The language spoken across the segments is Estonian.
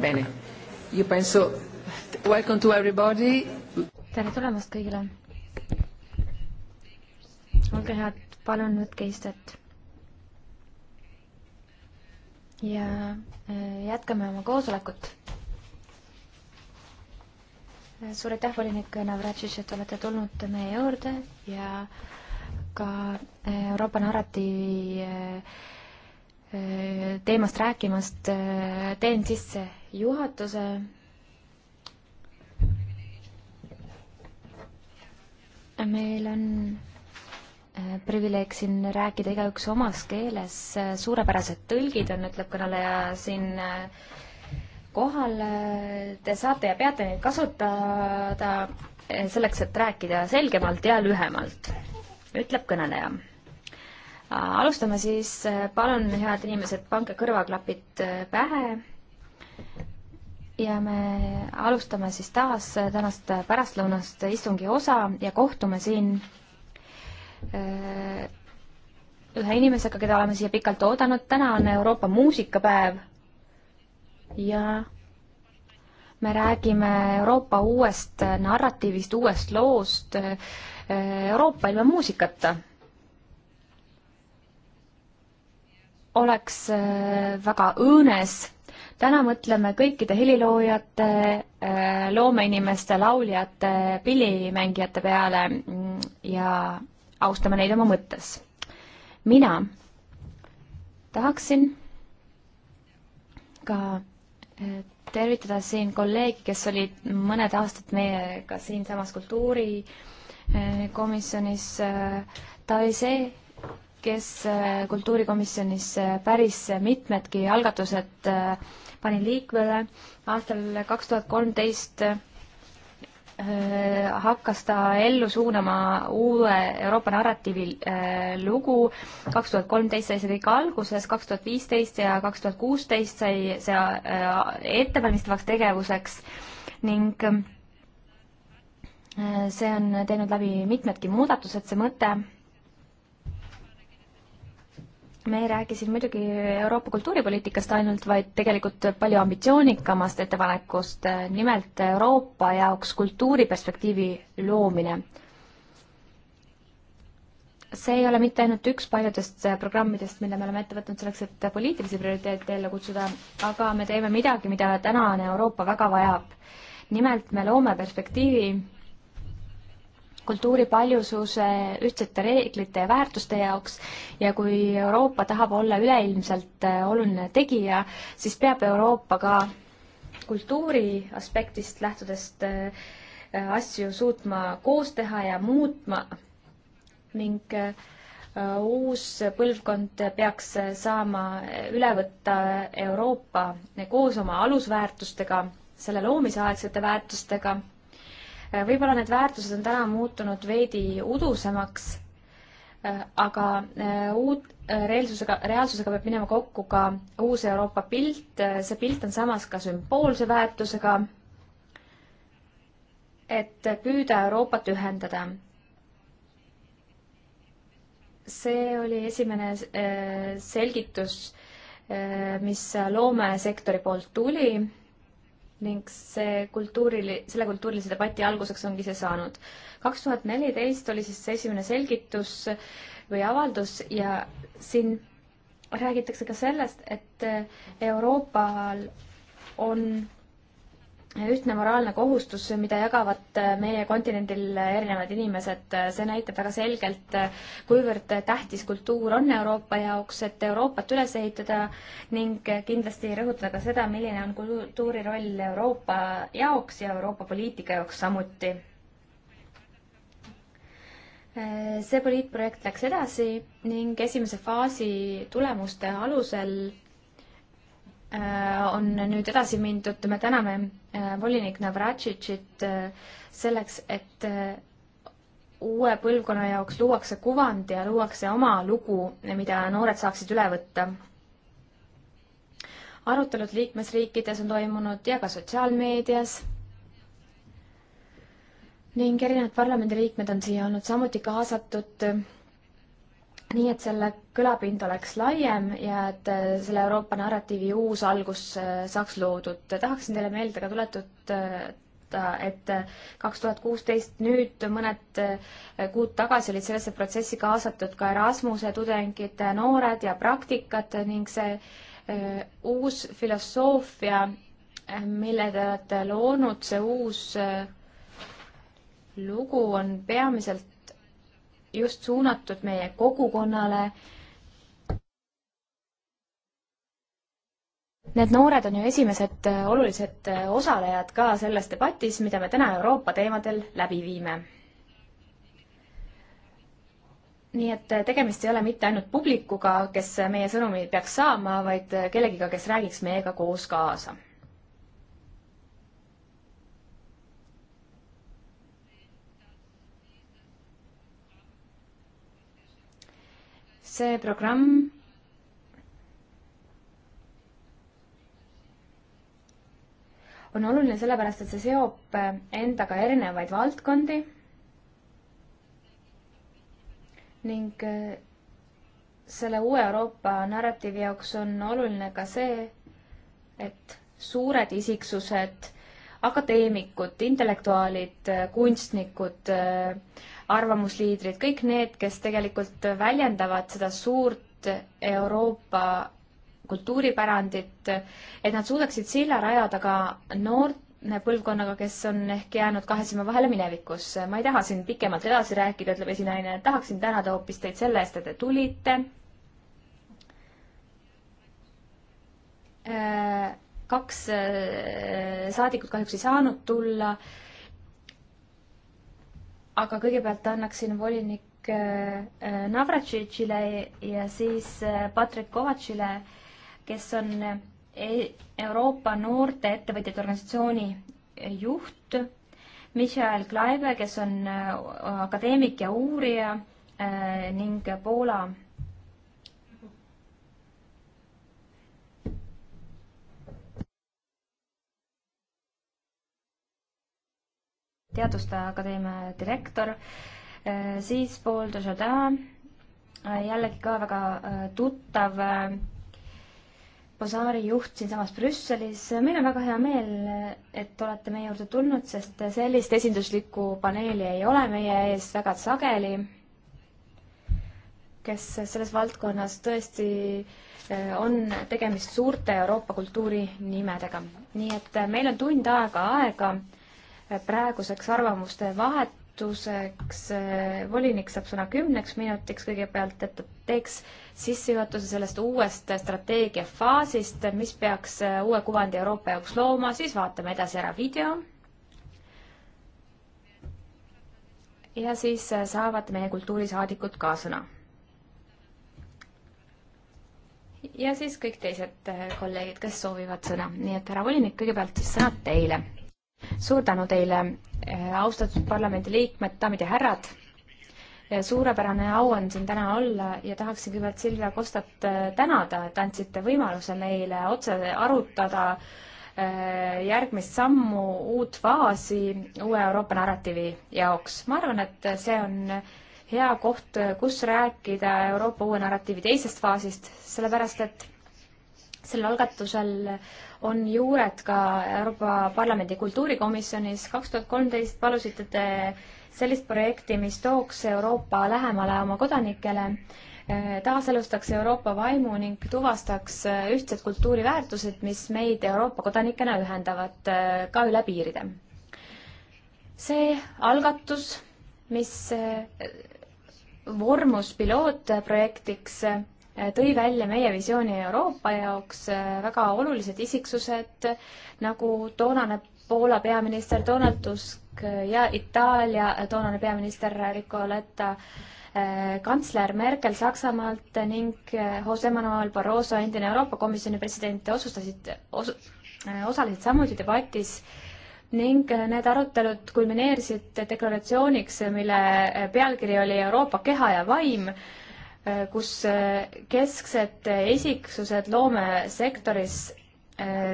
Bene, io penso, welcome to everybody. tere tulemast kõigile. olge head, palun võtke istet. ja eh, jätkame oma koosolekut. suur aitäh, volinik Navratšitš, et olete tulnud meie juurde ja ka eh, Euroopa narratiivi eh, teemast rääkimast. teen sisse juhatuse meil on äh, privileeg siin rääkida igaüks omas keeles, suurepärased tõlgid on, ütleb kõneleja siin äh, kohal, te saate ja peate neid kasutada äh, selleks, et rääkida selgemalt ja lühemalt, ütleb kõneleja. alustame siis, palun, head inimesed, pange kõrvaklapid pähe ja me alustame siis taas tänast pärastlõunast istungi osa ja kohtume siin äh, ühe inimesega, keda oleme siia pikalt oodanud. täna on Euroopa muusikapäev ja me räägime Euroopa uuest narratiivist, uuest loost, äh, Euroopa ilma muusikata oleks äh, väga õõnes täna mõtleme kõikide heliloojate, äh, loomeinimeste, lauljate, pillimängijate peale mm, ja austame neid oma mõttes. mina tahaksin ka äh, tervitada siin kolleegi, kes oli mõned aastad meiega siinsamas kultuurikomisjonis. Äh, ta oli see, kes kultuurikomisjonis päris mitmedki algatused äh, panin liikvele. aastal kaks tuhat kolmteist äh, hakkas ta ellu suunama uue Euroopa narratiivi äh, lugu. kaks tuhat kolmteist sai see kõik alguses, kaks tuhat viisteist ja kaks tuhat kuusteist sai see äh, ettevalmistavaks tegevuseks ning see on teinud läbi mitmedki muudatused, see mõte me ei räägi siin muidugi Euroopa kultuuripoliitikast ainult, vaid tegelikult palju ambitsioonikamast ettepanekust, eh, nimelt Euroopa jaoks kultuuriperspektiivi loomine. see ei ole mitte ainult üks paljudest eh, programmidest, mille me oleme ette võtnud selleks, et poliitilisi prioriteete ellu kutsuda, aga me teeme midagi, mida tänane Euroopa väga vajab. nimelt me loome perspektiivi kultuuri paljususe ühtsete reeglite ja väärtuste jaoks ja kui Euroopa tahab olla üleilmselt äh, oluline tegija, siis peab Euroopa ka kultuuri aspektist lähtudest äh, asju suutma koos teha ja muutma ning äh, uus põlvkond peaks saama üle võtta Euroopa koos oma alusväärtustega, selle loomiseaegsete väärtustega võib-olla need väärtused on täna muutunud veidi udusemaks, äh, aga äh, uut, äh, reaalsusega, reaalsusega peab minema kokku ka uus Euroopa pilt, see pilt on samas ka sümboolse väärtusega, et püüda Euroopat ühendada. see oli esimene selgitus, mis loomesektori poolt tuli ning see kultuurili-, selle kultuurilise debati alguseks ongi see saanud. kaks tuhat neliteist oli siis see esimene selgitus või avaldus ja siin räägitakse ka sellest, et Euroopal on ühtne moraalne kohustus, mida jagavad äh, meie kontinendil erinevad inimesed, äh, see näitab väga selgelt, äh, kuivõrd tähtis kultuur on Euroopa jaoks, et Euroopat üles ehitada ning kindlasti rõhutada ka seda, milline on kultuuri roll Euroopa jaoks ja Euroopa poliitika jaoks samuti. see poliitprojekt läks edasi ning esimese faasi tulemuste alusel Äh, on nüüd edasi mindud, me täname äh, volinik Navratšitšit äh, selleks, et uue põlvkonna jaoks luuakse kuvand ja luuakse oma lugu, mida noored saaksid üle võtta. arutelud liikmesriikides on toimunud ja ka sotsiaalmeedias ning erinevad parlamendiliikmed on siia olnud samuti kaasatud nii et selle kõlapind oleks laiem ja et äh, selle Euroopa narratiivi uus algus äh, saaks loodud. tahaksin teile meelde ka tuletada, äh, et kaks tuhat kuusteist, nüüd mõned kuud tagasi olid sellesse protsessi kaasatud ka Erasmuse tudengid, noored ja praktikad ning see uus filosoofia, mille te olete loonud, see uus lugu on peamiselt just suunatud meie kogukonnale. Need noored on ju esimesed äh, olulised äh, osalejad ka selles debatis, mida me täna Euroopa teemadel läbi viime. nii et äh, tegemist ei ole mitte ainult publikuga, kes meie sõnumi peaks saama, vaid kellegiga, kes räägiks meiega koos kaasa see programm on oluline sellepärast, et see seob endaga erinevaid valdkondi ning äh, selle uue Euroopa narratiivi jaoks on oluline ka see, et suured isiksused, akadeemikud, intellektuaalid, kunstnikud äh,, arvamusliidrid, kõik need, kes tegelikult väljendavad seda suurt Euroopa kultuuripärandit, et nad suudaksid silla rajada ka noorte põlvkonnaga, kes on ehk jäänud kahe silma vahele minevikus. ma ei taha siin pikemalt edasi rääkida, ütleb esinaine, tahaksin tänada hoopis teid selle eest, et te tulite. Äh, kaks äh, saadikut kahjuks ei saanud tulla aga kõigepealt annaksin volinik äh, äh, Navratšitšile ja siis äh, Patrick Kovatšile, kes on e-, Euroopa Noorte Ettevõtjate Organisatsiooni juht, Michael Klaive, kes on akadeemik ja uurija ning Poola Teaduste Akadeemia direktor, eh, siis Paul Desjardins, eh, jällegi ka väga eh, tuttav Bazaari juht siinsamas Brüsselis. meil on väga hea meel, et olete meie juurde tulnud, sest sellist esinduslikku paneeli ei ole meie ees väga sageli, kes selles valdkonnas tõesti on tegemist suurte Euroopa kultuurinimedega. nii et meil on tund aega aega praeguseks arvamuste vahetuseks. Eh, volinik saab sõna kümneks minutiks kõigepealt, et ta teeks sissejuhatuse sellest uuest strateegiafaasist, mis peaks eh, uue kuvandi Euroopa jaoks looma, siis vaatame edasi ära video. ja siis eh, saavad meie kultuurisaadikud ka sõna ja siis kõik teised kolleegid, kes soovivad sõna, nii et härra volinik, kõigepealt siis sõnad teile suur tänu teile, eh, austatud parlamendiliikmed, daamid ja härrad suurepärane au on siin täna olla ja tahaksin kõigepealt Silvia Kostat eh, tänada, et andsite võimaluse meile otse arutada eh, järgmist sammu, uut faasi uue Euroopa narratiivi jaoks. ma arvan, et see on hea koht, kus rääkida Euroopa uue narratiivi teisest faasist, sellepärast et sellel algatusel on juured ka Euroopa Parlamendi kultuurikomisjonis. kaks tuhat kolmteist palusite te sellist projekti, mis tooks Euroopa lähemale oma kodanikele, taaselustaks Euroopa vaimu ning tuvastaks ühtsed kultuuriväärtused, mis meid Euroopa kodanikena ühendavad ka üle piiride. see algatus, mis vormus pilootprojektiks tõi välja meie visiooni Euroopa jaoks äh, väga olulised isiksused nagu toonane Poola peaminister Donald Tusk äh, ja Itaalia äh, toonane peaminister Ricoletta kantsler Merkel Saksamaalt ning Jose Manuel Barroso, endine Euroopa Komisjoni president, otsustasid os,, osalesid samuti debatis ning need arutelud kulmineerisid deklaratsiooniks, mille pealkiri oli Euroopa keha ja vaim Äh, kus äh, kesksed äh, isiksused loomesektoris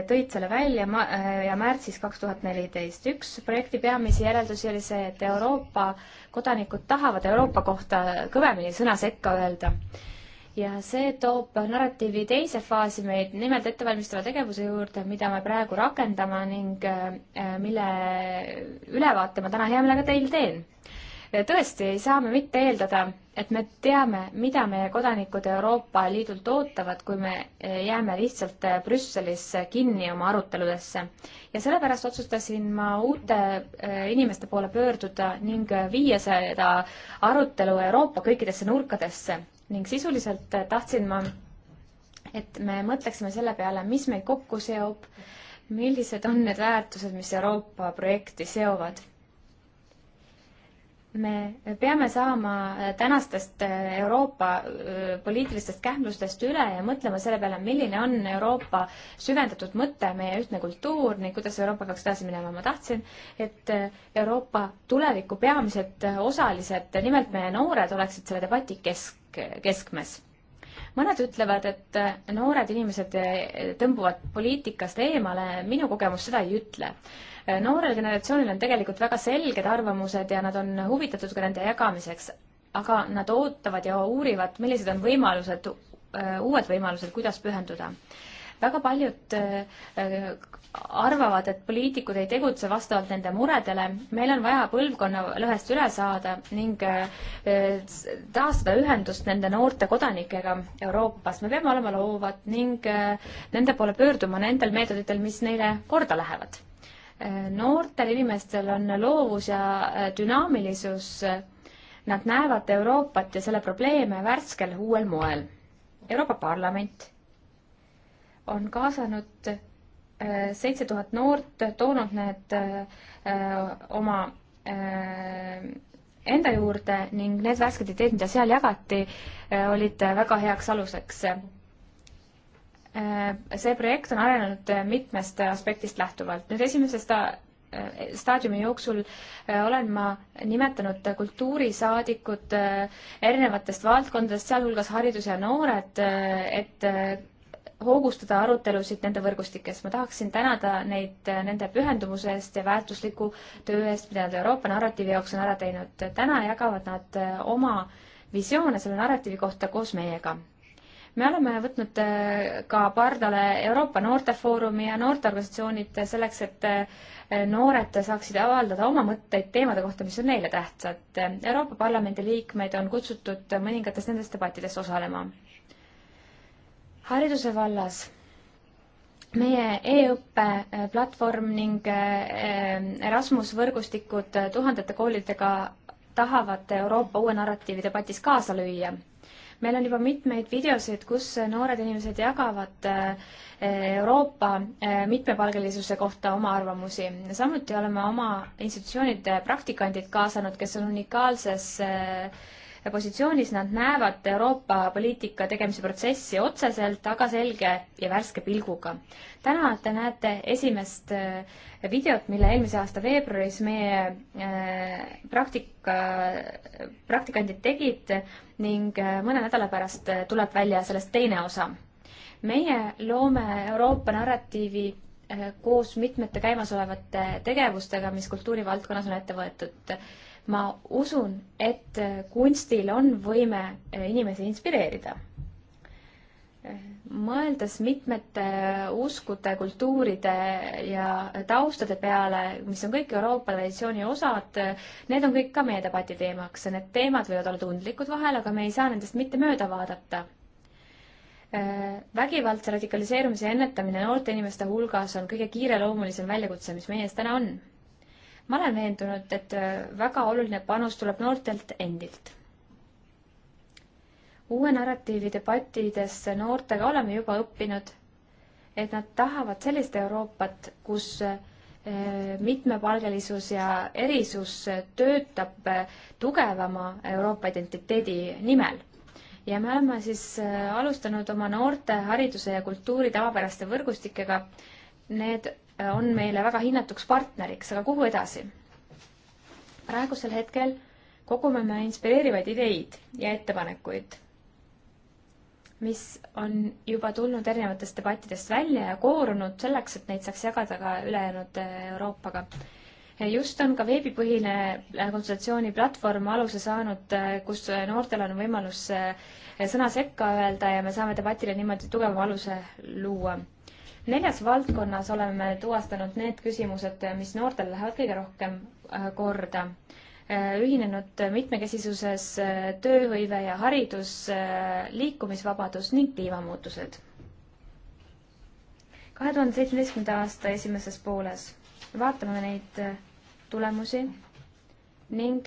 tõid selle välja ma-, ja märtsis kaks tuhat neliteist. üks projekti peamisi järeldusi oli see, et Euroopa kodanikud tahavad Euroopa kohta kõvemini sõna sekka öelda. ja see toob narratiivi teise faasi meid nimelt ettevalmistava tegevuse juurde, mida me praegu rakendame ning mille ülevaate ma täna hea meelega teil teen tõesti ei saa me mitte eeldada, et me teame, mida meie kodanikud Euroopa Liidult ootavad, kui me eh, jääme lihtsalt eh, Brüsselis kinni oma aruteludesse. ja sellepärast otsustasin ma uute eh, inimeste poole pöörduda ning viia seda arutelu Euroopa kõikidesse nurkadesse ning sisuliselt tahtsin ma, et me mõtleksime selle peale, mis meid kokku seob, millised on need väärtused, mis Euroopa projekti seovad me peame saama tänastest äh, Euroopa äh, poliitilistest kähmlustest üle ja mõtlema selle peale, milline on Euroopa süvendatud mõte, meie ühtne kultuur ning kuidas Euroopa peaks edasi minema. ma tahtsin, et äh, Euroopa tuleviku peamised osalised, nimelt meie noored, oleksid selle debati kesk, keskmes mõned ütlevad, et noored inimesed tõmbuvad poliitikast eemale, minu kogemus seda ei ütle Äh, noorel generatsioonil on tegelikult väga selged arvamused ja nad on huvitatud ka nende jagamiseks, aga nad ootavad ja uurivad, millised on võimalused, äh, uued võimalused, kuidas pühenduda väga paljud äh, arvavad, et poliitikud ei tegutse vastavalt nende muredele. meil on vaja põlvkonna lõhest üle saada ning taastada ühendust nende noorte kodanikega Euroopas. me peame olema loovad ning nende poole pöörduma nendel meetoditel, mis neile korda lähevad noortel inimestel on loovus ja äh, dünaamilisus. Nad näevad Euroopat ja selle probleeme värskel uuel moel. Euroopa Parlament on kaasanud äh, seitse tuhat noort, toonud need äh, oma enda juurde ning need värsked ideed, mida seal jagati, olid väga heaks aluseks Äh, see projekt on arenenud äh, mitmest äh, aspektist lähtuvalt. nüüd esimesest staadiumi jooksul olen ma nimetanud kultuurisaadikud erinevatest valdkondadest, sealhulgas haridus ja noored, et hoogustada arutelusid nende võrgustikes. ma tahaksin tänada neid nende pühendumuse eest ja väärtusliku töö eest, mida nad Euroopa narratiivi jaoks on ära teinud. täna jagavad nad oma visioone selle narratiivi kohta koos meiega me oleme võtnud äh, ka pardale Euroopa Noortefoorumi ja noorteorganisatsioonid selleks, et äh, noored saaksid avaldada oma mõtteid teemade kohta, mis on neile tähtsad. Euroopa Parlamendi liikmeid on kutsutud mõningates nendes debattides osalema. hariduse vallas meie e-õppe äh, platvorm ning Erasmus võrgustikud tuhandete koolidega tahavad Euroopa uue narratiivi debatis kaasa lüüa meil on juba mitmeid videosid, kus noored inimesed jagavad äh, Euroopa äh, mitmepalgelisuse kohta oma arvamusi. samuti oleme oma institutsioonide äh, praktikandid kaasanud, kes on unikaalses positsioonis, nad näevad Euroopa poliitika tegemise protsessi otseselt, aga selge ja värske pilguga. täna te näete esimest äh, videot, mille eelmise aasta veebruaris meie äh, praktika, praktikandid tegid ning äh, mõne nädala pärast tuleb välja sellest teine osa. meie loome Euroopa narratiivi koos mitmete käimasolevate tegevustega, mis kultuurivaldkonnas on ette võetud ma usun, et kunstil on võime äh, inimesi inspireerida. Äh, mõeldes mitmete äh, uskude, kultuuride ja taustade peale, mis on kõik Euroopa traditsiooni osad, need on kõik ka meie debati teemaks ja need teemad võivad olla tundlikud vahel, aga me ei saa nendest mitte mööda vaadata vägivaldse radikaliseerumise ennetamine noorte inimeste hulgas on kõige kiireloomulisem väljakutse, mis meie ees täna on ma olen veendunud, et äh, väga oluline panus tuleb noortelt endilt. uue narratiivi debattides noortega oleme juba õppinud, et nad tahavad sellist Euroopat, kus äh, mitmepalgelisus ja erisus töötab äh, tugevama Euroopa identiteedi nimel ja me oleme siis alustanud oma noorte hariduse ja kultuuri tavapäraste võrgustikega. Need on meile väga hinnatuks partneriks, aga kuhu edasi? praegusel hetkel kogume me inspireerivaid ideid ja ettepanekuid, mis on juba tulnud erinevatest debattidest välja ja koorunud selleks, et neid saaks jagada ka ülejäänud äh, Euroopaga Ja just on ka veebipõhine äh, konsultatsiooniplatvorm aluse saanud, äh, kus noortel on võimalus sõna sekka öelda ja me saame debatile niimoodi tugeva aluse luua neljas valdkonnas oleme tuvastanud need küsimused, mis noortel lähevad kõige rohkem äh, korda. Äh, ühinenud mitmekesisuses äh, tööhõive ja haridus, liikumisvabadus ning kliimamuutused. kahe tuhande seitsmeteistkümnenda aasta esimeses pooles vaatame neid tulemusi ning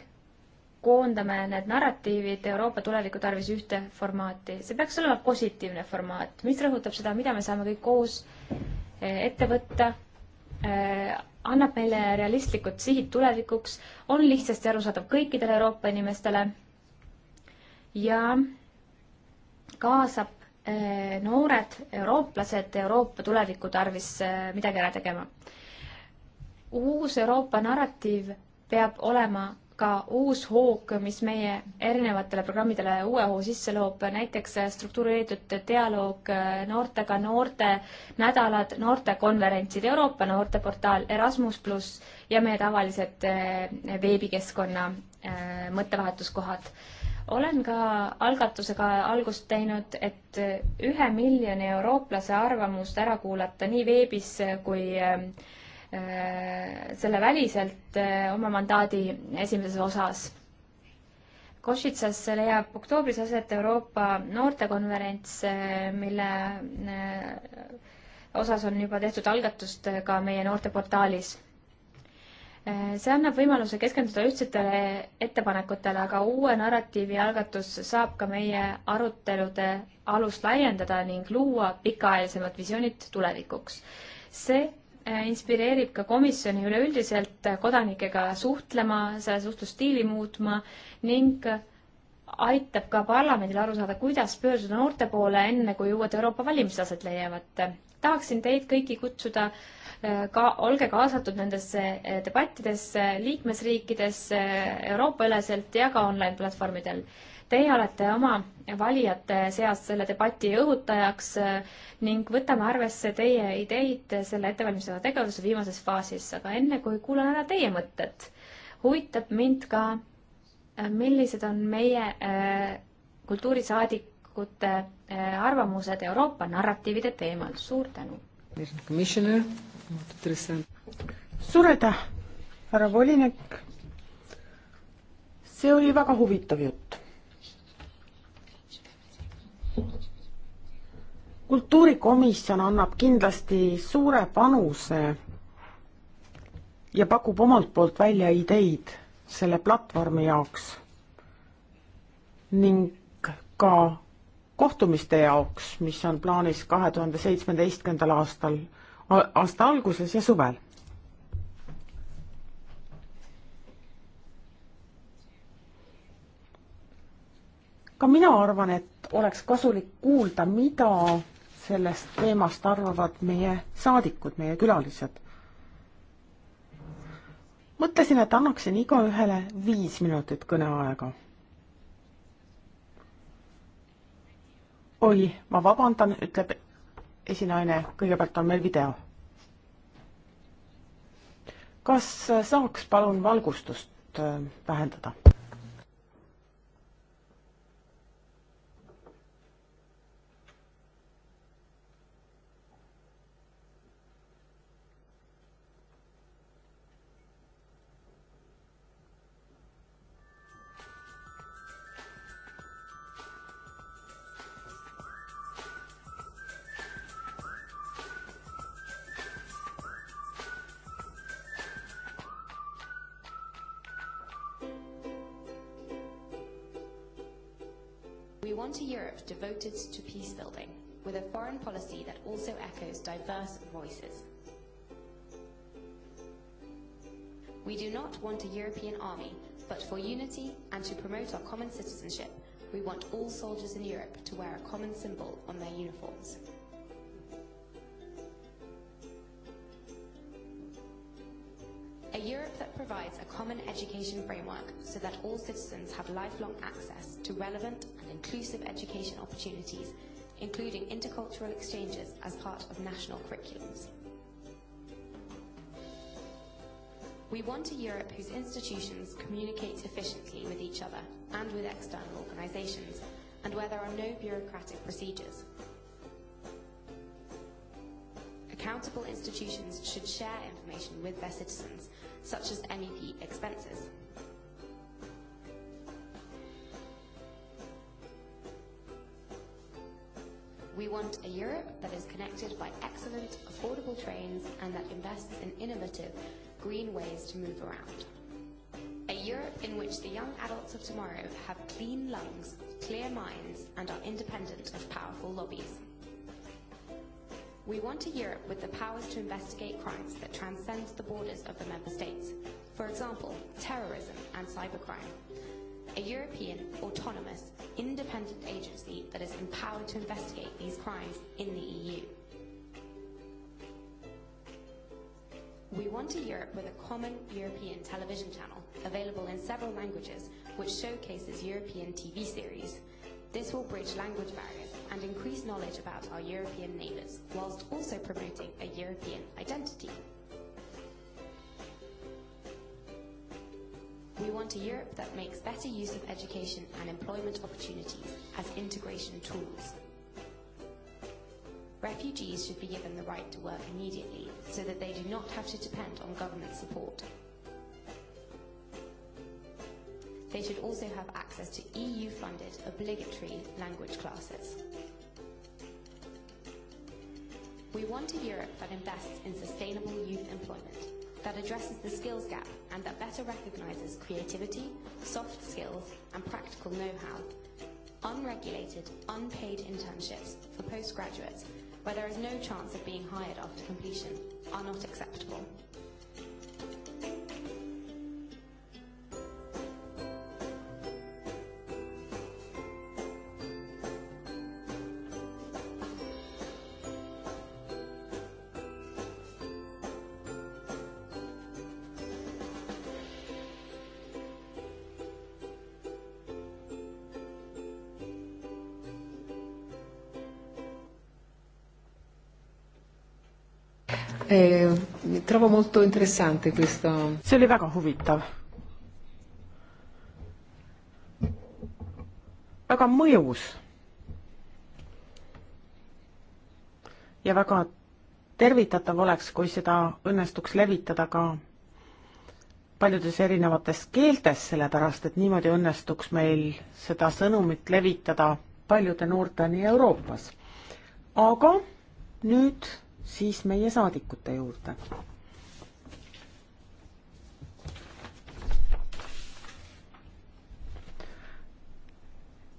koondame need narratiivid Euroopa tuleviku tarvis ühte formaati. see peaks olema positiivne formaat, mis rõhutab seda, mida me saame kõik koos eh, ette võtta, eh, annab meile realistlikud sihid tulevikuks, on lihtsasti arusaadav kõikidele Euroopa inimestele ja kaasab eh, noored eurooplased Euroopa tuleviku tarvis midagi ära tegema. uus Euroopa narratiiv peab olema ka uus hoog, mis meie erinevatele programmidele uue hoo sisse loob, näiteks struktureeritud dialoog noortega, noorte nädalad, noortekonverentsid, Euroopa noorteportaal Erasmus pluss ja meie tavalised eh, veebikeskkonna eh, mõttevahetuskohad. olen ka algatusega algust teinud, et ühe miljoni eurooplase arvamust ära kuulata nii veebis kui äh, Äh, selle väliselt äh, oma mandaadi esimeses osas. Košitsas leiab oktoobris aset Euroopa noortekonverents, äh, mille osas on juba tehtud algatust ka meie noorteportaalis. see annab võimaluse keskenduda ühtsetele ettepanekutele, aga uue narratiivi algatus saab ka meie arutelude alust laiendada ning luua pikaajalisemad visioonid tulevikuks. see Äh, inspireerib ka komisjoni üleüldiselt kodanikega suhtlema, selle suhtlusstiili muutma ning aitab ka parlamendil aru saada, kuidas pöörduda noorte poole, enne kui uued Euroopa valimised aset leiavad. tahaksin teid kõiki kutsuda äh, ka, olge kaasatud nendesse äh, debattidesse liikmesriikides, Euroopa-üleselt ja ka online platvormidel Teie olete oma valijate seas selle debati õhutajaks äh, ning võtame arvesse teie ideid selle ettevalmistava tegevuse viimases faasis, aga enne kui kuulan ära teie mõtted, huvitab mind ka, äh, millised on meie äh, kultuurisaadikute arvamused Euroopa narratiivide teemal, suur tänu! suur aitäh, härra volinik! see oli väga huvitav jutt kultuurikomisjon annab kindlasti suure panuse ja pakub omalt poolt välja ideid selle platvormi jaoks ning ka kohtumiste jaoks, mis on plaanis kahe tuhande seitsmeteistkümnendal aastal, aasta alguses ja suvel. ka mina arvan, et oleks kasulik kuulda, mida sellest teemast arvavad meie saadikud, meie külalised. mõtlesin, et annaksin igaühele viis minutit kõneaega. oi, ma vabandan, ütleb esinaine, kõigepealt on meil video. kas saaks palun valgustust äh, vähendada? common citizenship, we want all soldiers in Europe to wear a common symbol on their uniforms. A Europe that provides a common education framework so that all citizens have lifelong access to relevant and inclusive education opportunities, including intercultural exchanges as part of national curriculums. We want a Europe whose institutions communicate efficiently with each other and with external organisations, and where there are no bureaucratic procedures. Accountable institutions should share information with their citizens, such as MEP expenses. We want a Europe that is connected by excellent, affordable trains and that invests in innovative, green ways to move around. A Europe in which the young adults of tomorrow have clean lungs, clear minds, and are independent of powerful lobbies. We want a Europe with the powers to investigate crimes that transcends the borders of the member states. For example, terrorism and cybercrime. A European, autonomous, independent agency that is empowered to investigate these crimes in the EU. We want a Europe with a common European television channel, available in several languages, which showcases European TV series. This will bridge language barriers and increase knowledge about our European neighbours, whilst also promoting a European identity. We want a Europe that makes better use of education and employment opportunities as integration tools refugees should be given the right to work immediately so that they do not have to depend on government support. They should also have access to EU-funded obligatory language classes. We want a Europe that invests in sustainable youth employment, that addresses the skills gap and that better recognises creativity, soft skills and practical know-how unregulated, unpaid internships for postgraduates where there is no chance of being hired after completion, are not acceptable. eh, trovo molto interessante questo. see oli väga huvitav. väga mõjus. ja väga tervitatav oleks, kui seda õnnestuks levitada ka paljudes erinevates keeltes, sellepärast et niimoodi õnnestuks meil seda sõnumit levitada paljude noorteni Euroopas. aga nüüd siis meie saadikute juurde.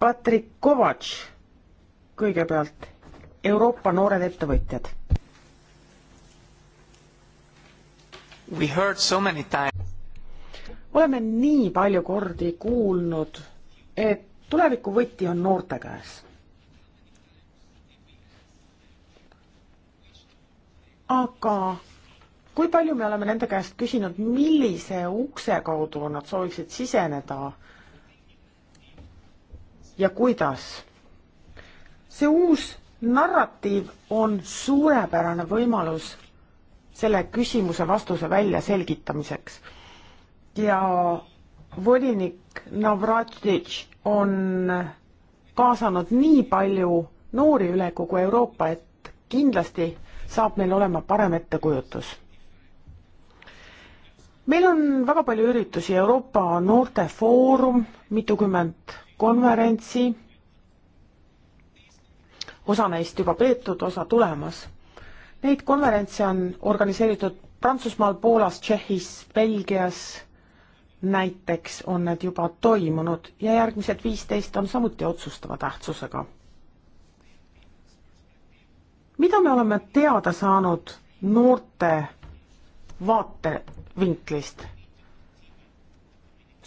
Patrick Kovač, kõigepealt Euroopa noored ettevõtjad. We heard so many times. oleme nii palju kordi kuulnud, et tuleviku võti on noorte käes aga kui palju me oleme nende käest küsinud, millise ukse kaudu nad sooviksid siseneda ja kuidas? see uus narratiiv on suurepärane võimalus selle küsimuse vastuse väljaselgitamiseks. ja volinik Navratitš on kaasanud nii palju noori üle kogu Euroopa, et kindlasti saab meil olema parem ettekujutus. meil on väga palju üritusi, Euroopa Noortefoorum, mitukümmend konverentsi, osa neist juba peetud, osa tulemas. Neid konverentse on organiseeritud Prantsusmaal, Poolas, Tšehhis, Belgias, näiteks on need juba toimunud ja järgmised viisteist on samuti otsustava tähtsusega mida me oleme teada saanud noorte vaatevinklist?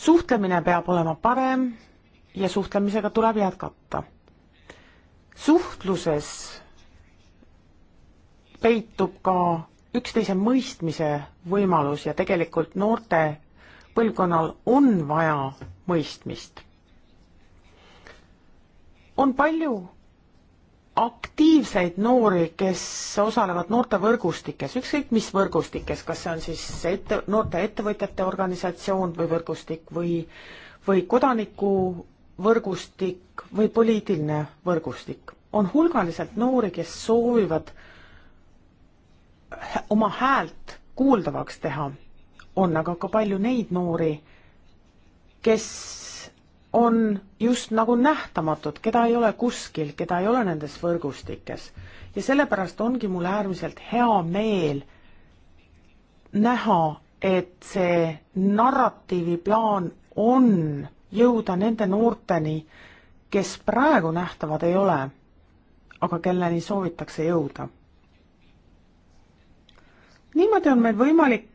suhtlemine peab olema parem ja suhtlemisega tuleb jätkata. suhtluses peitub ka üksteise mõistmise võimalus ja tegelikult noorte põlvkonnal on vaja mõistmist. on palju aktiivseid noori, kes osalevad noortevõrgustikes, ükskõik mis võrgustikes, kas see on siis ette, noorte ettevõtjate organisatsioon või võrgustik või, või kodanikuvõrgustik või poliitiline võrgustik, on hulgaliselt noori, kes soovivad oma häält kuuldavaks teha. on aga ka palju neid noori, kes on just nagu nähtamatud, keda ei ole kuskil, keda ei ole nendes võrgustikes. ja sellepärast ongi mul äärmiselt hea meel näha, et see narratiivi plaan on jõuda nende noorteni, kes praegu nähtavad ei ole, aga kelleni soovitakse jõuda. niimoodi on meil võimalik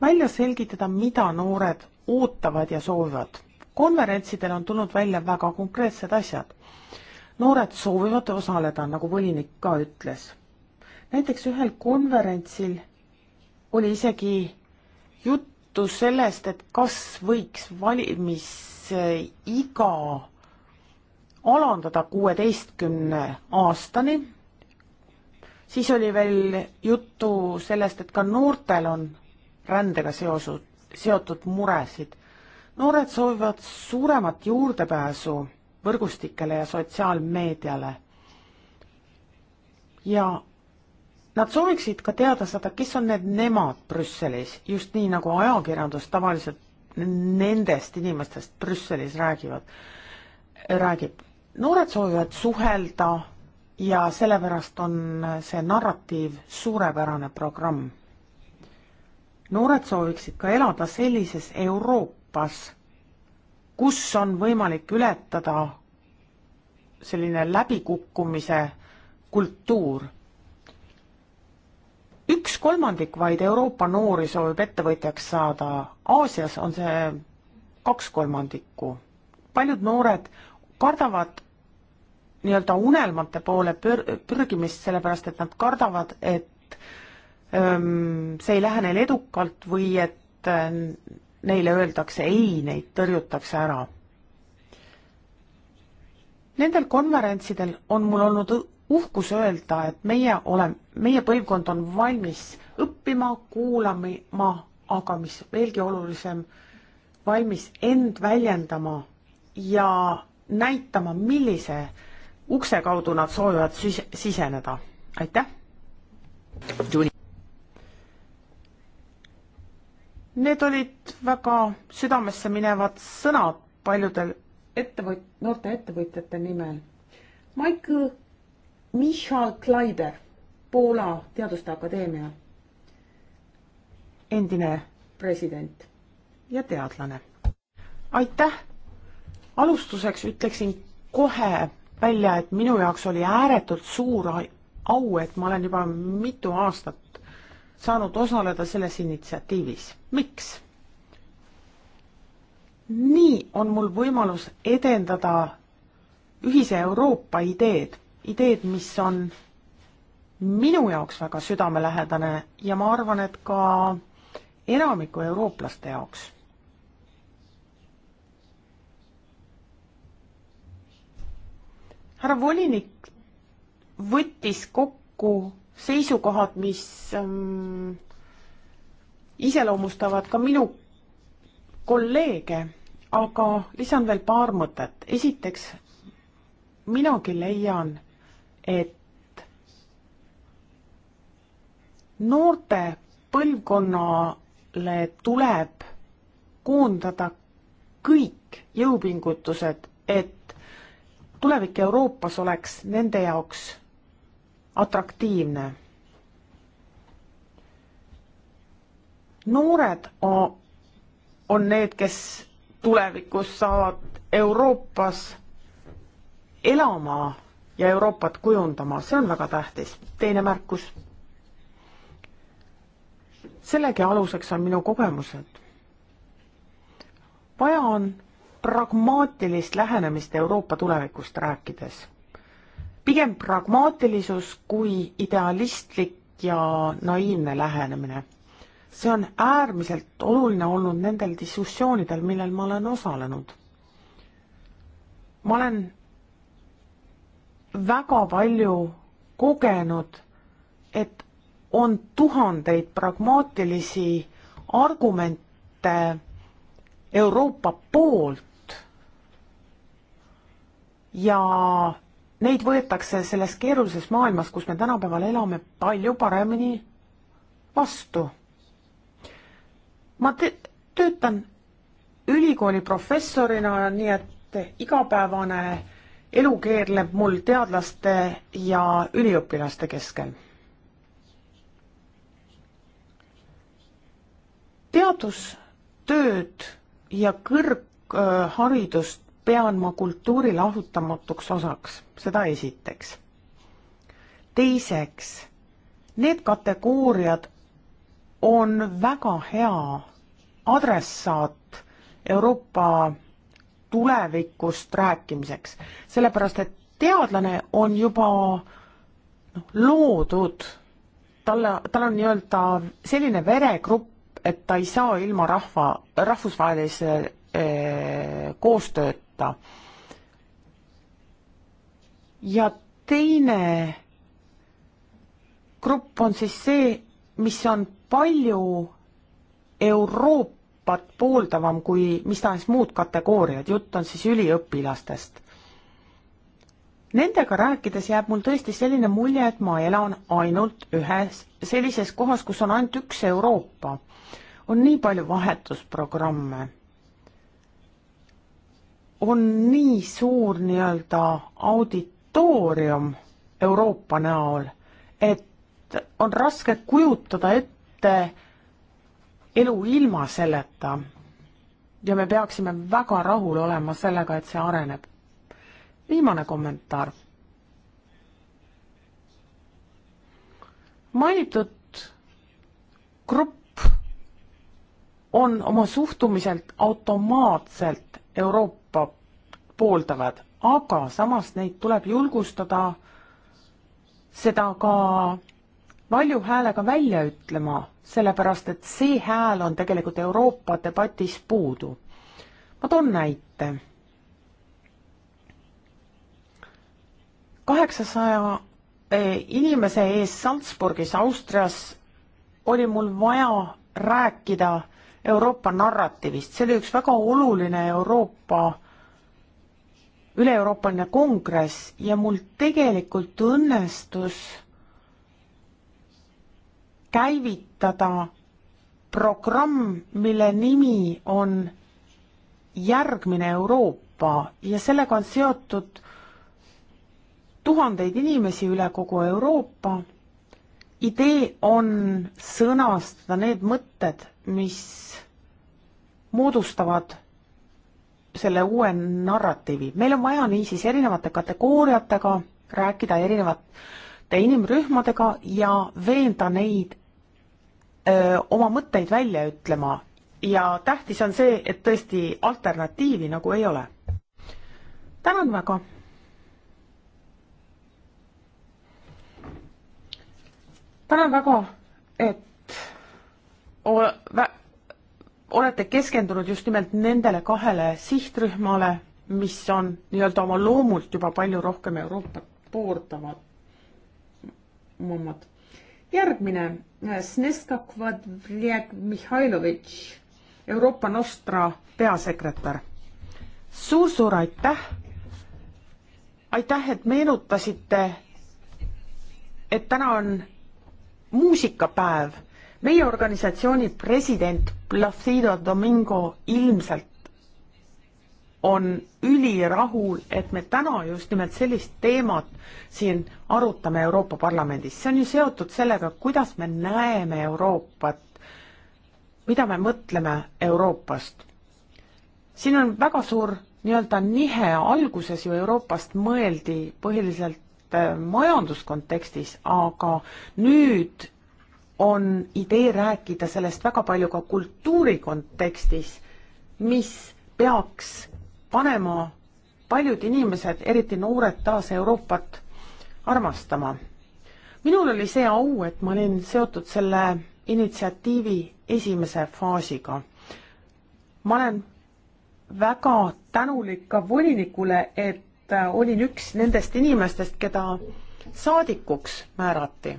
välja selgitada, mida noored ootavad ja soovivad konverentsidel on tulnud välja väga konkreetsed asjad. noored soovivad osaleda, nagu volinik ka ütles. näiteks ühel konverentsil oli isegi juttu sellest, et kas võiks valimisiga alandada kuueteistkümne aastani, siis oli veel juttu sellest, et ka noortel on rändega seosu, seotud muresid noored soovivad suuremat juurdepääsu võrgustikele ja sotsiaalmeediale. ja nad sooviksid ka teada saada, kes on need nemad Brüsselis, just nii nagu ajakirjandus tavaliselt nendest inimestest Brüsselis räägivad, räägib. noored soovivad suhelda ja sellepärast on see narratiiv suurepärane programm. noored sooviksid ka elada sellises Euroopas, Euroopas, kus on võimalik ületada selline läbikukkumise kultuur. üks kolmandik vaid Euroopa noori soovib ettevõtjaks saada, Aasias on see kaks kolmandikku. paljud noored kardavad nii-öelda unelmate poole pür-, pürgimist, sellepärast et nad kardavad, et öö, see ei lähe neil edukalt või et öö, neile öeldakse ei, neid tõrjutakse ära. Nendel konverentsidel on mul olnud uhkus öelda, et meie oleme, meie põlvkond on valmis õppima, kuulama, aga mis veelgi olulisem, valmis end väljendama ja näitama, millise ukse kaudu nad soovivad siseneda. aitäh! Need olid väga südamesse minevad sõnad paljudel ettevõt-, noorte ettevõtjate nimel. Maiko Michal Klaider, Poola Teaduste Akadeemia endine president ja teadlane. aitäh! alustuseks ütleksin kohe välja, et minu jaoks oli ääretult suur au, et ma olen juba mitu aastat saanud osaleda selles initsiatiivis. miks? nii on mul võimalus edendada ühise Euroopa ideed, ideed, mis on minu jaoks väga südamelähedane ja ma arvan, et ka enamiku eurooplaste jaoks härra volinik võttis kokku seisukohad, mis ähm, iseloomustavad ka minu kolleege, aga lisan veel paar mõtet. esiteks, minagi leian, et noorte põlvkonnale tuleb koondada kõik jõupingutused, et tulevik Euroopas oleks nende jaoks atraktiivne. noored on, on need, kes tulevikus saavad Euroopas elama ja Euroopat kujundama, see on väga tähtis. teine märkus. sellegi aluseks on minu kogemused. vaja on pragmaatilist lähenemist Euroopa tulevikust rääkides pigem pragmaatilisus kui idealistlik ja naiivne lähenemine. see on äärmiselt oluline olnud nendel diskussioonidel, millel ma olen osalenud. ma olen väga palju kogenud, et on tuhandeid pragmaatilisi argumente Euroopa poolt ja neid võetakse selles keerulises maailmas, kus me tänapäeval elame, palju paremini vastu. ma töötan ülikooli professorina, nii et igapäevane elu keerleb mul teadlaste ja üliõpilaste keskel teadustööd ja kõrgharidust pean ma kultuuri lahutamatuks osaks, seda esiteks. teiseks, need kategooriad on väga hea adressaat Euroopa tulevikust rääkimiseks, sellepärast et teadlane on juba noh, loodud, talle, tal on nii-öelda selline veregrupp, et ta ei saa ilma rahva, rahvusvahelise eh, koostööta võtta. ja teine grupp on siis see, mis on palju Euroopat pooldavam kui mis tahes muud kategooriad, jutt on siis üliõpilastest. Nendega rääkides jääb mul tõesti selline mulje, et ma elan ainult ühes sellises kohas, kus on ainult üks Euroopa. on nii palju vahetusprogramme on nii suur nii-öelda auditoorium Euroopa näol, et on raske kujutada ette elu ilma selleta. ja me peaksime väga rahul olema sellega, et see areneb. viimane kommentaar. mainitud grupp on oma suhtumiselt automaatselt Euroopa pooldavad, aga samas neid tuleb julgustada seda ka valju häälega välja ütlema, sellepärast et see hääl on tegelikult Euroopa debatis puudu. ma toon näite. kaheksasaja eh, inimese ees Salzburgis, Austrias oli mul vaja rääkida Euroopa narratiivist, see oli üks väga oluline Euroopa, üle-euroopaline kongress ja mul tegelikult õnnestus käivitada programm, mille nimi on Järgmine Euroopa ja sellega on seotud tuhandeid inimesi üle kogu Euroopa. idee on sõnastada need mõtted, mis moodustavad selle uue narratiivi. meil on vaja niisiis erinevate kategooriatega rääkida erinevate inimrühmadega ja veenda neid öö, oma mõtteid välja ütlema ja tähtis on see, et tõesti alternatiivi nagu ei ole. tänan väga. tänan väga, et olete keskendunud just nimelt nendele kahele sihtrühmale, mis on nii-öelda oma loomult juba palju rohkem Euroopat pooldavad mummad. järgmine, Sneska Kvadvljek Mihhailovitš, Euroopa Nostra peasekretär Suur,. suur-suur aitäh! aitäh, et meenutasite, et täna on muusikapäev meie organisatsiooni president Placido Domingo ilmselt on ülirahul, et me täna just nimelt sellist teemat siin arutame Euroopa Parlamendis, see on ju seotud sellega, kuidas me näeme Euroopat, mida me mõtleme Euroopast. siin on väga suur nii-öelda nihe, alguses ju Euroopast mõeldi põhiliselt äh, majanduskontekstis, aga nüüd on idee rääkida sellest väga palju ka kultuuri kontekstis, mis peaks panema paljud inimesed, eriti noored, taas Euroopat armastama. minul oli see au, et ma olin seotud selle initsiatiivi esimese faasiga. ma olen väga tänulik ka volinikule, et olin üks nendest inimestest, keda saadikuks määrati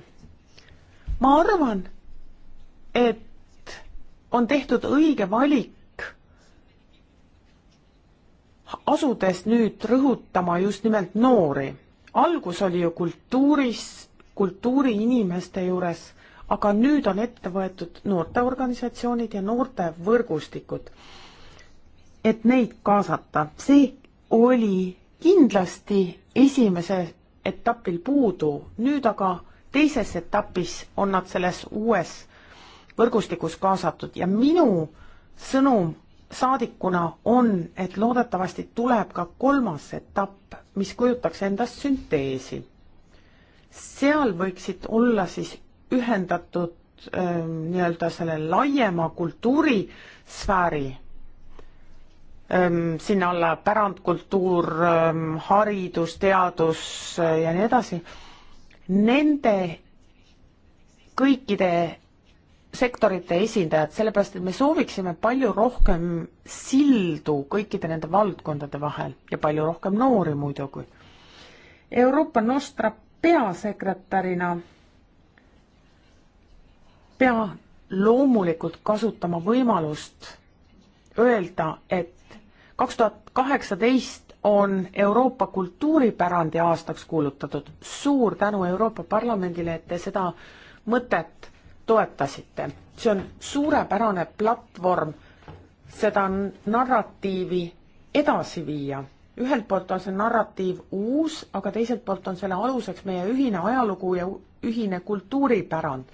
ma arvan, et on tehtud õige valik, asudes nüüd rõhutama just nimelt noori. algus oli ju kultuuris, kultuuriinimeste juures, aga nüüd on ette võetud noorteorganisatsioonid ja noortevõrgustikud. et neid kaasata, see oli kindlasti esimese etapil puudu, nüüd aga teises etapis on nad selles uues võrgustikus kaasatud ja minu sõnum saadikuna on, et loodetavasti tuleb ka kolmas etapp, mis kujutaks endast sünteesi. seal võiksid olla siis ühendatud ähm, nii-öelda selle laiema kultuurisfääri ähm,, sinna alla pärandkultuur ähm,, haridus, teadus äh, ja nii edasi nende kõikide sektorite esindajad, sellepärast et me sooviksime palju rohkem sildu kõikide nende valdkondade vahel ja palju rohkem noori muidugi. Euroopa Nostra peasekretärina pean loomulikult kasutama võimalust öelda, et kaks tuhat kaheksateist on Euroopa kultuuripärandi aastaks kuulutatud. suur tänu Euroopa Parlamendile, et te seda mõtet toetasite. see on suurepärane platvorm seda narratiivi edasi viia. ühelt poolt on see narratiiv uus, aga teiselt poolt on selle aluseks meie ühine ajalugu ja ühine kultuuripärand.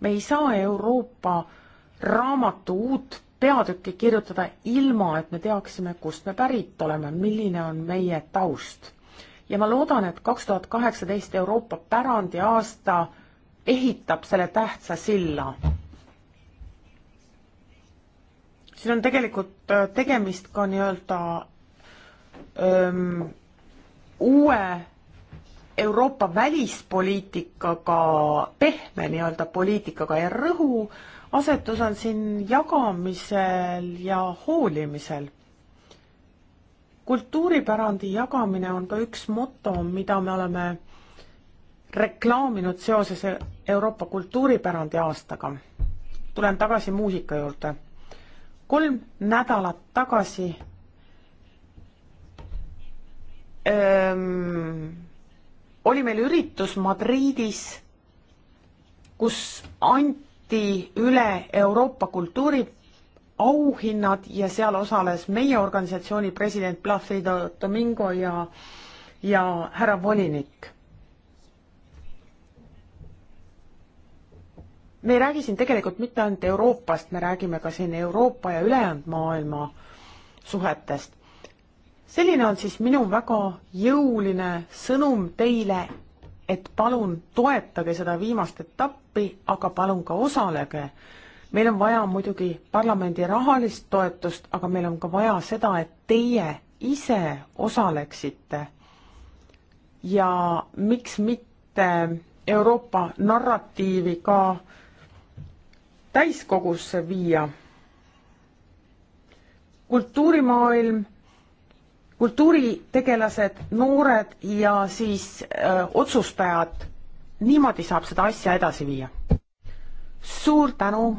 me ei saa Euroopa raamatu uut peatükki kirjutada ilma, et me teaksime, kust me pärit oleme, milline on meie taust. ja ma loodan, et kaks tuhat kaheksateist Euroopa pärandiaasta ehitab selle tähtsa silla. siin on tegelikult äh, tegemist ka nii-öelda ähm, uue Euroopa välispoliitikaga, pehme nii-öelda poliitikaga ja rõhu asetus on siin jagamisel ja hoolimisel. kultuuripärandi jagamine on ka üks moto, mida me oleme reklaaminud seoses Euroopa kultuuripärandi aastaga. tulen tagasi muusika juurde. kolm nädalat tagasi öö, ehm, oli meil üritus Madridis, kus anti anti üle Euroopa kultuuriauhinnad ja seal osales meie organisatsiooni president Placido Domingo ja, ja härra volinik. me ei räägi siin tegelikult mitte ainult Euroopast, me räägime ka siin Euroopa ja ülejäänud maailma suhetest. selline on siis minu väga jõuline sõnum teile et palun toetage seda viimast etappi, appi, aga palun ka osalege. meil on vaja muidugi parlamendi rahalist toetust, aga meil on ka vaja seda, et teie ise osaleksite. ja miks mitte Euroopa narratiivi ka täiskogusse viia. kultuurimaailm kultuuritegelased, noored ja siis öö, äh, otsustajad niimoodi saab seda asja edasi viia. suur tänu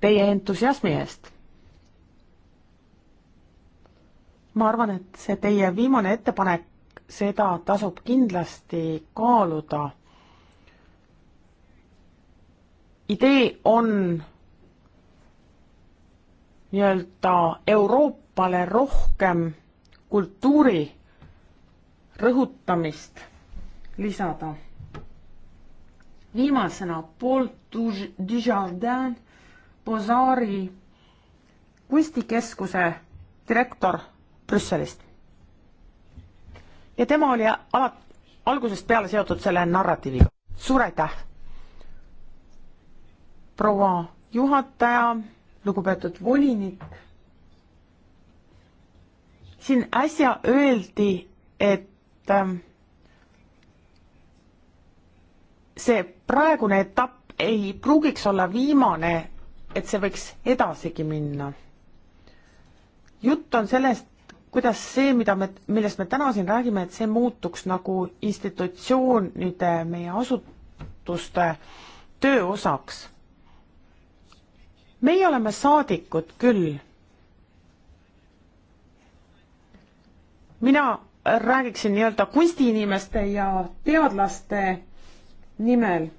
teie entusiasmi eest. ma arvan, et see teie viimane ettepanek, seda tasub kindlasti kaaluda. idee on nii-öelda Euroopale rohkem kultuuri rõhutamist lisada viimasena Paul Dujardin, Bozaari kunstikeskuse direktor Brüsselist. ja tema oli ala, algusest peale seotud selle narratiiviga. suur aitäh! proua juhataja, lugupeetud volinik, siin äsja öeldi, et ähm, see praegune etapp ei pruugiks olla viimane, et see võiks edasigi minna. jutt on sellest, kuidas see, mida me, millest me täna siin räägime, et see muutuks nagu institutsioonide, meie asutuste töö osaks. meie oleme saadikud küll. mina räägiksin nii-öelda kunstiinimeste ja teadlaste nimel.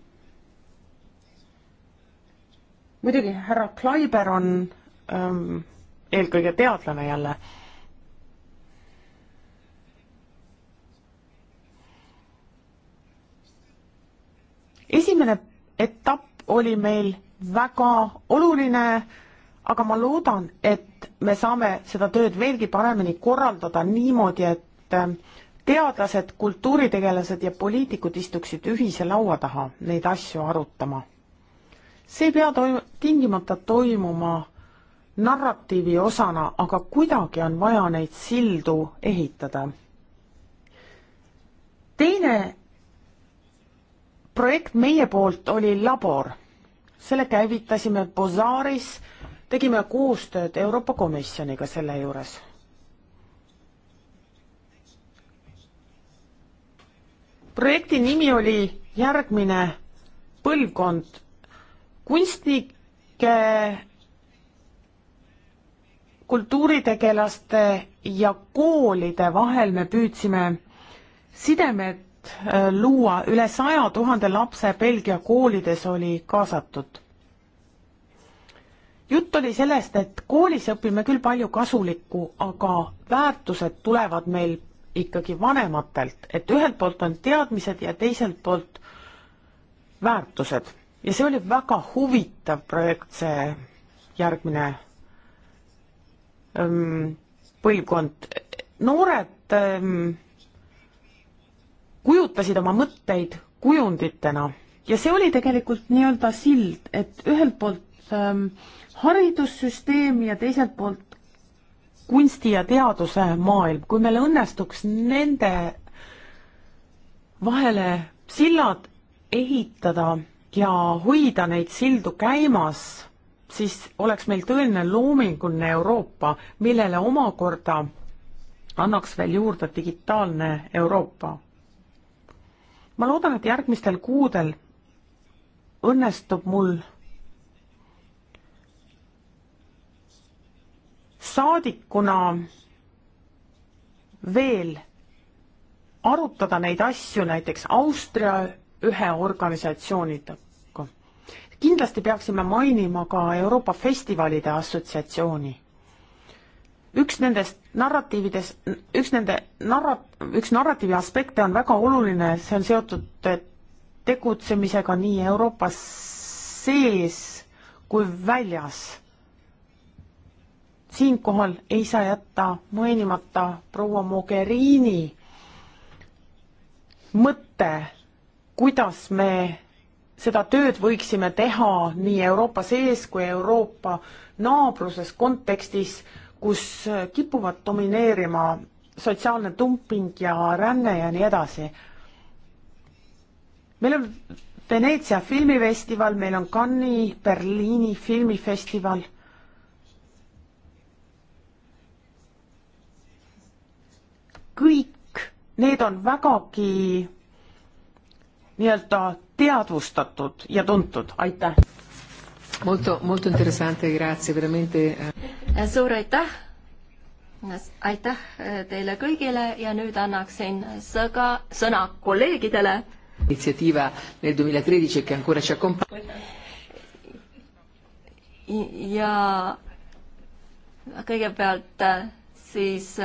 muidugi härra Klaiber on ähm, eelkõige teadlane jälle. esimene etapp oli meil väga oluline, aga ma loodan, et me saame seda tööd veelgi paremini korraldada niimoodi, et ähm, teadlased, kultuuritegelased ja poliitikud istuksid ühise laua taha neid asju arutama. see ei pea toim-, tingimata toimuma narratiivi osana, aga kuidagi on vaja neid sildu ehitada. teine projekt meie poolt oli labor. selle käivitasime Bozaaris, tegime koostööd Euroopa Komisjoniga selle juures projekti nimi oli järgmine põlvkond kunstnike, kultuuritegelaste ja koolide vahel me püüdsime sidemed äh, luua, üle saja tuhande lapse Belgia koolides oli kaasatud. jutt oli sellest, et koolis õpime küll palju kasulikku, aga väärtused tulevad meil ikkagi vanematelt, et ühelt poolt on teadmised ja teiselt poolt väärtused ja see oli väga huvitav projekt, see järgmine ähm, põlvkond. noored ähm, kujutasid oma mõtteid kujunditena ja see oli tegelikult nii-öelda sild, et ühelt poolt ähm, haridussüsteemi ja teiselt poolt kunsti ja teaduse maailm, kui meil õnnestuks nende vahele sillad ehitada ja hoida neid sildu käimas, siis oleks meil tõeline loominguline Euroopa, millele omakorda annaks veel juurde digitaalne Euroopa. ma loodan, et järgmistel kuudel õnnestub mul saadikuna veel arutada neid asju näiteks Austria ühe organisatsioonidega. kindlasti peaksime mainima ka Euroopa Festivalide Assotsiatsiooni. üks nendest narratiivides, üks nende narra-, üks narratiivi aspekte on väga oluline, see on seotud tegutsemisega nii Euroopas sees kui väljas siinkohal ei saa jätta mainimata proua Mogherini mõte, kuidas me seda tööd võiksime teha nii Euroopa sees kui Euroopa naabruses kontekstis, kus kipuvad domineerima sotsiaalne dumping ja ränne ja nii edasi. meil on Veneetsia filmifestival, meil on Cannes'i, Berliini filmifestival kõik need on vägagi nii-öelda teadvustatud ja tuntud, aitäh! Molto, molto interessante, grazie, veramente. Eh. suur aitäh! aitäh eh, teile kõigile ja nüüd annaksin sõga, sõna kolleegidele. initsiatiiva nel duemilatredici che ancora ci accompagna. ja kõigepealt eh, siis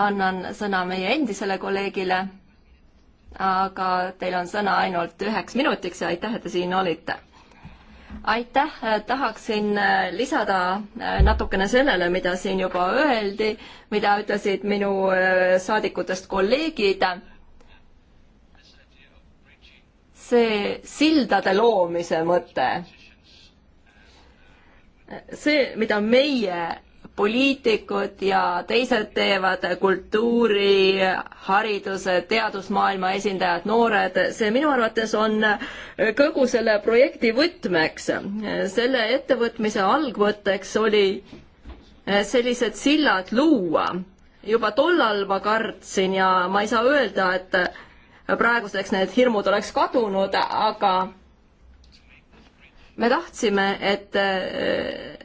annan sõna meie endisele kolleegile, aga teil on sõna ainult üheks minutiks ja aitäh, et te siin olite aitäh, tahaksin äh, lisada äh, natukene sellele, mida siin juba öeldi, mida ütlesid minu äh, saadikutest kolleegid. see sildade loomise mõte, see, mida meie poliitikud ja teised teevad, kultuuri, hariduse, teadusmaailma esindajad, noored, see minu arvates on kogu selle projekti võtmeks. selle ettevõtmise algvõtteks oli sellised sillad luua. juba tollal ma kartsin ja ma ei saa öelda, et praeguseks need hirmud oleks kadunud, aga me tahtsime, et äh,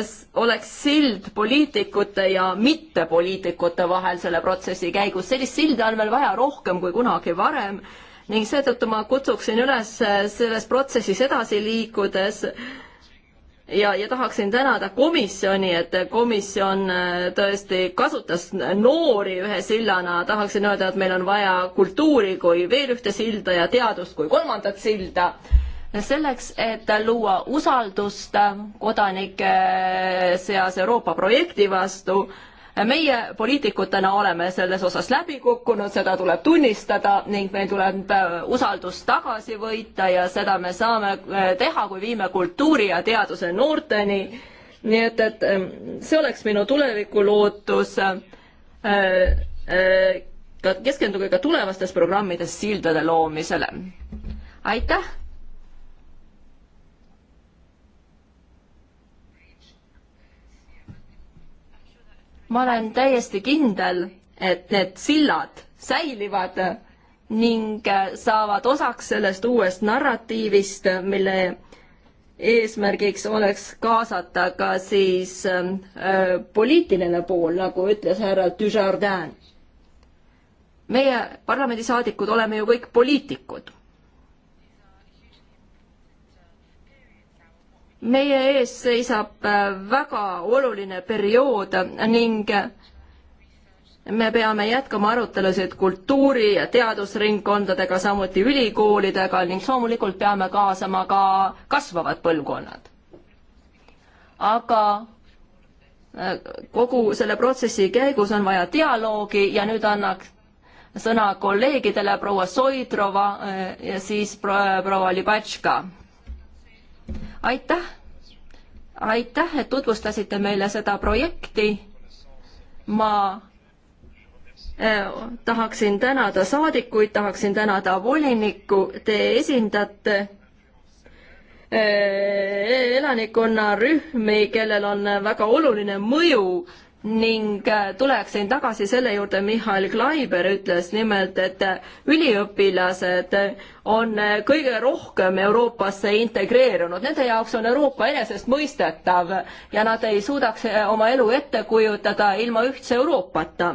äh, oleks sild poliitikute ja mittepoliitikute vahel selle protsessi käigus, sellist silda on veel vaja rohkem kui kunagi varem ning seetõttu ma kutsuksin üles äh, selles protsessis edasi liikudes ja, ja tahaksin tänada komisjoni, et komisjon tõesti kasutas noori ühe sillana, tahaksin öelda, et meil on vaja kultuuri kui veel ühte silda ja teadust kui kolmandat silda selleks, et luua usaldust kodanike seas Euroopa projekti vastu. meie poliitikutena oleme selles osas läbi kukkunud, seda tuleb tunnistada ning meil tuleb usaldust tagasi võita ja seda me saame teha, kui viime kultuuri ja teaduse noorteni. nii et, et ähm, see oleks minu tulevikulootus äh, äh, ka keskenduge ka tulevastes programmides sildade loomisele. aitäh ma olen täiesti kindel, et need sillad säilivad ning äh, saavad osaks sellest uuest narratiivist, mille eesmärgiks oleks kaasata ka siis ähm, äh, poliitiline pool, nagu ütles härra Dujardin. meie parlamendisaadikud oleme ju kõik poliitikud meie ees seisab äh, väga oluline periood ning me peame jätkama arutelusid kultuuri- ja teadusringkondadega, samuti ülikoolidega ning loomulikult peame kaasama ka kasvavad põlvkonnad. aga äh, kogu selle protsessi käigus on vaja dialoogi ja nüüd annaks sõna kolleegidele proua Soidrova äh, ja siis proua Libatška aitäh, aitäh, et tutvustasite meile seda projekti. ma äh, tahaksin tänada saadikuid, tahaksin tänada volinikku, te esindate äh, elanikkonnarühmi, kellel on väga oluline mõju ning äh, tuleksin tagasi selle juurde, Mihhail Klaiber ütles nimelt, et üliõpilased on äh, kõige rohkem Euroopasse integreerunud, nende jaoks on Euroopa enesestmõistetav ja nad ei suudaks äh, oma elu ette kujutada ilma ühtse Euroopata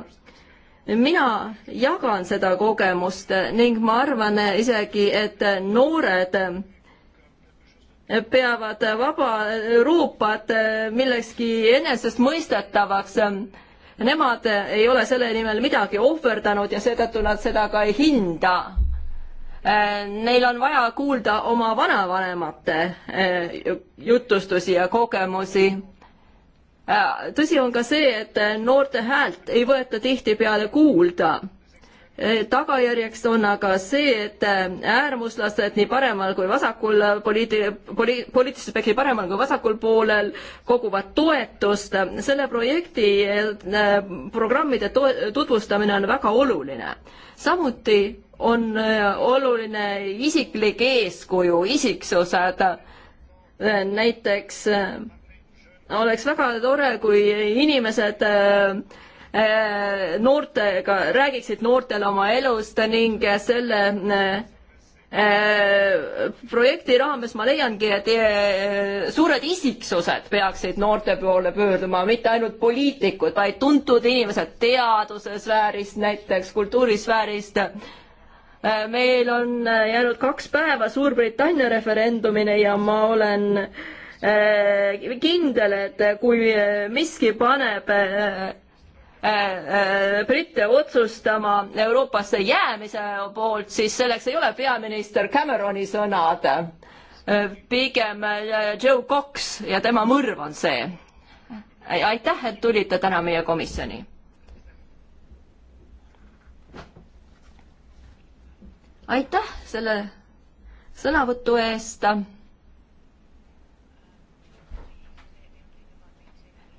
mina jagan seda kogemust ning ma arvan isegi, et noored peavad vaba Euroopat millekski enesestmõistetavaks. Nemad ei ole selle nimel midagi ohverdanud ja seetõttu nad seda ka ei hinda. Neil on vaja kuulda oma vanavanemate eh, jutustusi ja kogemusi tõsi on ka see, et noorte häält ei võeta tihtipeale kuulda Äh, tagajärjeks on aga see, et äh, äärmuslased nii paremal kui vasakul äh, poliiti-, poli-, poliitilise spekri paremal kui vasakul poolel koguvad toetust. selle projekti programmide to-, tutvustamine on väga oluline. samuti on oluline isiklik eeskuju, isiksused, näiteks oleks väga tore, kui inimesed äh, Äh, noortega, räägiksid noortele oma elust ning selle äh, äh, projekti raames ma leiangi, et suured isiksused peaksid noorte poole pöörduma, mitte ainult poliitikud, vaid tuntud inimesed teaduse sfäärist näiteks, kultuurisfäärist. meil on jäänud kaks päeva Suurbritannia referendumini ja ma olen kindel, et kui miski paneb Äh, äh, britte otsustama Euroopasse jäämise poolt, siis selleks ei ole peaminister Cameroni sõnad. Äh, pigem Joe Cox ja tema mõrv on see. aitäh, et tulite täna meie komisjoni. aitäh selle sõnavõtu eest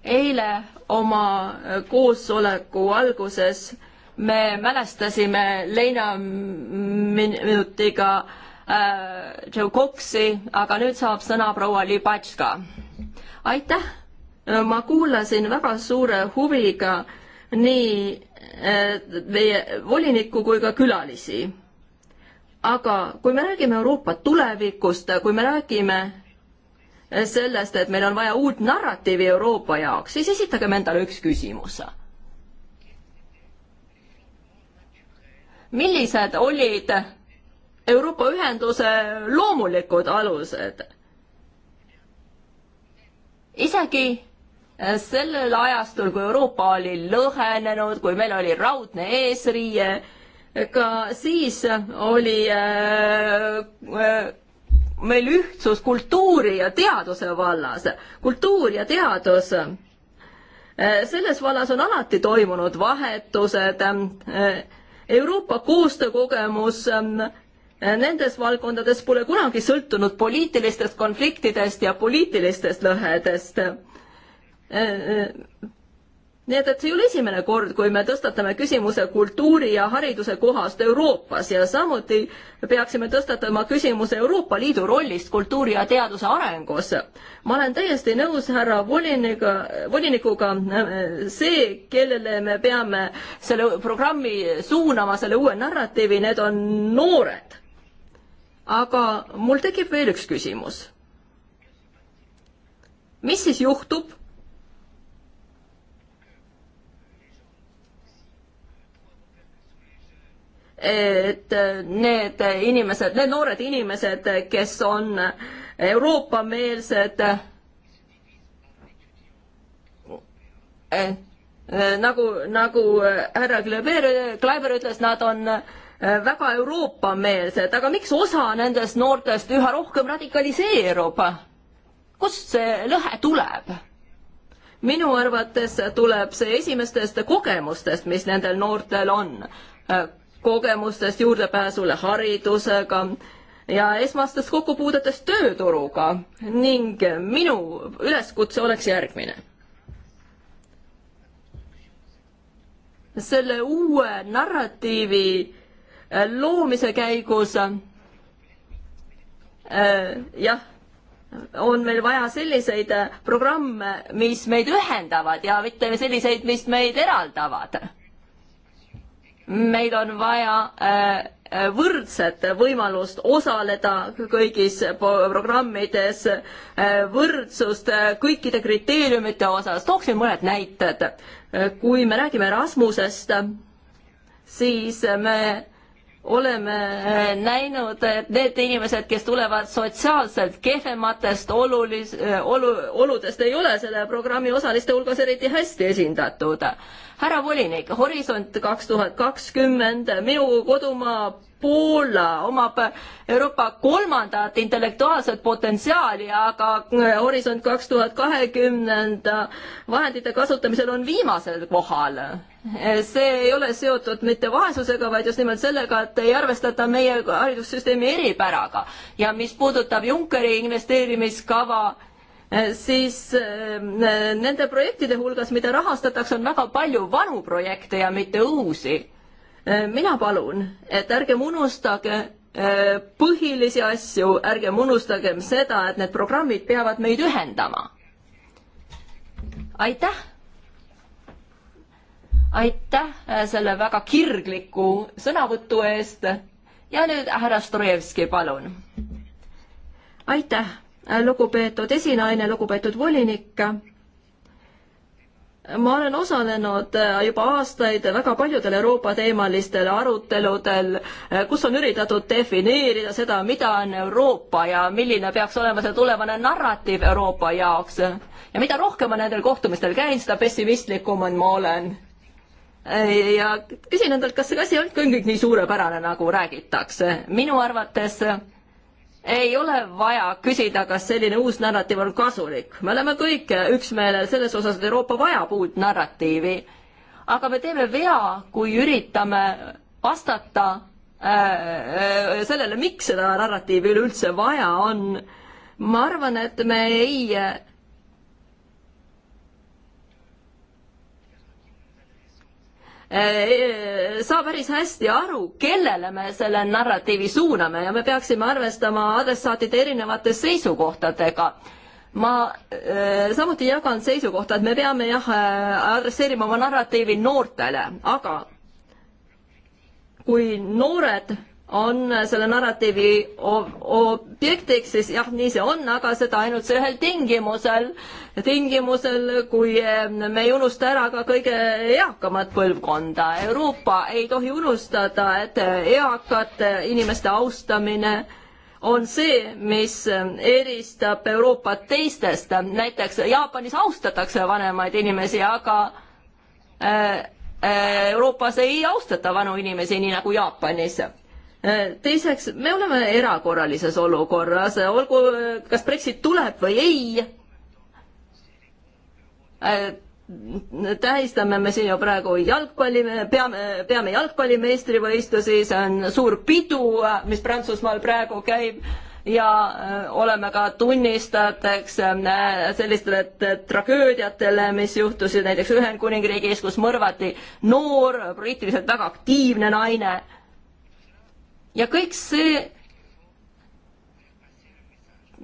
eile oma koosoleku alguses me mälestasime leinaminutiga äh, Joe Coxi, aga nüüd saab sõna proua Libatška. aitäh, ma kuulasin väga suure huviga nii äh, meie volinikku kui ka külalisi. aga kui me räägime Euroopa tulevikust, kui me räägime sellest, et meil on vaja uut narratiivi Euroopa jaoks, siis esitagem endale üks küsimus. millised olid Euroopa ühenduse loomulikud alused? isegi sellel ajastul, kui Euroopa oli lõhenenud, kui meil oli raudne eesriie, ka siis oli äh, äh meil ühtsus kultuuri ja teaduse vallas. kultuur ja teadus, eh, selles vallas on alati toimunud vahetused. Eh, Euroopa koostöökogemus eh, nendes valdkondades pole kunagi sõltunud poliitilistest konfliktidest ja poliitilistest lõhedest nii et, et see ei ole esimene kord, kui me tõstatame küsimuse kultuuri ja hariduse kohast Euroopas ja samuti peaksime tõstatama küsimuse Euroopa Liidu rollist kultuuri ja teaduse arengus. ma olen täiesti nõus härra voliniga, volinikuga, see, kellele me peame selle programmi suunama, selle uue narratiivi, need on noored. aga mul tekib veel üks küsimus. mis siis juhtub et need inimesed, need noored inimesed, kes on Euroopa-meelsed, nagu, nagu härra Kleber, Kleber ütles, nad on väga Euroopa-meelsed, aga miks osa nendest noortest üha rohkem radikaliseerub? kust see lõhe tuleb? minu arvates tuleb see esimestest kogemustest, mis nendel noortel on kogemustest, juurdepääsule haridusega ja esmastest kokkupuudetest tööturuga ning minu üleskutse oleks järgmine. selle uue narratiivi äh, loomise käigus äh, jah, on meil vaja selliseid äh, programme, mis meid ühendavad ja mitte selliseid, mis meid eraldavad meil on vaja äh, äh, võrdset võimalust osaleda kõigis programmides, äh, võrdsust kõikide kriteeriumite osas, tooksin mõned näited. kui me räägime Rasmusest, siis me oleme äh, näinud, et need inimesed, kes tulevad sotsiaalselt kehvematest olulis-, äh, olu, oludest, ei ole selle programmi osaliste hulgas eriti hästi esindatud. härra volinik, Horisont kaks tuhat kakskümmend, minu kodumaa Poola omab Euroopa kolmandat intellektuaalset potentsiaali, aga äh, Horisont kaks tuhat kahekümnenda vahendite kasutamisel on viimasel kohal see ei ole seotud mitte vaesusega, vaid just nimelt sellega, et ei arvestata meie haridussüsteemi eripäraga. ja mis puudutab Junckeri investeerimiskava, siis eh, nende projektide hulgas, mida rahastatakse, on väga palju vanu projekte ja mitte uusi. Eh, mina palun, et ärgem unustage eh, põhilisi asju, ärgem unustagem seda, et need programmid peavad meid ühendama. aitäh aitäh äh, selle väga kirgliku sõnavõtu eest ja nüüd härra Strojevski, palun. aitäh, äh, lugupeetud esinaine, lugupeetud volinik. ma olen osalenud äh, juba aastaid väga paljudel Euroopa teemalistel aruteludel, kus on üritatud defineerida seda, mida on Euroopa ja milline peaks olema see tulevane narratiiv Euroopa jaoks. ja mida rohkem ma nendel kohtumistel käin, seda pessimistlikum on ma olen ja küsin endalt, kas see asi on kõik nii suurepärane, nagu räägitakse. minu arvates ei ole vaja küsida, kas selline uus narratiiv on kasulik. me oleme kõik üksmeelel selles osas, et Euroopa vajab uut narratiivi. aga me teeme vea, kui üritame vastata äh, äh sellele, miks seda narratiivi üleüldse vaja on. ma arvan, et me ei äh, Äh, saa päris hästi aru, kellele me selle narratiivi suuname ja me peaksime arvestama adressaatide erinevate seisukohtadega. ma äh, samuti jagan seisukohta, et me peame jah, äh, adresseerima oma narratiivi noortele, aga kui noored on selle narratiivi objektiks, siis jah, nii see on, aga seda ainult ühel tingimusel, tingimusel, kui me ei unusta ära ka kõige eakamat põlvkonda. Euroopa ei tohi unustada, et eakate inimeste austamine on see, mis eristab Euroopat teistest. näiteks Jaapanis austatakse vanemaid inimesi, aga eh, eh, Euroopas ei austata vanu inimesi, nii nagu Jaapanis Äh, teiseks, me oleme erakorralises olukorras, äh, olgu, äh, kas Brexit tuleb või ei, tähistame me siin ju praegu jalgpalli, peame, peame jalgpallimeistrivõistlusi, see on suur pidu, mis Prantsusmaal praegu käib ja oleme ka tunnistajateks sellistele tragöödiatele, mis juhtusid näiteks Ühendkuningriigis, kus mõrvati noor, poliitiliselt väga aktiivne naine ja kõik see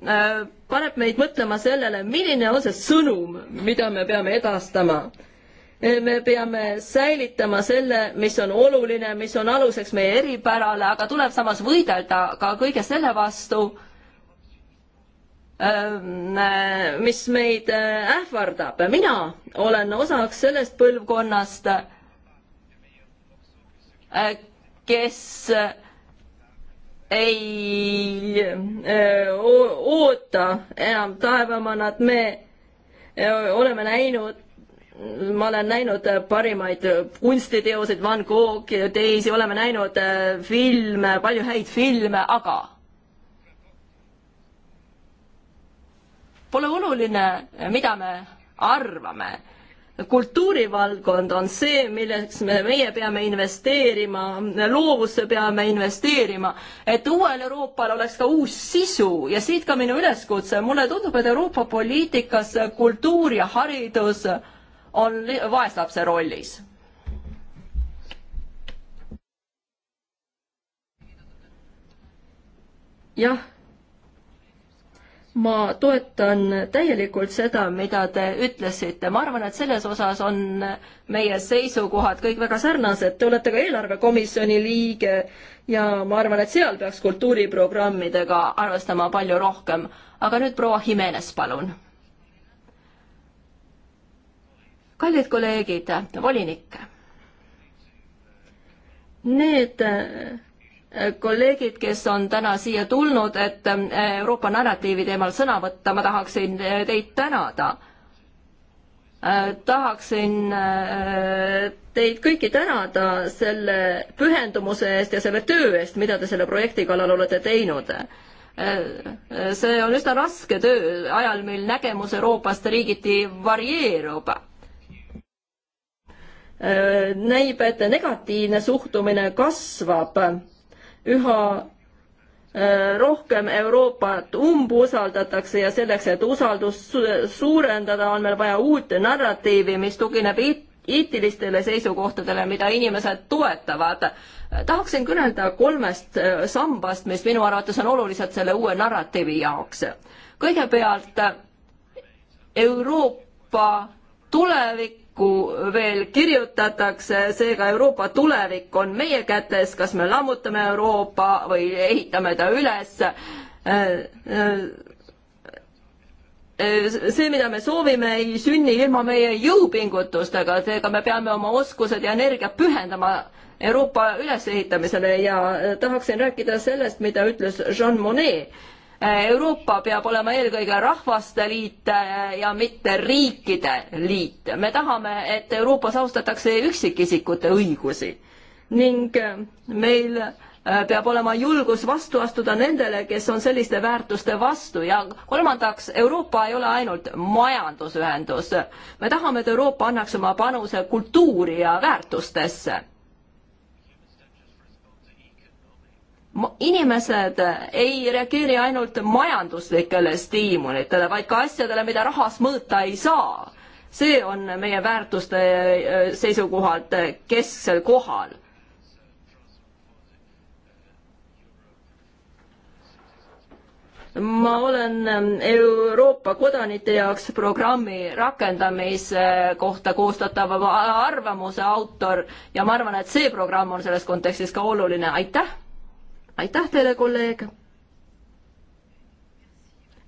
äh, paneb meid mõtlema sellele, milline on see sõnum, mida me peame edastama. me peame säilitama selle, mis on oluline, mis on aluseks meie eripärale, aga tuleb samas võidelda ka kõige selle vastu, ähm, äh, mis meid äh, ähvardab. mina olen osaks sellest põlvkonnast, kes ei äh, oota enam taevamanad, me äh, oleme näinud, ma olen näinud äh, parimaid kunstiteoseid, Van Goghi ja teisi, oleme näinud filme, palju häid filme, aga pole oluline, mida me arvame kultuurivaldkond on see, milleks me, meie peame investeerima, loovusse peame investeerima, et uuel Euroopal oleks ka uus sisu ja siit ka minu üleskutse, mulle tundub, et Euroopa poliitikas kultuur ja haridus on vaeslapse rollis. jah ma toetan täielikult seda, mida te ütlesite, ma arvan, et selles osas on meie seisukohad kõik väga sarnased, te olete ka eelarvekomisjoni liige ja ma arvan, et seal peaks kultuuriprogrammidega arvestama palju rohkem. aga nüüd proua Jimenez, palun. kallid kolleegid, volinik. Need kolleegid, kes on täna siia tulnud, et eh, Euroopa narratiivi teemal sõna võtta, ma tahaksin eh, teid tänada. Eh, tahaksin teid kõiki tänada selle pühendumuse eest ja selle töö eest, mida te selle projekti kallal olete teinud see on üsna raske töö ajal, mil nägemus Euroopast riigiti varieerub. näib, et negatiivne suhtumine kasvab üha äh, rohkem Euroopat umbusaldatakse ja selleks, et usaldust suurendada, on meil vaja uut narratiivi, mis tugineb eetilistele seisukohtadele, mida inimesed toetavad. tahaksin kõnelda kolmest äh, sambast, mis minu arvates on olulised selle uue narratiivi jaoks. kõigepealt Euroopa tulevik paraku veel kirjutatakse, seega Euroopa tulevik on meie kätes, kas me lammutame Euroopa või ehitame ta üles. see, mida me soovime, ei sünni ilma meie jõupingutustega, seega me peame oma oskused ja energia pühendama Euroopa ülesehitamisele ja tahaksin rääkida sellest, mida ütles Jean Monnet Äh, Euroopa peab olema eelkõige rahvaste liit äh, ja mitte riikide liit. me tahame, et Euroopas austatakse üksikisikute õigusi ning äh, meil peab olema julgus vastu astuda nendele, kes on selliste väärtuste vastu ja kolmandaks, Euroopa ei ole ainult majandusühendus. me tahame, et Euroopa annaks oma panuse kultuuri ja väärtustesse inimesed ei reageeri ainult majanduslikele stiimulitele, vaid ka asjadele, mida rahas mõõta ei saa. see on meie väärtuste äh, seisukohalt kesksel kohal. ma olen ähm, Euroopa kodanike jaoks programmi rakendamise kohta koostatava arvamuse autor ja ma arvan, et see programm on selles kontekstis ka oluline, aitäh aitäh teile, kolleeg.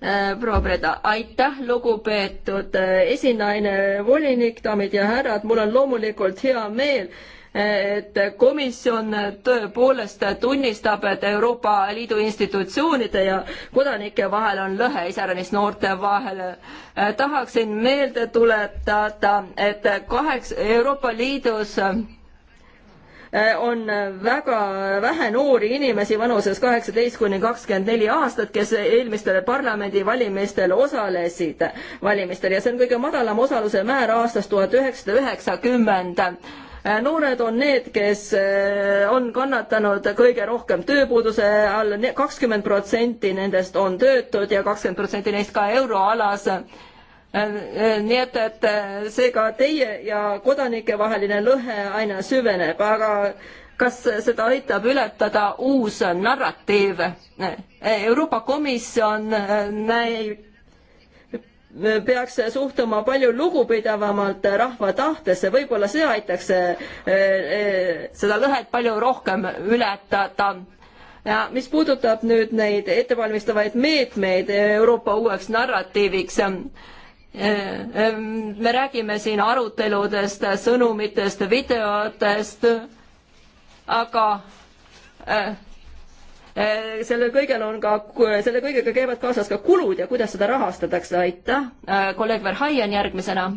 Äh, proua Breda, aitäh, lugupeetud äh, esinaine, volinik, daamid ja härrad, mul on loomulikult hea meel äh, et komisjon tõepoolest tunnistab, et Euroopa Liidu institutsioonide ja kodanike vahel on lõhe, iseäranis noorte vahel. tahaksin meelde tuletada, et kaheks Euroopa Liidus Eh, on väga vähe noori inimesi vanuses kaheksateist kuni kakskümmend neli aastat, kes eelmistel parlamendivalimistel osalesid valimistel ja see on kõige madalam osaluse määr aastast tuhat üheksasada üheksakümmend eh, noored on need, kes eh, on kannatanud kõige rohkem tööpuuduse all, kakskümmend protsenti nendest on töötud ja kakskümmend protsenti neist ka euroalas Äh, äh, nii et, et äh, seega teie ja kodanike vaheline lõhe aina süveneb, aga kas seda aitab ületada uus narratiiv? Euroopa Komisjon näib peaks suhtuma palju lugupidavamalt rahva tahtesse, võib-olla see aitaks seda lõhet palju rohkem ületada. ja mis puudutab nüüd neid ettevalmistavaid meetmeid Euroopa uueks narratiiviks, Ehm, me räägime siin aruteludest, sõnumitest, videotest, aga eh, eh, sellel kõigel on ka, selle kõigega käivad kaasas ka kulud ja kuidas seda rahastatakse, aitäh. Eh, kolleeg Verhaien järgmisena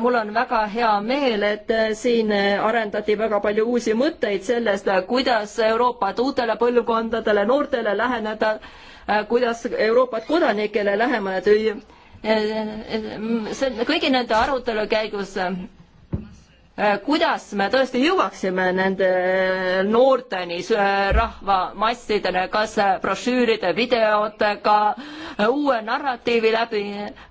mul on väga hea meel, et siin arendati väga palju uusi mõtteid sellest, kuidas Euroopat uutele põlvkondadele, noortele läheneda, kuidas Euroopat kodanikele lähemale tüüa Äh, äh, äh, kõigi nende arutelu käigus Äh, kuidas me tõesti jõuaksime nende noorteni, äh, rahvamassidele, kas äh, brošüüride, videotega, uue narratiivi läbi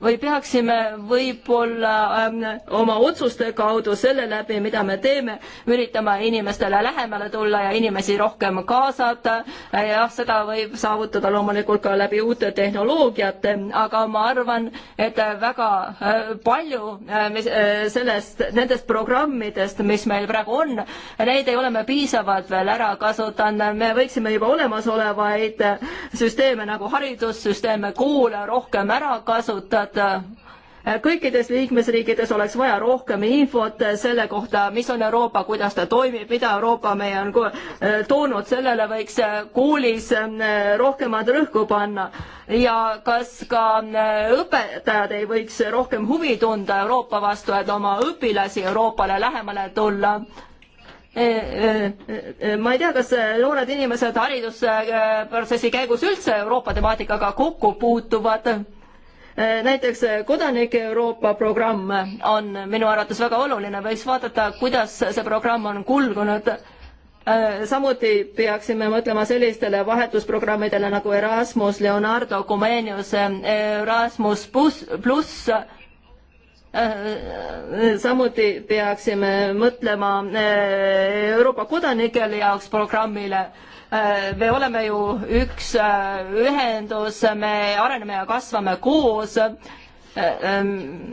või peaksime võib-olla ähm, oma otsuste kaudu selle läbi, mida me teeme, üritama inimestele lähemale tulla ja inimesi rohkem kaasata. jah, seda võib saavutada loomulikult ka läbi uute tehnoloogiate, aga ma arvan, et väga palju sellest, nendest programmidest programmidest, mis meil praegu on, neid ei ole me piisavalt veel ära kasutanud, me võiksime juba olemasolevaid süsteeme nagu haridussüsteeme, koole rohkem ära kasutada kõikides liikmesriikides oleks vaja rohkem infot selle kohta, mis on Euroopa, kuidas ta toimib, mida Euroopa meie on äh, toonud, sellele võiks äh, koolis äh, rohkemat rõhku panna. ja kas ka õpetajad ei võiks rohkem huvi tunda Euroopa vastu, et oma õpilasi Euroopale lähemale tulla? ma ei tea, kas noored inimesed haridusprotsessi käigus üldse Euroopa temaatikaga kokku puutuvad Äh, näiteks äh, Kodanike Euroopa programm äh, on minu arvates väga oluline, võiks vaadata, kuidas see programm on kulgunud. samuti peaksime mõtlema sellistele vahetusprogrammidele nagu Erasmus, Leonardo, Comenius, Erasmus pluss, pluss samuti peaksime mõtlema Euroopa kodanikele jaoks programmile Äh, me oleme ju üks äh, ühendus, me areneme ja kasvame koos Ehm,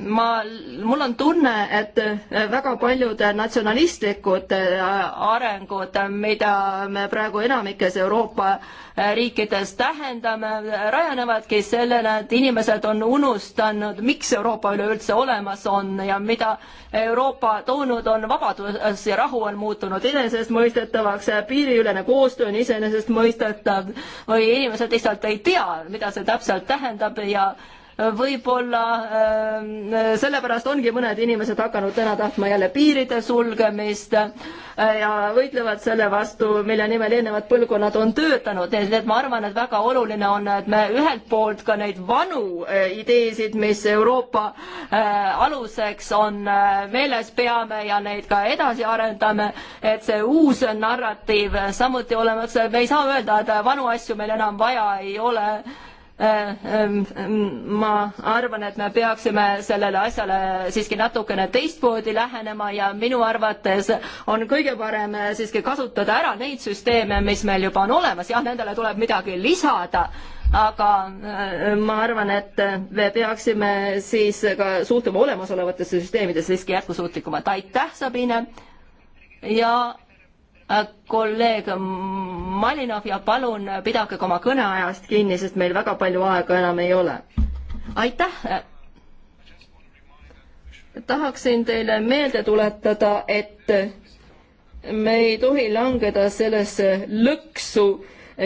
ma, mul on tunne, et eh, väga paljud natsionalistlikud eh, arengud, mida me praegu enamikes Euroopa eh, riikides tähendame, rajanevadki sellele, et inimesed on unustanud, miks Euroopa üleüldse olemas on ja mida Euroopa toonud on, vabadus ja rahu on muutunud enesestmõistetavaks, piiriülene koostöö on iseenesestmõistetav või inimesed lihtsalt ei tea, mida see täpselt tähendab ja võib-olla ähm, sellepärast ongi mõned inimesed hakanud täna tahtma jälle piiride sulgemist äh, ja võitlevad selle vastu, mille nimel eelnevad põlvkonnad on töötanud, nii et ma arvan, et väga oluline on, et me ühelt poolt ka neid vanu äh, ideesid, mis Euroopa äh, aluseks on, meeles peame ja neid ka edasi arendame, et see uus narratiiv samuti olemas, me ei saa öelda, et vanu asju meil enam vaja ei ole Äh, ähm, ähm, ma arvan, et me peaksime sellele asjale siiski natukene teistmoodi lähenema ja minu arvates on kõige parem äh, siiski kasutada ära neid süsteeme, mis meil juba on olemas, jah, nendele tuleb midagi lisada, aga äh, ma arvan, et me peaksime siis ka suhtuma olemasolevatesse süsteemidesse siiski jätkusuutlikumalt. aitäh, Sabine! ja Äh, kolleeg Malinov ja palun pidage ka oma kõneajast kinni, sest meil väga palju aega enam ei ole. aitäh! tahaksin teile meelde tuletada, et me ei tohi langeda sellesse lõksu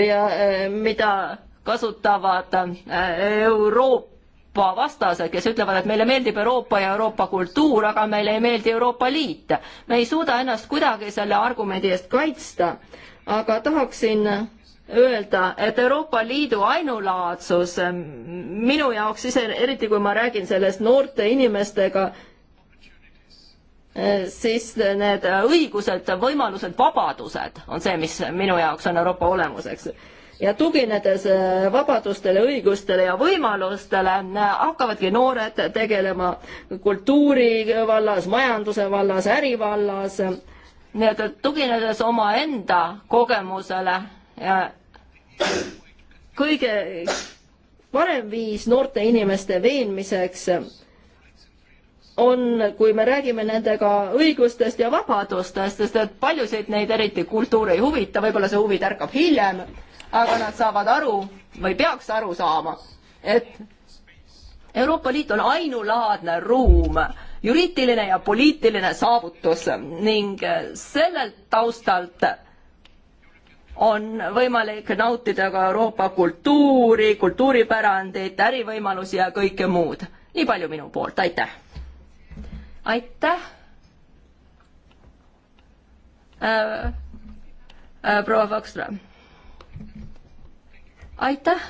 ja äh, mida kasutavad äh, Euroopa Euroopa vastased, kes ütlevad, et meile meeldib Euroopa ja Euroopa kultuur, aga meile ei meeldi Euroopa Liit. me ei suuda ennast kuidagi selle argumendi eest kaitsta, aga tahaksin öelda, et Euroopa Liidu ainulaadsus minu jaoks ise, eriti kui ma räägin sellest noorte inimestega, siis need õigused, võimalused, vabadused on see, mis minu jaoks on Euroopa olemuseks ja tuginedes äh, vabadustele, õigustele ja võimalustele äh, hakkavadki noored tegelema kultuuri vallas, majanduse vallas, ärivallas, nii et tuginedes omaenda kogemusele ja kõige parem viis noorte inimeste veenmiseks on, kui me räägime nendega õigustest ja vabadustest, sest et paljusid neid eriti kultuur ei huvita, võib-olla see huvi tärkab hiljem aga nad saavad aru või peaks aru saama, et Euroopa Liit on ainulaadne ruum, juriidiline ja poliitiline saavutus ning sellelt taustalt on võimalik nautida ka Euroopa kultuuri, kultuuripärandit, ärivõimalusi ja kõike muud. nii palju minu poolt, aitäh! aitäh äh,! Äh, proua Vaksla aitäh!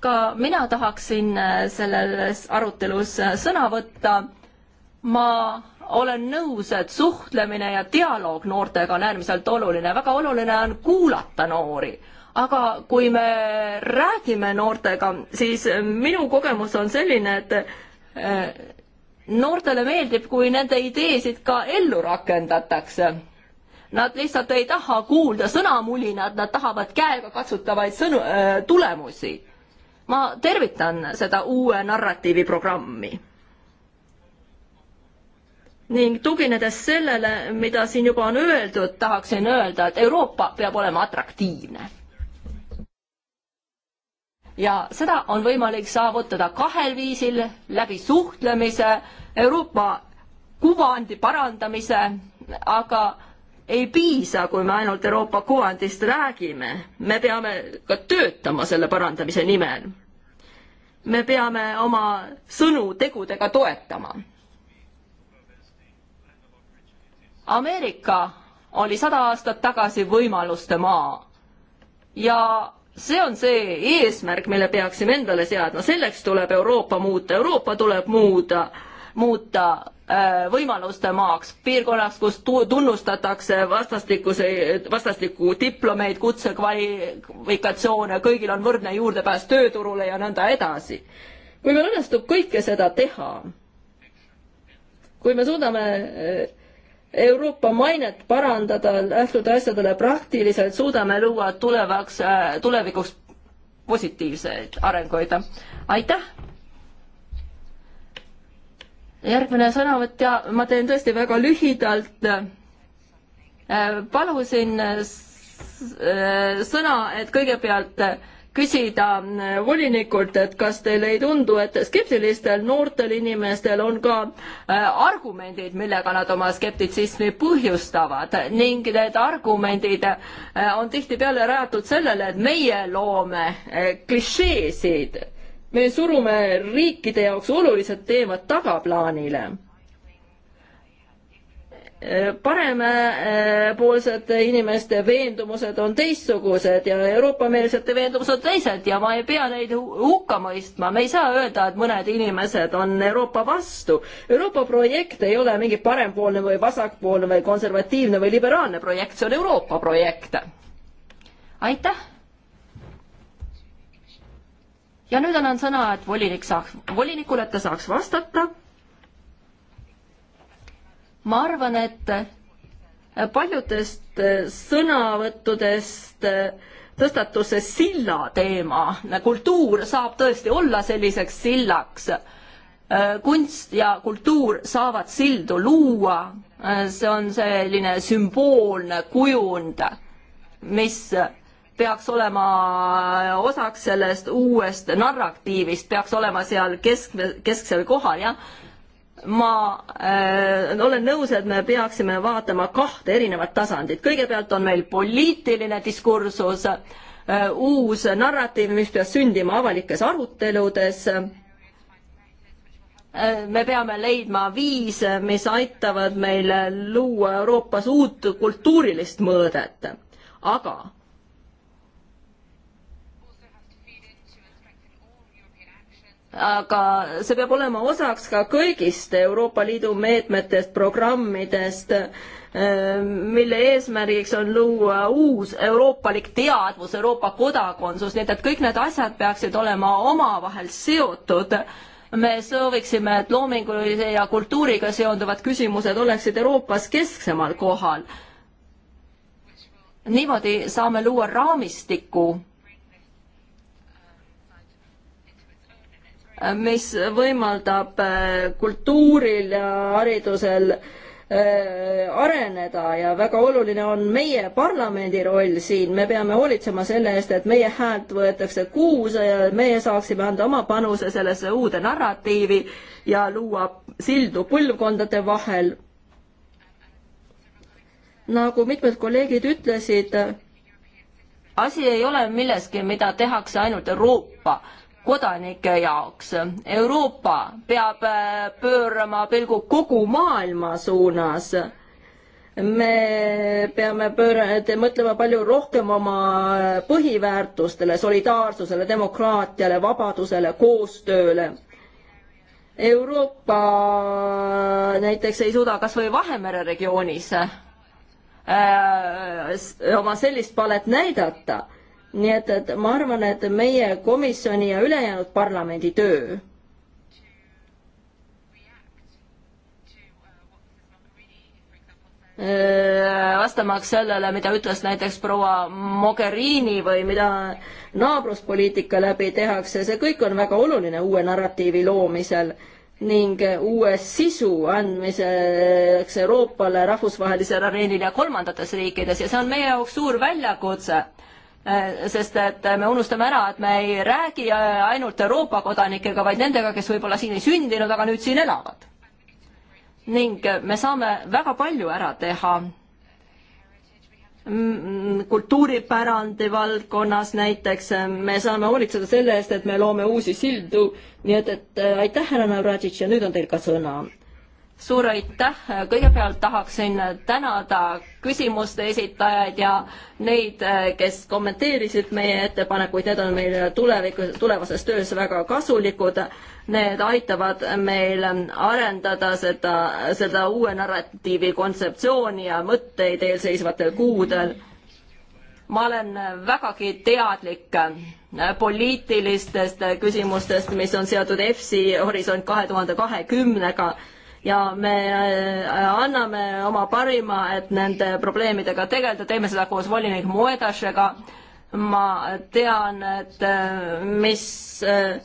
ka mina tahaksin äh, selles arutelus äh, sõna võtta. ma olen nõus, et suhtlemine ja dialoog noortega on äärmiselt oluline, väga oluline on kuulata noori aga kui me räägime noortega, siis minu kogemus on selline, et äh, noortele meeldib, kui nende ideesid ka ellu rakendatakse Nad lihtsalt ei taha kuulda sõnamulinat, nad tahavad käega katsutavaid sõnu äh,, tulemusi. ma tervitan seda uue narratiivi programmi ning tuginedes sellele, mida siin juba on öeldud, tahaksin öelda, et Euroopa peab olema atraktiivne. ja seda on võimalik saavutada kahel viisil, läbi suhtlemise, Euroopa kuvandi parandamise, aga ei piisa, kui me ainult Euroopa kuvandist räägime, me peame ka töötama selle parandamise nimel. me peame oma sõnu tegudega toetama. Ameerika oli sada aastat tagasi võimaluste maa ja see on see eesmärk, mille peaksime endale seadma, selleks tuleb Euroopa muuta, Euroopa tuleb muuda, muuta Äh, võimaluste maaks, piirkonnaks, kus tu-, tunnustatakse vastastikuse, vastastikku diplomeid, kutsekvalifikatsioone, kõigil on võrdne juurdepääs tööturule ja nõnda edasi. kui meil õnnestub kõike seda teha, kui me suudame äh, Euroopa mainet parandada, lähtuda asjadele praktiliselt, suudame luua tulevaks, äh, tulevikuks positiivseid arenguid. aitäh! järgmine sõnavõtja, ma teen tõesti väga lühidalt. Äh, palusin äh, sõna, et kõigepealt äh, küsida volinikult, et kas teile ei tundu, et skeptilistel noortel inimestel on ka argumendid, millega nad oma skeptitsismi põhjustavad ning need argumendid on tihtipeale rajatud sellele, et meie loome klišeesid me surume riikide jaoks olulised teemad tagaplaanile parempoolsete inimeste veendumused on teistsugused ja Euroopa-meelsete veendumused teised ja ma ei pea neid hukka mõistma, me ei saa öelda, et mõned inimesed on Euroopa vastu. Euroopa projekt ei ole mingi parempoolne või vasakpoolne või konservatiivne või liberaalne projekt, see on Euroopa projekt. aitäh! ja nüüd annan sõna, et volinik saaks, volinikule, et ta saaks vastata. ma arvan, et paljudest sõnavõttudest tõstatus see silla teema, kultuur saab tõesti olla selliseks sillaks. kunst ja kultuur saavad sildu luua, see on selline sümboolne kujund, mis peaks olema osaks sellest uuest narratiivist, peaks olema seal kesk, kesksel kohal, jah. ma äh, olen nõus, et me peaksime vaatama kahte erinevat tasandit, kõigepealt on meil poliitiline diskursus äh,, uus narratiiv, mis peaks sündima avalikes aruteludes äh,, me peame leidma viise, mis aitavad meil luua Euroopas uut kultuurilist mõõdet, aga aga see peab olema osaks ka kõigist Euroopa Liidu meetmetest, programmidest, ehm, mille eesmärgiks on luua uus euroopalik teadvus, Euroopa kodakondsus, nii et, et kõik need asjad peaksid olema omavahel seotud. me sooviksime, et loomingulise ja kultuuriga seonduvad küsimused oleksid Euroopas kesksemal kohal. niimoodi saame luua raamistiku mis võimaldab äh, kultuuril ja haridusel äh, areneda ja väga oluline on meie parlamendi roll siin, me peame hoolitsema selle eest, et meie häält võetakse kuuse ja meie saaksime anda oma panuse sellesse uude narratiivi ja luua sildu põlvkondade vahel. nagu mitmed kolleegid ütlesid, asi ei ole milleski, mida tehakse ainult Euroopa kodanike jaoks. Euroopa peab äh, pöörama pilgu kogu maailma suunas. me peame pööra-, mõtlema palju rohkem oma põhiväärtustele, solidaarsusele, demokraatiale, vabadusele, koostööle Euroopa näiteks ei suuda kas või Vahemere regioonis öö, äh, oma sellist palet näidata nii et, et ma arvan, et meie komisjoni ja ülejäänud parlamendi töö äh, vastamaks sellele, mida ütles näiteks proua Mogherini või mida naabruspoliitika läbi tehakse, see kõik on väga oluline uue narratiivi loomisel ning uue sisu andmiseks Euroopale rahvusvahelisel areenil ja kolmandates riikides ja see on meie jaoks suur väljakutse Äh, sest et me unustame ära, et me ei räägi äh, ainult Euroopa kodanikega, vaid nendega, kes võib-olla siin ei sündinud, aga nüüd siin elavad. ning äh, me saame väga palju ära teha kultuuripärandi valdkonnas näiteks, me saame hoolitseda selle eest, et me loome uusi sildu, nii et, et aitäh, härra Navratšitš ja nüüd on teil ka sõna suur aitäh, kõigepealt tahaksin tänada küsimuste esitajaid ja neid, kes kommenteerisid meie ettepanekuid, need on meile tulevikus, tulevases töös väga kasulikud. Need aitavad meil arendada seda, seda uue narratiivi kontseptsiooni ja mõtteid eelseisvatel kuudel ma olen vägagi teadlik poliitilistest küsimustest, mis on seotud EFSI Horisont kahe tuhande kahekümnega ja me äh, anname oma parima, et nende probleemidega tegeleda, teeme seda koos volinik Moedašega. ma tean, et äh, mis äh,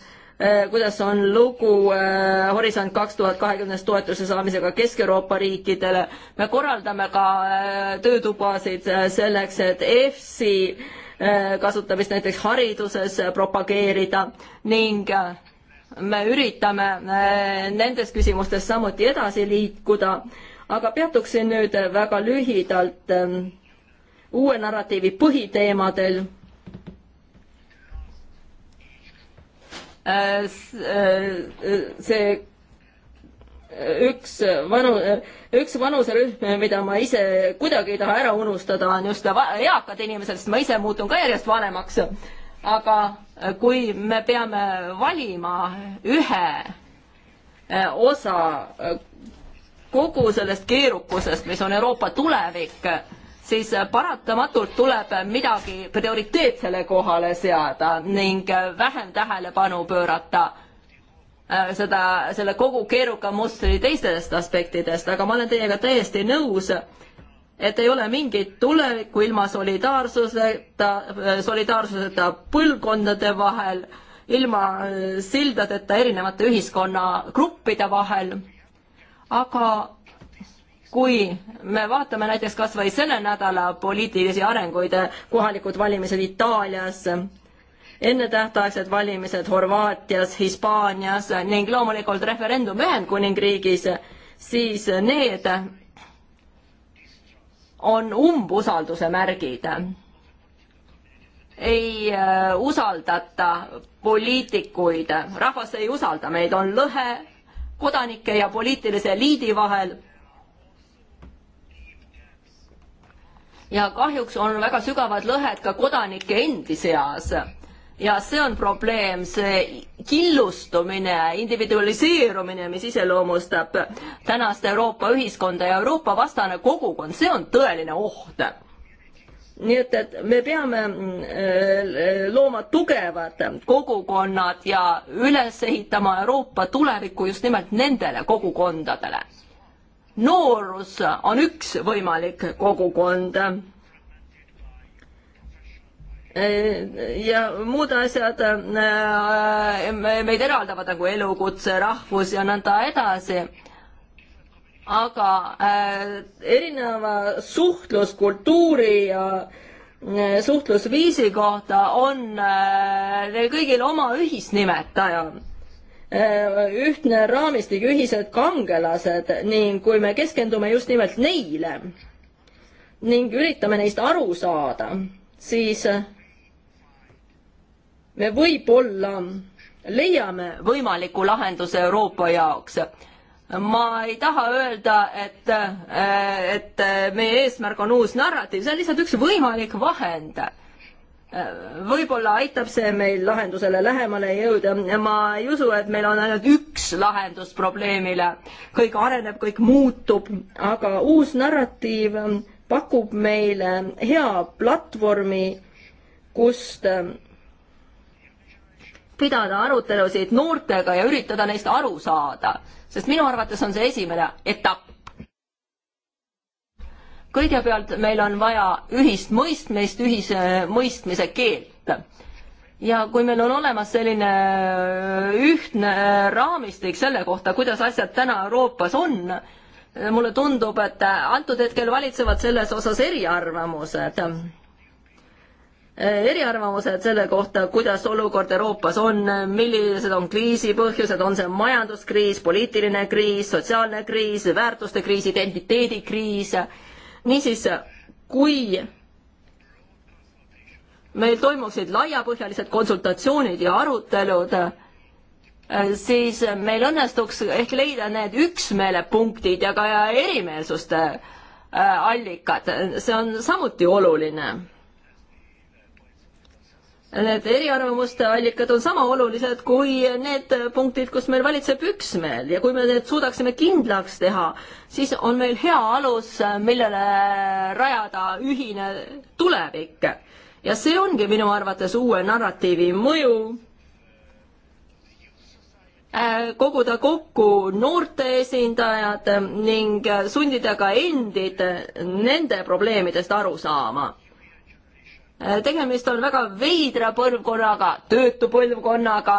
kuidas on lugu äh, Horisont kaks tuhat kahekümnest toetuse saamisega Kesk-Euroopa riikidele. me korraldame ka äh, töötubasid äh, selleks, et EFSI kasutamist näiteks hariduses propageerida ning me üritame eh, nendes küsimustes samuti edasi liikuda, aga peatuksin nüüd väga lühidalt eh, uue narratiivi põhiteemadel. Eh, see üks vanu, üks vanuserühm, mida ma ise kuidagi ei taha ära unustada, on just eakad inimesed, sest ma ise muutun ka järjest vanemaks aga äh, kui me peame valima ühe äh, osa äh, kogu sellest keerukusest, mis on Euroopa tulevik, siis paratamatult tuleb midagi prioriteetsele kohale seada ning vähem tähelepanu pöörata seda, selle kogu keeruka mustri teistest aspektidest, aga ma olen teiega täiesti nõus et ei ole mingit tulevikku ilma solidaarsuseta, solidaarsuseta põlvkondade vahel, ilma äh, sildadeta erinevate ühiskonnagruppide vahel. aga kui me vaatame näiteks kas või selle nädala poliitilisi arenguid, äh, kohalikud valimised Itaalias, ennetähtaegsed valimised Horvaatias, Hispaanias ning loomulikult referendum Ühendkuningriigis, siis need on umbusalduse märgid. ei äh, usaldata poliitikuid, rahvas ei usalda meid, on lõhe kodanike ja poliitilise eliidi vahel ja kahjuks on väga sügavad lõhed ka kodanike endi seas ja see on probleem, see killustumine, individualiseerumine, mis iseloomustab tänast Euroopa ühiskonda ja Euroopa vastane kogukond, see on tõeline oht. nii et, et me peame äh, looma tugevad kogukonnad ja üles ehitama Euroopa tulevikku just nimelt nendele kogukondadele. noorus on üks võimalik kogukond ja muud asjad äh, meid eraldavad nagu elukutse, rahvus ja nõnda edasi. aga äh, erineva suhtluskultuuri ja äh, suhtlusviisi kohta on neil kõigil oma ühisnimetaja ühtne raamistik, ühised kangelased ning kui me keskendume just nimelt neile ning üritame neist aru saada, siis me võib-olla leiame võimaliku lahenduse Euroopa jaoks ma ei taha öelda, et, et meie eesmärk on uus narratiiv, see on lihtsalt üks võimalik vahend. võib-olla aitab see meil lahendusele lähemale jõuda, ma ei usu, et meil on ainult üks lahendus probleemile. kõik areneb, kõik muutub, aga uus narratiiv pakub meile hea platvormi, kust pidada arutelusid noortega ja üritada neist aru saada, sest minu arvates on see esimene etapp. kõigepealt meil on vaja ühist mõistmist, ühise mõistmise keelt. ja kui meil on olemas selline ühtne raamistik selle kohta, kuidas asjad täna Euroopas on, mulle tundub, et antud hetkel valitsevad selles osas eriarvamused Eh, eriarvamused selle kohta, kuidas olukord Euroopas on, millised on kriisi põhjused, on see majanduskriis, poliitiline kriis, sotsiaalne kriis, väärtuste kriis, identiteedikriis. niisiis, kui meil toimuksid laiapõhjalised konsultatsioonid ja arutelud, eh, siis meil õnnestuks ehk leida need üksmeelepunktid ja ka erimeelsuste eh, allikad, see on samuti oluline Need eriarvamuste allikad on sama olulised kui need punktid, kus meil valitseb üksmeel ja kui me need suudaksime kindlaks teha, siis on meil hea alus, millele rajada ühine tulevik. ja see ongi minu arvates uue narratiivi mõju äh, koguda kokku noorte esindajad ning sundida ka endid nende probleemidest aru saama. Äh, tegemist on väga veidra põlvkonnaga, töötu põlvkonnaga.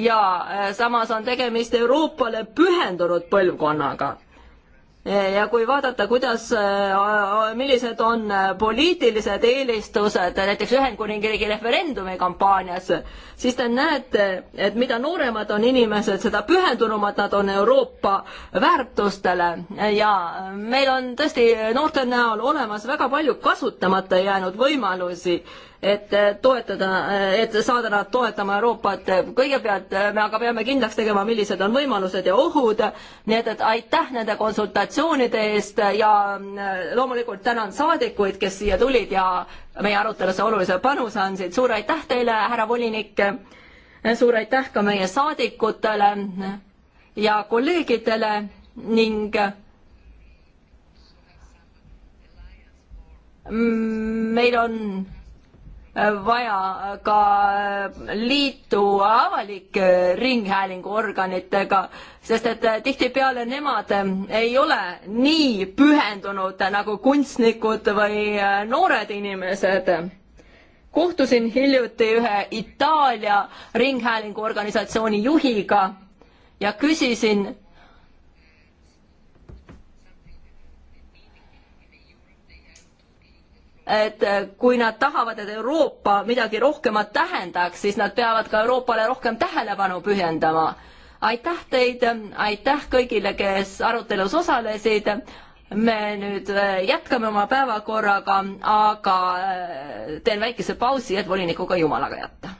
ja äh, samas on tegemist Euroopale pühendunud põlvkonnaga ja kui vaadata, kuidas, äh, äh, millised on äh, poliitilised eelistused näiteks Ühendkuningriigi referendumi kampaanias, siis te näete, et mida nooremad on inimesed, seda pühendunumad nad on Euroopa väärtustele ja meil on tõesti noorte näol olemas väga palju kasutamata jäänud võimalusi et äh, toetada, äh, et saada nad toetama Euroopat. kõigepealt äh, me aga peame kindlaks tegema, millised on võimalused ja ohud, nii et, et aitäh nende konsultatsioonide eest ja loomulikult tänan saadikuid, kes siia tulid ja meie arutelusse olulise panuse andsid, suur aitäh teile, härra volinik, suur aitäh ka meie saadikutele ja kolleegidele ning mm, meil on vaja ka liitu avalike ringhäälinguorganitega, sest et tihtipeale nemad ei ole nii pühendunud nagu kunstnikud või noored inimesed. kohtusin hiljuti ühe Itaalia ringhäälinguorganisatsiooni juhiga ja küsisin, et äh, kui nad tahavad, et Euroopa midagi rohkemat tähendaks, siis nad peavad ka Euroopale rohkem tähelepanu pühendama. aitäh teid, aitäh kõigile, kes arutelus osalesid. me nüüd äh, jätkame oma päevakorraga, aga äh, teen väikese pausi, et volinikuga jumalaga jätta.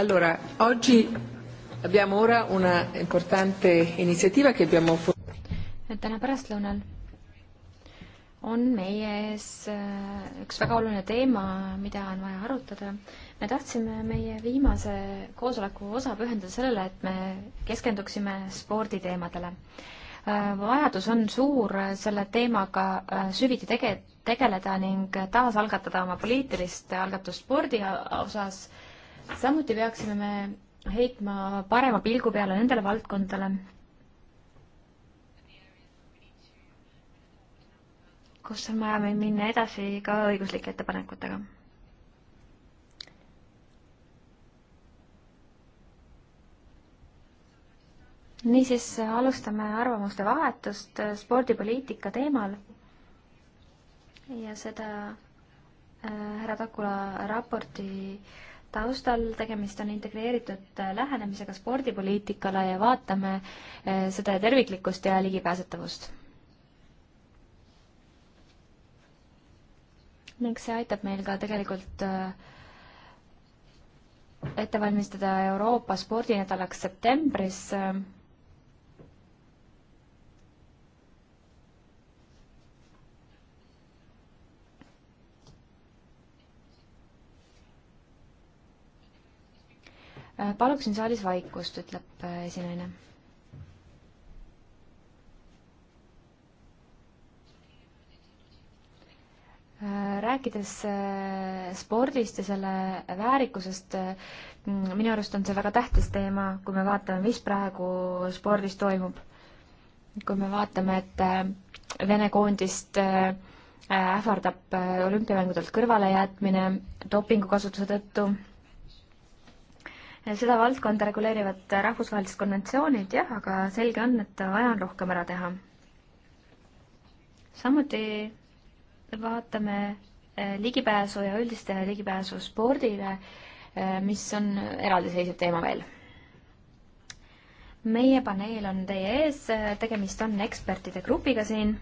Allora, oggi abbiamo ora una importante iniziativa che abbiamo täna pärastlõunal on meie ees äh, üks väga oluline teema, mida on vaja arutada. me tahtsime meie viimase koosoleku osa pühendada sellele, et me keskenduksime sporditeemadele. Äh, vajadus on suur selle teemaga äh, süviti tege-, tegeleda ning taasalgatada oma poliitilist algatust spordi osas samuti peaksime me heitma parema pilgu peale nendele valdkondadele, kus on vaja meil minna edasi ka õiguslike ettepanekutega. niisiis, alustame arvamuste vahetust spordipoliitika teemal ja seda äh, härra Takula raporti äh, taustal, tegemist on integreeritud äh, lähenemisega spordipoliitikale ja vaatame äh, seda terviklikkust ja ligipääsetavust. ning see aitab meil ka tegelikult äh, ette valmistada Euroopa spordinädalaks septembris Äh, paluksin saalis vaikust, ütleb äh, esinaine. Äh, rääkides spordist ja selle väärikusest, minu arust on see väga tähtis teema, kui me vaatame, mis praegu spordis toimub. kui me vaatame, et Vene koondist ähvardab olümpiamängudelt kõrvalejätmine dopingukasutuse tõttu seda valdkonda reguleerivad rahvusvahelised konventsioonid jah, aga selge on, et vaja on rohkem ära teha. samuti vaatame eh, ligipääsu ja üldistele ligipääsu spordile, eh, mis on eraldiseisev teema veel. meie paneel on teie ees, tegemist on ekspertide grupiga siin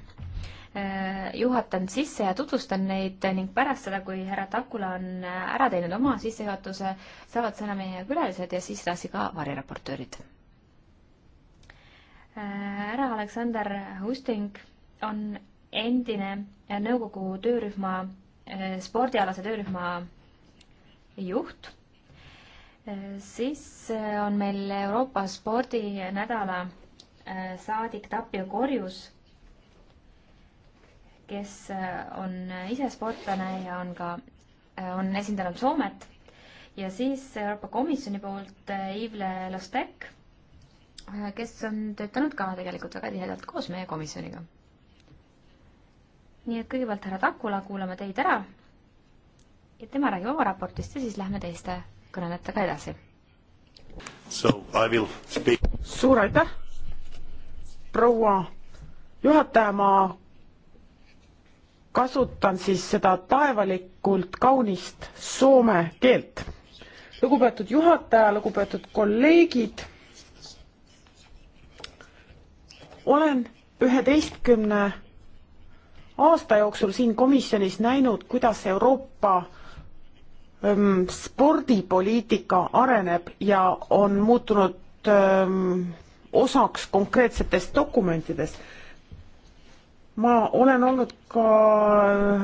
Äh, juhatan sisse ja tutvustan neid ning pärast seda, kui härra Takula on äh, ära teinud oma sissejuhatuse, saavad sõna meie külalised ja siis edasi ka variraportöörid. Äh, härra Aleksander Husting on endine nõukogu töörühma, spordialase töörühma juht. siis on meil Euroopa spordinädala saadik Tapio Korjus kes äh, on äh, ise sportlane ja on ka, äh, on esindanud Soomet. ja siis Euroopa Komisjoni poolt Yvle Lostek, kes on töötanud ka tegelikult väga tihedalt koos meie komisjoniga. nii et kõigepealt härra Takula, kuulame teid ära ja tema räägib oma raportist ja siis lähme teiste kõnelejatega edasi. suur aitäh, proua juhataja, ma kasutan siis seda taevalikult kaunist soome keelt. lugupeetud juhataja, lugupeetud kolleegid, olen üheteistkümne aasta jooksul siin komisjonis näinud, kuidas Euroopa öm, spordipoliitika areneb ja on muutunud öm, osaks konkreetsetest dokumentidest ma olen olnud ka äh,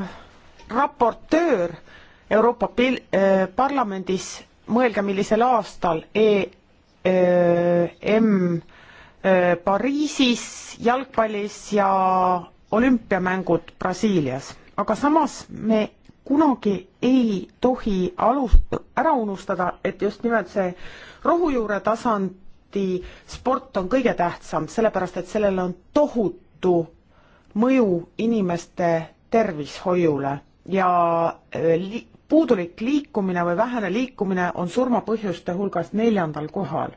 raportöör Euroopa pil- eh,, Parlamendis, mõelge, millisel aastal e,, EM äh, eh, Pariisis jalgpallis ja olümpiamängud Brasiilias. aga samas me kunagi ei tohi alus, ära unustada, et just nimelt see rohujuure tasandi sport on kõige tähtsam, sellepärast et sellel on tohutu mõju inimeste tervishoiule ja äh, li puudulik liikumine või vähene liikumine on surmapõhjuste hulgas neljandal kohal.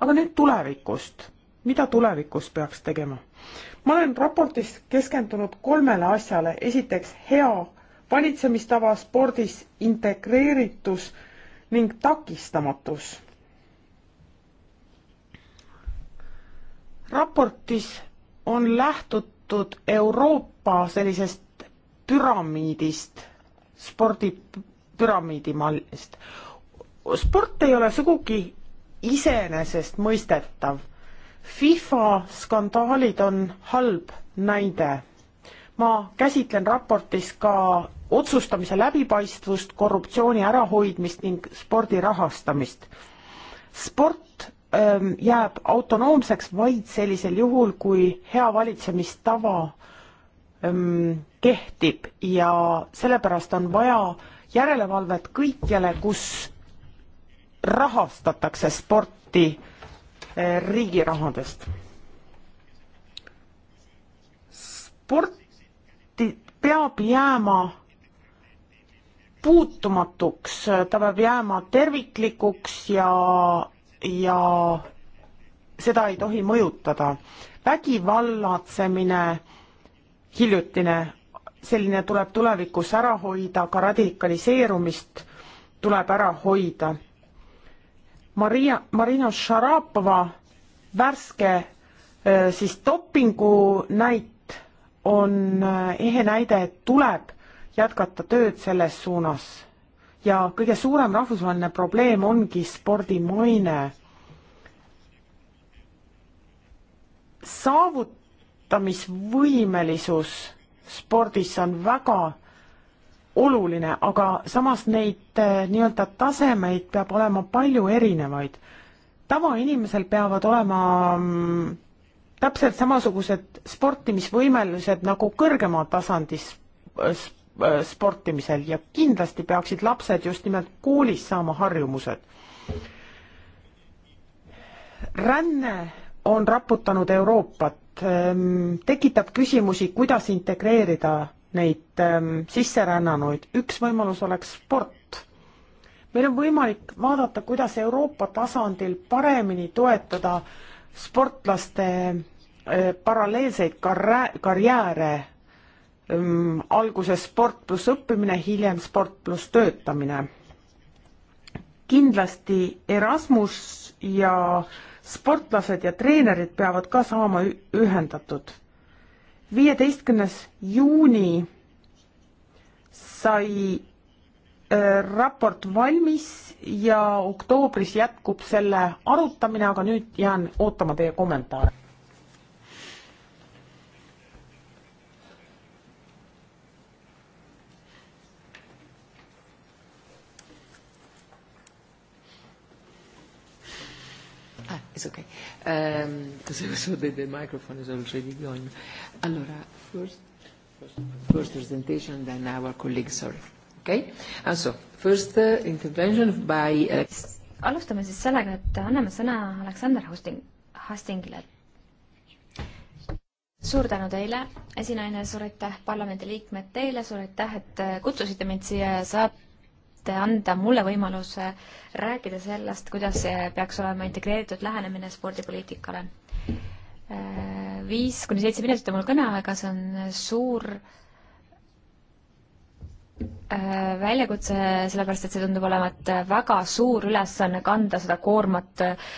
aga nüüd tulevikust. mida tulevikus peaks tegema? ma olen raportis keskendunud kolmele asjale. esiteks hea valitsemistava, spordis integreeritus ning takistamatus. raportis on lähtutud teatud Euroopa sellisest püramiidist, spordipüramiidi mallist. sport ei ole sugugi iseenesestmõistetav. FIFA skandaalid on halb näide. ma käsitlen raportis ka otsustamise läbipaistvust, korruptsiooni ärahoidmist ning spordi rahastamist. sport Ähm, jääb autonoomseks vaid sellisel juhul, kui hea valitsemistava ähm, kehtib ja sellepärast on vaja järelevalvet kõikjale, kus rahastatakse sporti äh, riigi rahadest. sporti peab jääma puutumatuks, ta peab jääma terviklikuks ja ja seda ei tohi mõjutada. vägivallatsemine, hiljutine, selline tuleb tulevikus ära hoida, ka radikaliseerumist tuleb ära hoida. Maria, Marina Šarapova värske siis dopingu näit on ehe näide, et tuleb jätkata tööd selles suunas ja kõige suurem rahvusvaheline probleem ongi spordi maine. saavutamisvõimelisus spordis on väga oluline, aga samas neid eh, nii-öelda tasemeid peab olema palju erinevaid. tavainimesel peavad olema mm, täpselt samasugused sportimisvõimelused nagu kõrgema tasandi eh, Äh, sportimisel ja kindlasti peaksid lapsed just nimelt koolis saama harjumused. ränne on raputanud Euroopat, ähm, tekitab küsimusi, kuidas integreerida neid ähm, sisserännanuid, üks võimalus oleks sport. meil on võimalik vaadata, kuidas Euroopa tasandil paremini toetada sportlaste äh, paralleelseid karjääre ähm, alguses sport pluss õppimine, hiljem sport pluss töötamine. kindlasti Erasmus ja sportlased ja treenerid peavad ka saama ühendatud. viieteistkümnes juuni sai äh, raport valmis ja oktoobris jätkub selle arutamine, aga nüüd jään ootama teie kommentaare because um, so the, the microphone is already going. Allora, first, first presentation, then our colleague, sorry. Okay? And ah, so, first uh, intervention by... Uh... alustame siis sellega, et anname sõna Aleksander Hosting, Hastingile. suur tänu teile, esinaine, suur aitäh parlamendiliikmed teile, suur aitäh, et äh, kutsusite mind siia saab anda mulle võimaluse rääkida sellest, kuidas peaks olema integreeritud lähenemine spordipoliitikale. Viis kuni seitse minutit on mul kõneaega, see on suur äh, väljakutse, sellepärast et see tundub olevat väga suur ülesanne kanda seda koormat äh,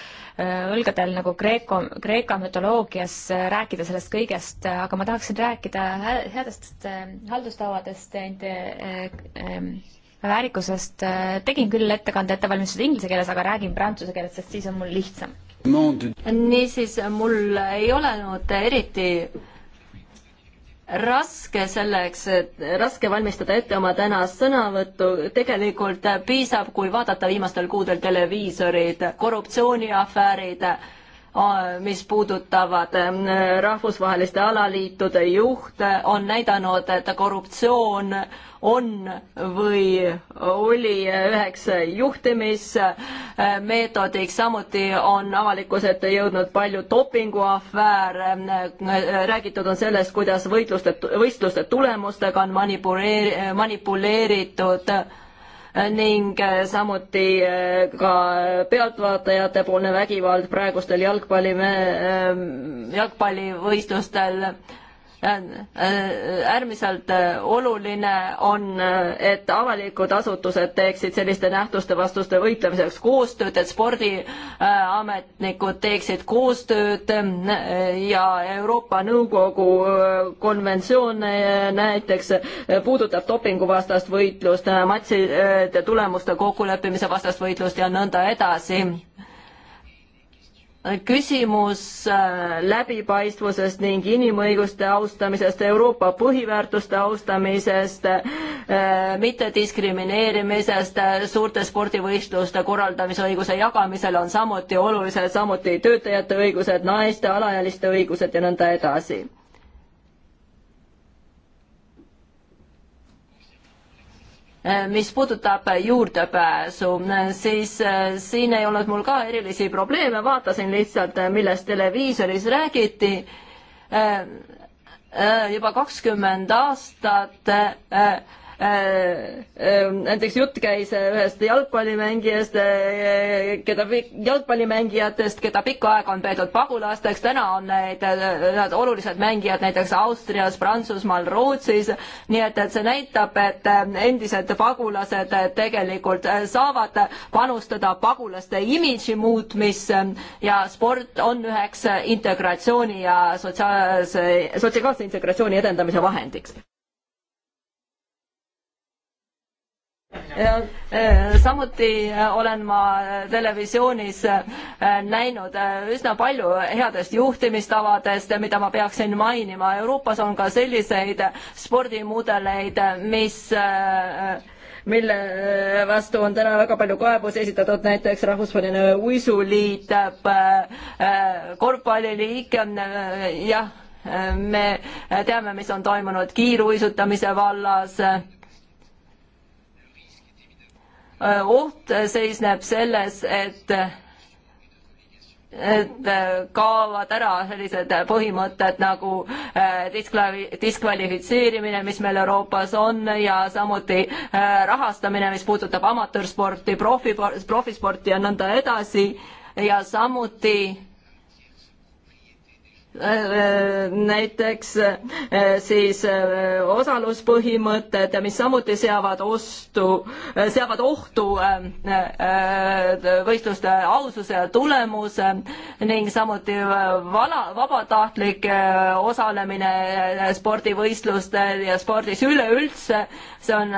õlgadel nagu Kreeko, Kreeka mütoloogias, äh, rääkida sellest kõigest, aga ma tahaksin rääkida hä headest haldustavadest, väärikusest äh, tegin küll ettekande ette valmistatud inglise keeles, aga räägin prantsuse keeles, sest siis on mul lihtsam. niisiis, mul ei olnud eriti raske selleks, et raske valmistada ette oma tänast sõnavõttu, tegelikult piisab, kui vaadata viimastel kuudel televiisorid, korruptsiooniafäärid mis puudutavad rahvusvaheliste alaliitude juhte, on näidanud, et korruptsioon on või oli üheks juhtimismeetodiks, samuti on avalikkuse ette jõudnud palju dopinguafääre, räägitud on sellest, kuidas võitluste, võistluste tulemustega on manipuleeri-, manipuleeritud Äh, ning äh, samuti äh, ka pealtvaatajate poolne vägivald praegustel jalgpalli, jalgpallivõistlustel Äh, äh, äärmiselt äh, oluline on, et avalikud asutused teeksid selliste nähtuste vastuste võitlemiseks koostööd, et spordiametnikud teeksid koostööd ja Euroopa Nõukogu konventsioon näiteks puudutab dopinguvastast võitlust, matšide tulemuste kokkuleppimise vastast võitlust ja nõnda edasi küsimus äh, läbipaistvusest ning inimõiguste austamisest, Euroopa põhiväärtuste austamisest, äh, mittediskrimineerimisest, äh, suurte spordivõistluste korraldamise õiguse jagamisel on samuti olulised, samuti töötajate õigused, naiste, alaealiste õigused ja nõnda edasi Äh, mis puudutab juurdepääsu, siis äh, siin ei olnud mul ka erilisi probleeme, vaatasin lihtsalt, äh, millest televiisoris räägiti. juba kakskümmend aastat Äh, ähm, näiteks jutt käis äh, ühest jalgpallimängijast, äh, keda, jalgpallimängijatest, keda pikka aega on peetud pagulasteks, täna on neid, nad olulised mängijad näiteks Austrias, Prantsusmaal, Rootsis, nii et, et see näitab, et endised pagulased tegelikult saavad panustada pagulaste imidži muutmisse ja sport on üheks integratsiooni ja sotsiaalse, sotsiaalse integratsiooni edendamise vahendiks Äh, samuti äh, olen ma äh, televisioonis näinud üsna palju headest juhtimistavadest, mida ma peaksin mainima. Euroopas on ka selliseid spordimudeleid, mis mille vastu on täna väga palju kaebusi esitatud, näiteks Rahvusvaheline Uisuliit, korvpalliliik, jah, me teame, mis on toimunud kiiruisutamise vallas Äh, oht seisneb selles, et et äh, kaovad ära sellised põhimõtted nagu äh, disklavi, diskvalifitseerimine, mis meil Euroopas on ja samuti rahastamine, mis puudutab amatöörsporti, profi, profisporti ja nõnda edasi ja samuti Äh, näiteks äh, siis äh, osaluspõhimõtted, mis samuti seavad ostu, seavad ohtu võistluste aususe ja tulemuse ning samuti vala, vabatahtlik osalemine spordivõistlustel ja spordis üleüldse. see on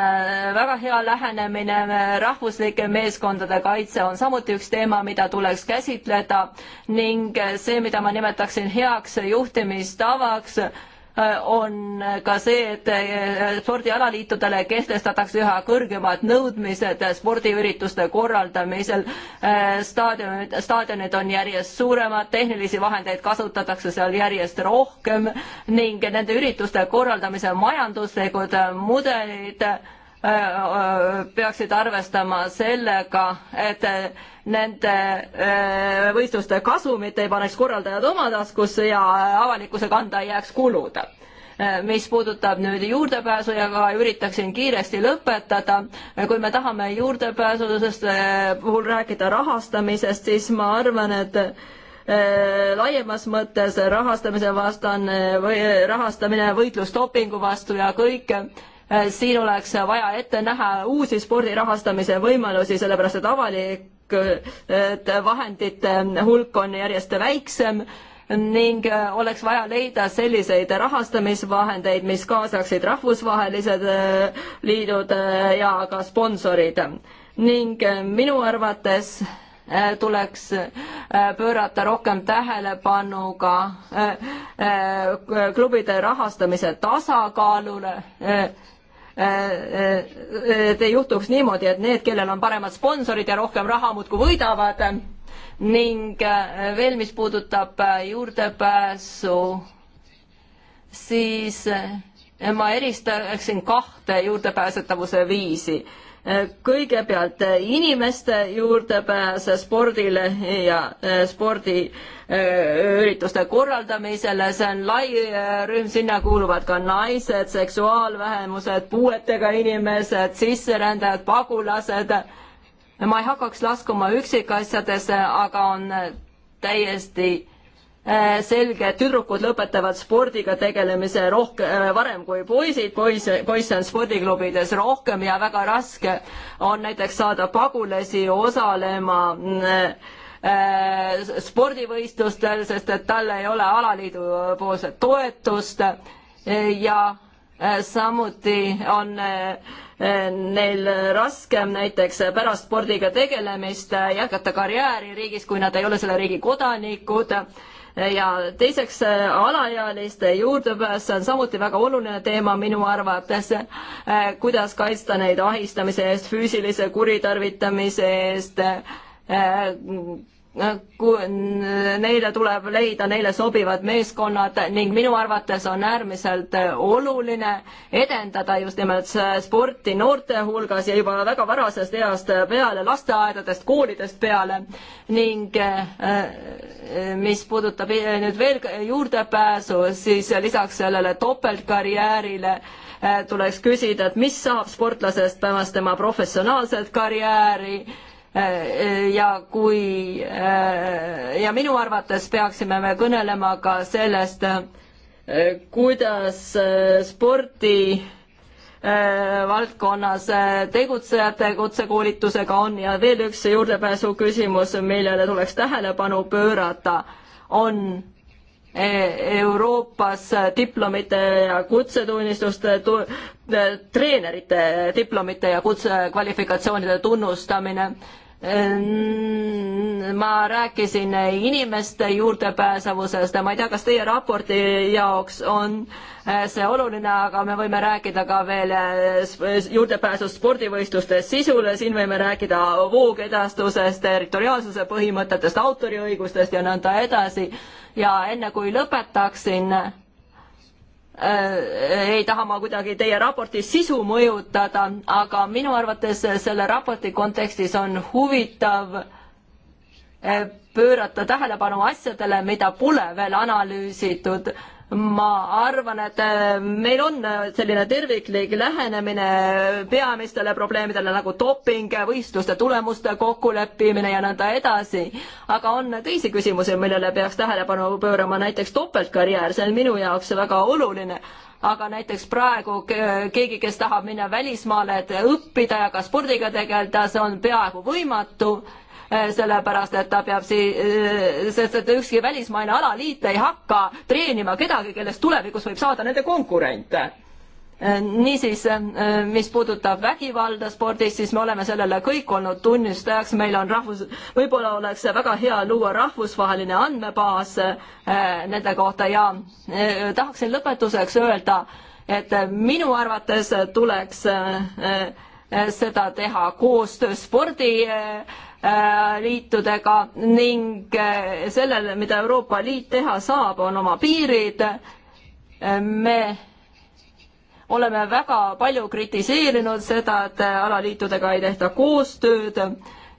väga hea lähenemine, rahvuslike meeskondade kaitse on samuti üks teema, mida tuleks käsitleda ning see, mida ma nimetaksin hea heaks juhtimistavaks äh, on ka see, et äh, spordialaliitudele kehtestatakse üha kõrgemad nõudmised spordiürituste korraldamisel. Äh, staadionid, staadionid on järjest suuremad, tehnilisi vahendeid kasutatakse seal järjest rohkem ning nende ürituste korraldamise majanduslikud mudelid Äh, äh, peaksid arvestama sellega, et nende äh, võistluste kasumit ei paneks korraldajad oma taskusse ja avalikkuse kanda ei jääks kulud mis puudutab nüüd juurdepääsu ja ka üritaksin kiiresti lõpetada, kui me tahame juurdepääsusest puhul rääkida rahastamisest, siis ma arvan, et laiemas mõttes rahastamise vastane või rahastamine, võitlus dopingu vastu ja kõik Äh, siin oleks vaja ette näha uusi spordi rahastamise võimalusi, sellepärast et avalik äh, vahendite hulk on järjest väiksem ning äh, oleks vaja leida selliseid rahastamisvahendeid, mis kaasaksid rahvusvahelised liidud ja ka sponsorid. ning minu arvates tuleks pöörata rohkem tähelepanu ka klubide rahastamise tasakaalule Äh, äh, äh, et ei juhtuks niimoodi, et need, kellel on paremad sponsorid ja rohkem raha, muudkui võidavad ning veel, mis puudutab juurdepääsu, siis ma eristaksin kahte juurdepääsetavuse viisi kõigepealt inimeste juurdepääs spordile ja eh, spordiürituste korraldamisele, see on lai eh, rühm, sinna kuuluvad ka naised, seksuaalvähemused, puuetega inimesed, sisserändajad, pagulased. ma ei hakkaks laskuma üksikasjadesse, aga on eh, täiesti Äh, selge, et tüdrukud lõpetavad spordiga tegelemise rohkem, äh, varem kui poisid, poisse, poisse on spordiklubides rohkem ja väga raske on näiteks saada pagulasi osalema mm, äh, spordivõistlustel, sest et tal ei ole alaliidu poolset toetust ja äh, samuti on neil raskem näiteks pärast spordiga tegelemist jätkata karjääri riigis, kui nad ei ole selle riigi kodanikud ja teiseks äh, alaealiste juurdepääs, see on samuti väga oluline teema minu arvates, äh, kuidas kaitsta neid ahistamise eest, füüsilise kuritarvitamise eest äh, kui neile tuleb leida neile sobivad meeskonnad ning minu arvates on äärmiselt oluline edendada just nimelt sporti noorte hulgas ja juba väga varasest east peale, lasteaedadest, koolidest peale ning äh, mis puudutab nüüd veel juurdepääsu, siis lisaks sellele topeltkarjäärile äh, tuleks küsida, et mis saab sportlasest pärast tema professionaalset karjääri Äh, ja kui äh, ja minu arvates peaksime me kõnelema ka sellest, äh, kuidas spordi valdkonnas tegutsejate kutsekoolitusega on ja veel üks juurdepääsu küsimus, millele tuleks tähelepanu pöörata, on Euroopas diplomite ja kutsetunnistuste tu-, treenerite diplomite ja kutsekvalifikatsioonide tunnustamine. Ehm, ma rääkisin inimeste juurdepääsevusest, ma ei tea, kas teie raporti jaoks on eh, see oluline, aga me võime rääkida ka veel eh, juurdepääsust spordivõistlustes sisule, siin võime rääkida voogedastusest, territoriaalsuse põhimõtetest, autoriõigustest ja nõnda edasi. ja enne kui lõpetaksin Äh, ei taha ma kuidagi teie raporti sisu mõjutada, aga minu arvates selle raporti kontekstis on huvitav äh, pöörata tähelepanu asjadele, mida pole veel analüüsitud ma arvan, et äh, meil on äh, selline terviklik lähenemine peamistele probleemidele nagu doping, võistluste tulemuste kokkuleppimine ja nõnda edasi. aga on teisi küsimusi, millele peaks tähelepanu pöörama, näiteks topeltkarjäär, see on minu jaoks väga oluline aga näiteks praegu keegi, kes tahab minna välismaale, et õppida ja ka spordiga tegeleda, see on peaaegu võimatu Eh, sellepärast et ta peab sii-, eh, sest et ükski välismaine alaliit ei hakka treenima kedagi, kellest tulevikus võib saada nende konkurent eh, niisiis, mis puudutab vägivalda spordis, siis me oleme sellele kõik olnud tunnistajaks, meil on rahvus, võib-olla oleks väga hea luua rahvusvaheline andmebaas nende kohta ja tahaksin lõpetuseks öelda, et minu arvates tuleks seda teha koostöös spordi äh, Äh, liitudega ning äh, sellele, mida Euroopa Liit teha saab, on oma piirid. Äh, me oleme väga palju kritiseerinud seda, et alaliitudega ei tehta koostööd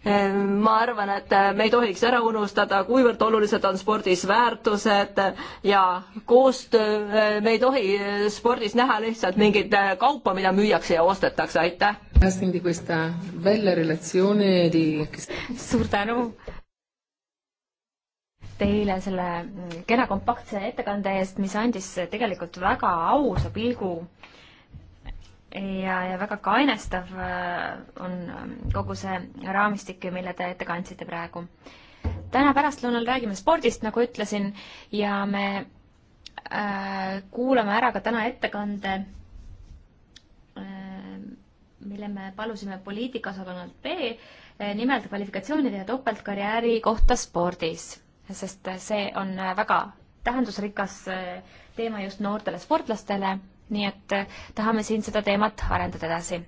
ma arvan, et me ei tohiks ära unustada, kuivõrd olulised on spordis väärtused ja koostöö, me ei tohi spordis näha lihtsalt mingit kaupa, mida müüakse ja ostetakse, aitäh! suur tänu! Teile selle kena kompaktse ettekande eest, mis andis tegelikult väga ausa pilgu äh, ja, ja väga kainestav äh, on ähm, kogu see raamistik, mille te ette kandsite praegu. täna pärastlõunal räägime spordist, nagu ütlesin, ja me äh, kuulame ära ka täna ettekande äh,, mille me palusime poliitikaosakonnalt B, äh, nimelt kvalifikatsioonide ja topeltkarjääri kohta spordis, sest see on väga tähendusrikas äh, teema just noortele sportlastele nii et eh, tahame siin seda teemat arendada edasi.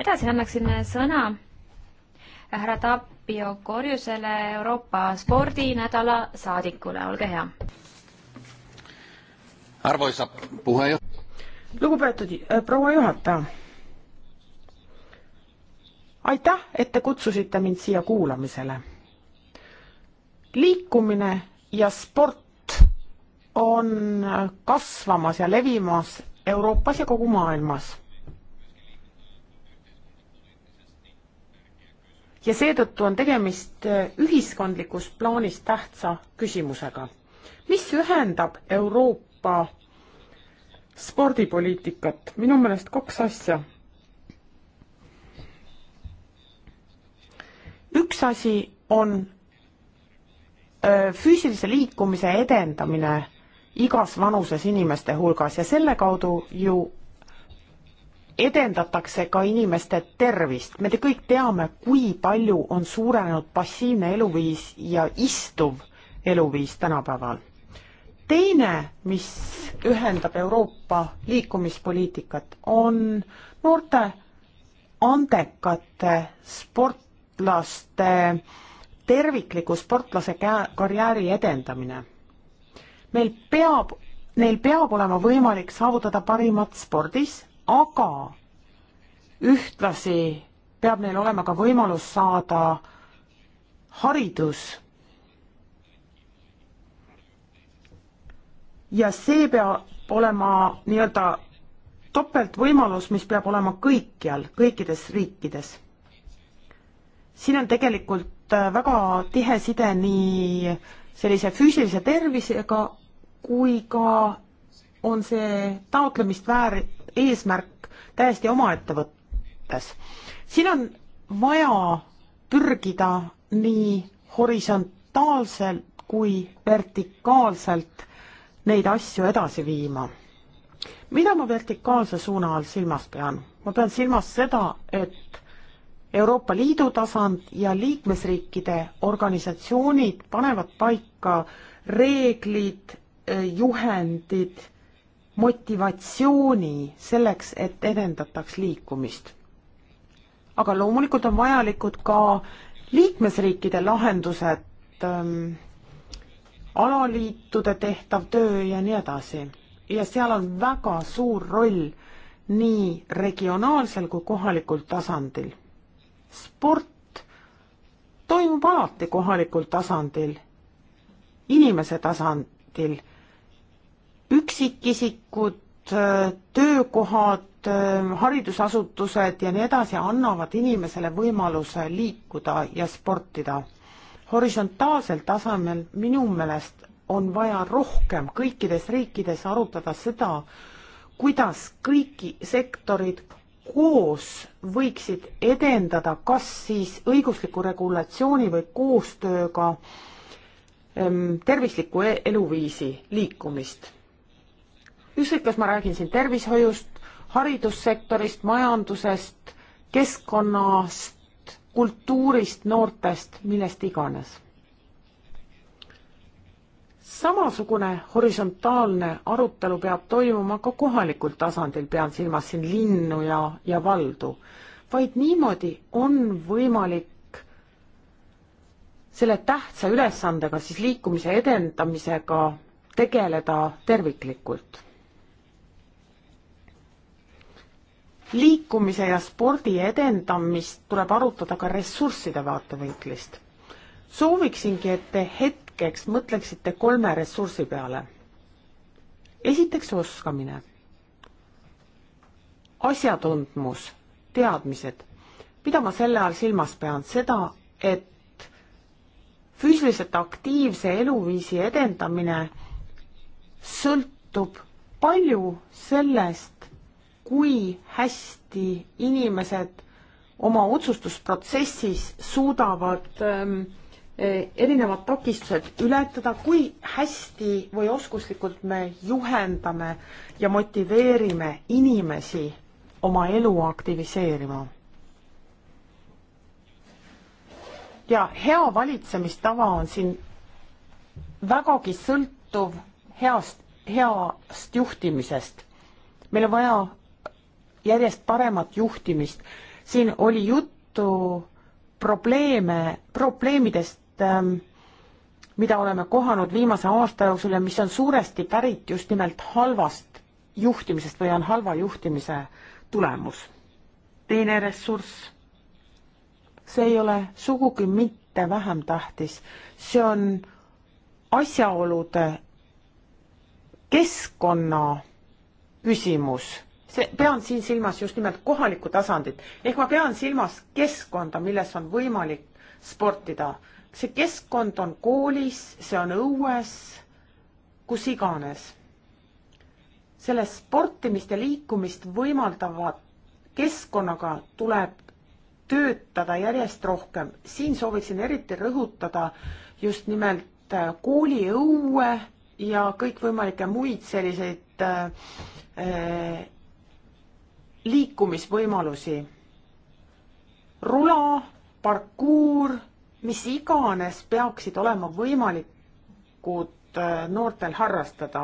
edasi annaksin eh, sõna eh, härra Tapio Korjusele, Euroopa spordinädala saadikule, olge hea. arvoisa puhejuht-. lugupeetud proua juhataja. aitäh, et te kutsusite mind siia kuulamisele. liikumine ja sport on kasvamas ja levimas Euroopas ja kogu maailmas. ja seetõttu on tegemist äh, ühiskondlikus plaanis tähtsa küsimusega. mis ühendab Euroopa spordipoliitikat, minu meelest kaks asja. üks asi on öö, äh, füüsilise liikumise edendamine igas vanuses inimeste hulgas ja selle kaudu ju edendatakse ka inimeste tervist. me te kõik teame, kui palju on suurenenud passiivne eluviis ja istuv eluviis tänapäeval. teine, mis ühendab Euroopa liikumispoliitikat, on noorte andekate sportlaste, tervikliku sportlase karjääri edendamine meil peab, neil peab olema võimalik saavutada parimat spordis, aga ühtlasi peab neil olema ka võimalus saada haridus. ja see peab olema nii-öelda topeltvõimalus, mis peab olema kõikjal, kõikides riikides. siin on tegelikult äh, väga tihe side nii sellise füüsilise tervisega kui ka on see taotlemist väär eesmärk täiesti omaette võttes. siin on vaja pürgida nii horisontaalselt kui vertikaalselt neid asju edasi viima. mida ma vertikaalse suuna all silmas pean? ma pean silmas seda, et Euroopa Liidu tasand ja liikmesriikide organisatsioonid panevad paika reeglid juhendid, motivatsiooni selleks, et edendataks liikumist. aga loomulikult on vajalikud ka liikmesriikide lahendused ähm,, alaliitude tehtav töö ja nii edasi. ja seal on väga suur roll nii regionaalsel kui kohalikul tasandil. sport toimub alati kohalikul tasandil, inimese tasandil üksikisikud, äh, töökohad, äh, haridusasutused ja nii edasi annavad inimesele võimaluse liikuda ja sportida. horisontaalsel tasemel minu meelest on vaja rohkem kõikides riikides arutada seda, kuidas kõiki sektorid koos võiksid edendada kas siis õigusliku regulatsiooni või koostööga ähm, tervislikku e-, eluviisi liikumist ükskõik, kas ma räägin siin tervishoiust, haridussektorist, majandusest, keskkonnast, kultuurist, noortest, millest iganes. samasugune horisontaalne arutelu peab toimuma ka kohalikul tasandil, pean silmas siin linnu ja, ja valdu. vaid niimoodi on võimalik selle tähtsa ülesandega siis liikumise edendamisega tegeleda terviklikult liikumise ja spordi edendamist tuleb arutada ka ressursside vaatevinklist. sooviksingi, et te hetkeks mõtleksite kolme ressursi peale. esiteks oskamine, asjatundmus, teadmised. mida ma selle all silmas pean, seda, et füüsiliselt aktiivse eluviisi edendamine sõltub palju sellest, kui hästi inimesed oma otsustusprotsessis suudavad ähm, eh, erinevad takistused ületada, kui hästi või oskuslikult me juhendame ja motiveerime inimesi oma elu aktiviseerima. ja hea valitsemistava on siin vägagi sõltuv heast, heast juhtimisest. meil on vaja järjest paremat juhtimist. siin oli juttu probleeme, probleemidest ähm, mida oleme kohanud viimase aasta jooksul ja mis on suuresti pärit just nimelt halvast juhtimisest või on halva juhtimise tulemus. teine ressurss, see ei ole sugugi mitte vähem tähtis, see on asjaolude keskkonna küsimus see, pean siin silmas just nimelt kohalikku tasandit, ehk ma pean silmas keskkonda, milles on võimalik sportida. see keskkond on koolis, see on õues, kus iganes. sellest sportimist ja liikumist võimaldava keskkonnaga tuleb töötada järjest rohkem. siin sooviksin eriti rõhutada just nimelt äh, kooliõue ja kõikvõimalikke muid selliseid äh, äh liikumisvõimalusi. rula, parkuur, mis iganes peaksid olema võimalikud äh, noortel harrastada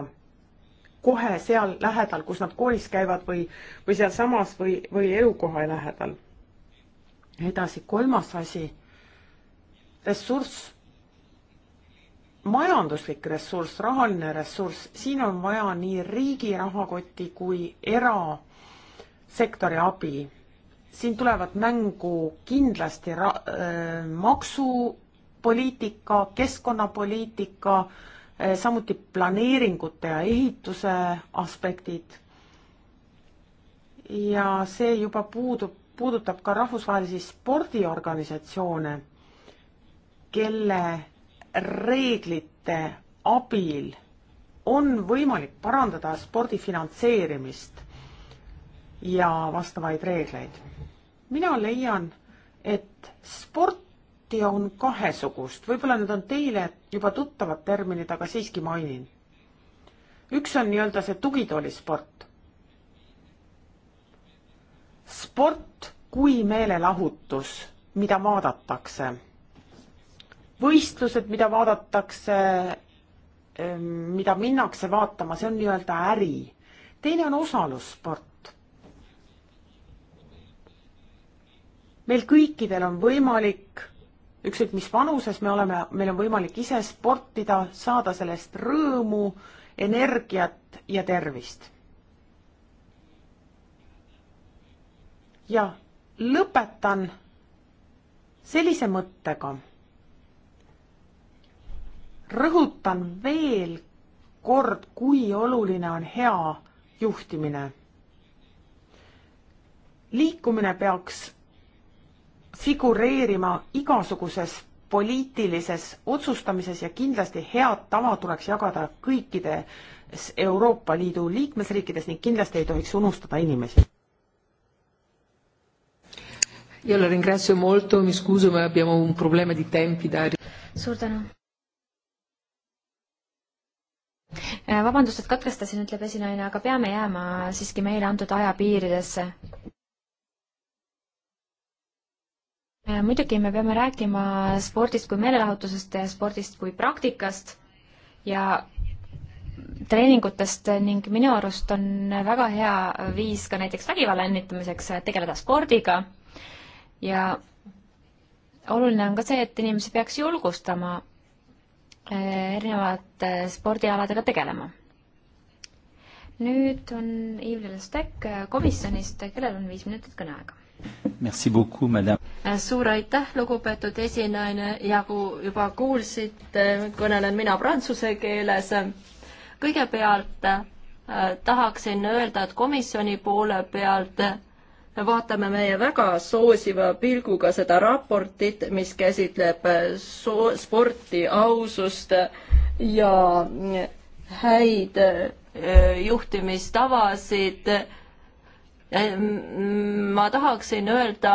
kohe seal lähedal, kus nad koolis käivad või, või sealsamas või, või elukoha lähedal. edasi, kolmas asi, ressurss, majanduslik ressurss, rahaline ressurss, siin on vaja nii riigi rahakoti kui era sektori abi. siin tulevad mängu kindlasti ra-, äh, maksupoliitika, keskkonnapoliitika äh,, samuti planeeringute ja ehituse aspektid. ja see juba puudub, puudutab ka rahvusvahelisi spordiorganisatsioone, kelle reeglite abil on võimalik parandada spordi finantseerimist ja vastavaid reegleid. mina leian, et sporti on kahesugust, võib-olla need on teile juba tuttavad terminid, aga siiski mainin. üks on nii-öelda see tugitoolisport. sport kui meelelahutus, mida vaadatakse. võistlused, mida vaadatakse, ähm, mida minnakse vaatama, see on nii-öelda äri. teine on osalussport meil kõikidel on võimalik, ükskõik mis vanuses me oleme, meil on võimalik ise sportida, saada sellest rõõmu, energiat ja tervist. ja lõpetan sellise mõttega. rõhutan veel kord, kui oluline on hea juhtimine. liikumine peaks figureerima igasuguses poliitilises otsustamises ja kindlasti head tava tuleks jagada kõikides Euroopa Liidu liikmesriikides ning kindlasti ei tohiks unustada inimesi. suur tänu. Äh, vabandust, et katkestasin, ütleb esinaine, aga peame jääma siiski meile antud ajapiiridesse. Äh, muidugi me peame rääkima spordist kui meelelahutusest ja spordist kui praktikast ja treeningutest ning minu arust on väga hea viis ka näiteks vägivalla ennetamiseks äh, tegeleda spordiga ja oluline on ka see, et inimesi peaks julgustama äh, erinevate spordialadega tegelema. nüüd on Ivlil Stek komisjonist, kellel on viis minutit kõneaega Äh, suur aitäh, lugupeetud esinaine ja kui juba kuulsite, kõnelen mina prantsuse keeles. kõigepealt äh, tahaksin öelda, et komisjoni poole pealt vaatame meie väga soosiva pilguga seda raportit, mis käsitleb äh, soo-, sporti, ausust ja häid äh, juhtimistavasid ma tahaksin öelda,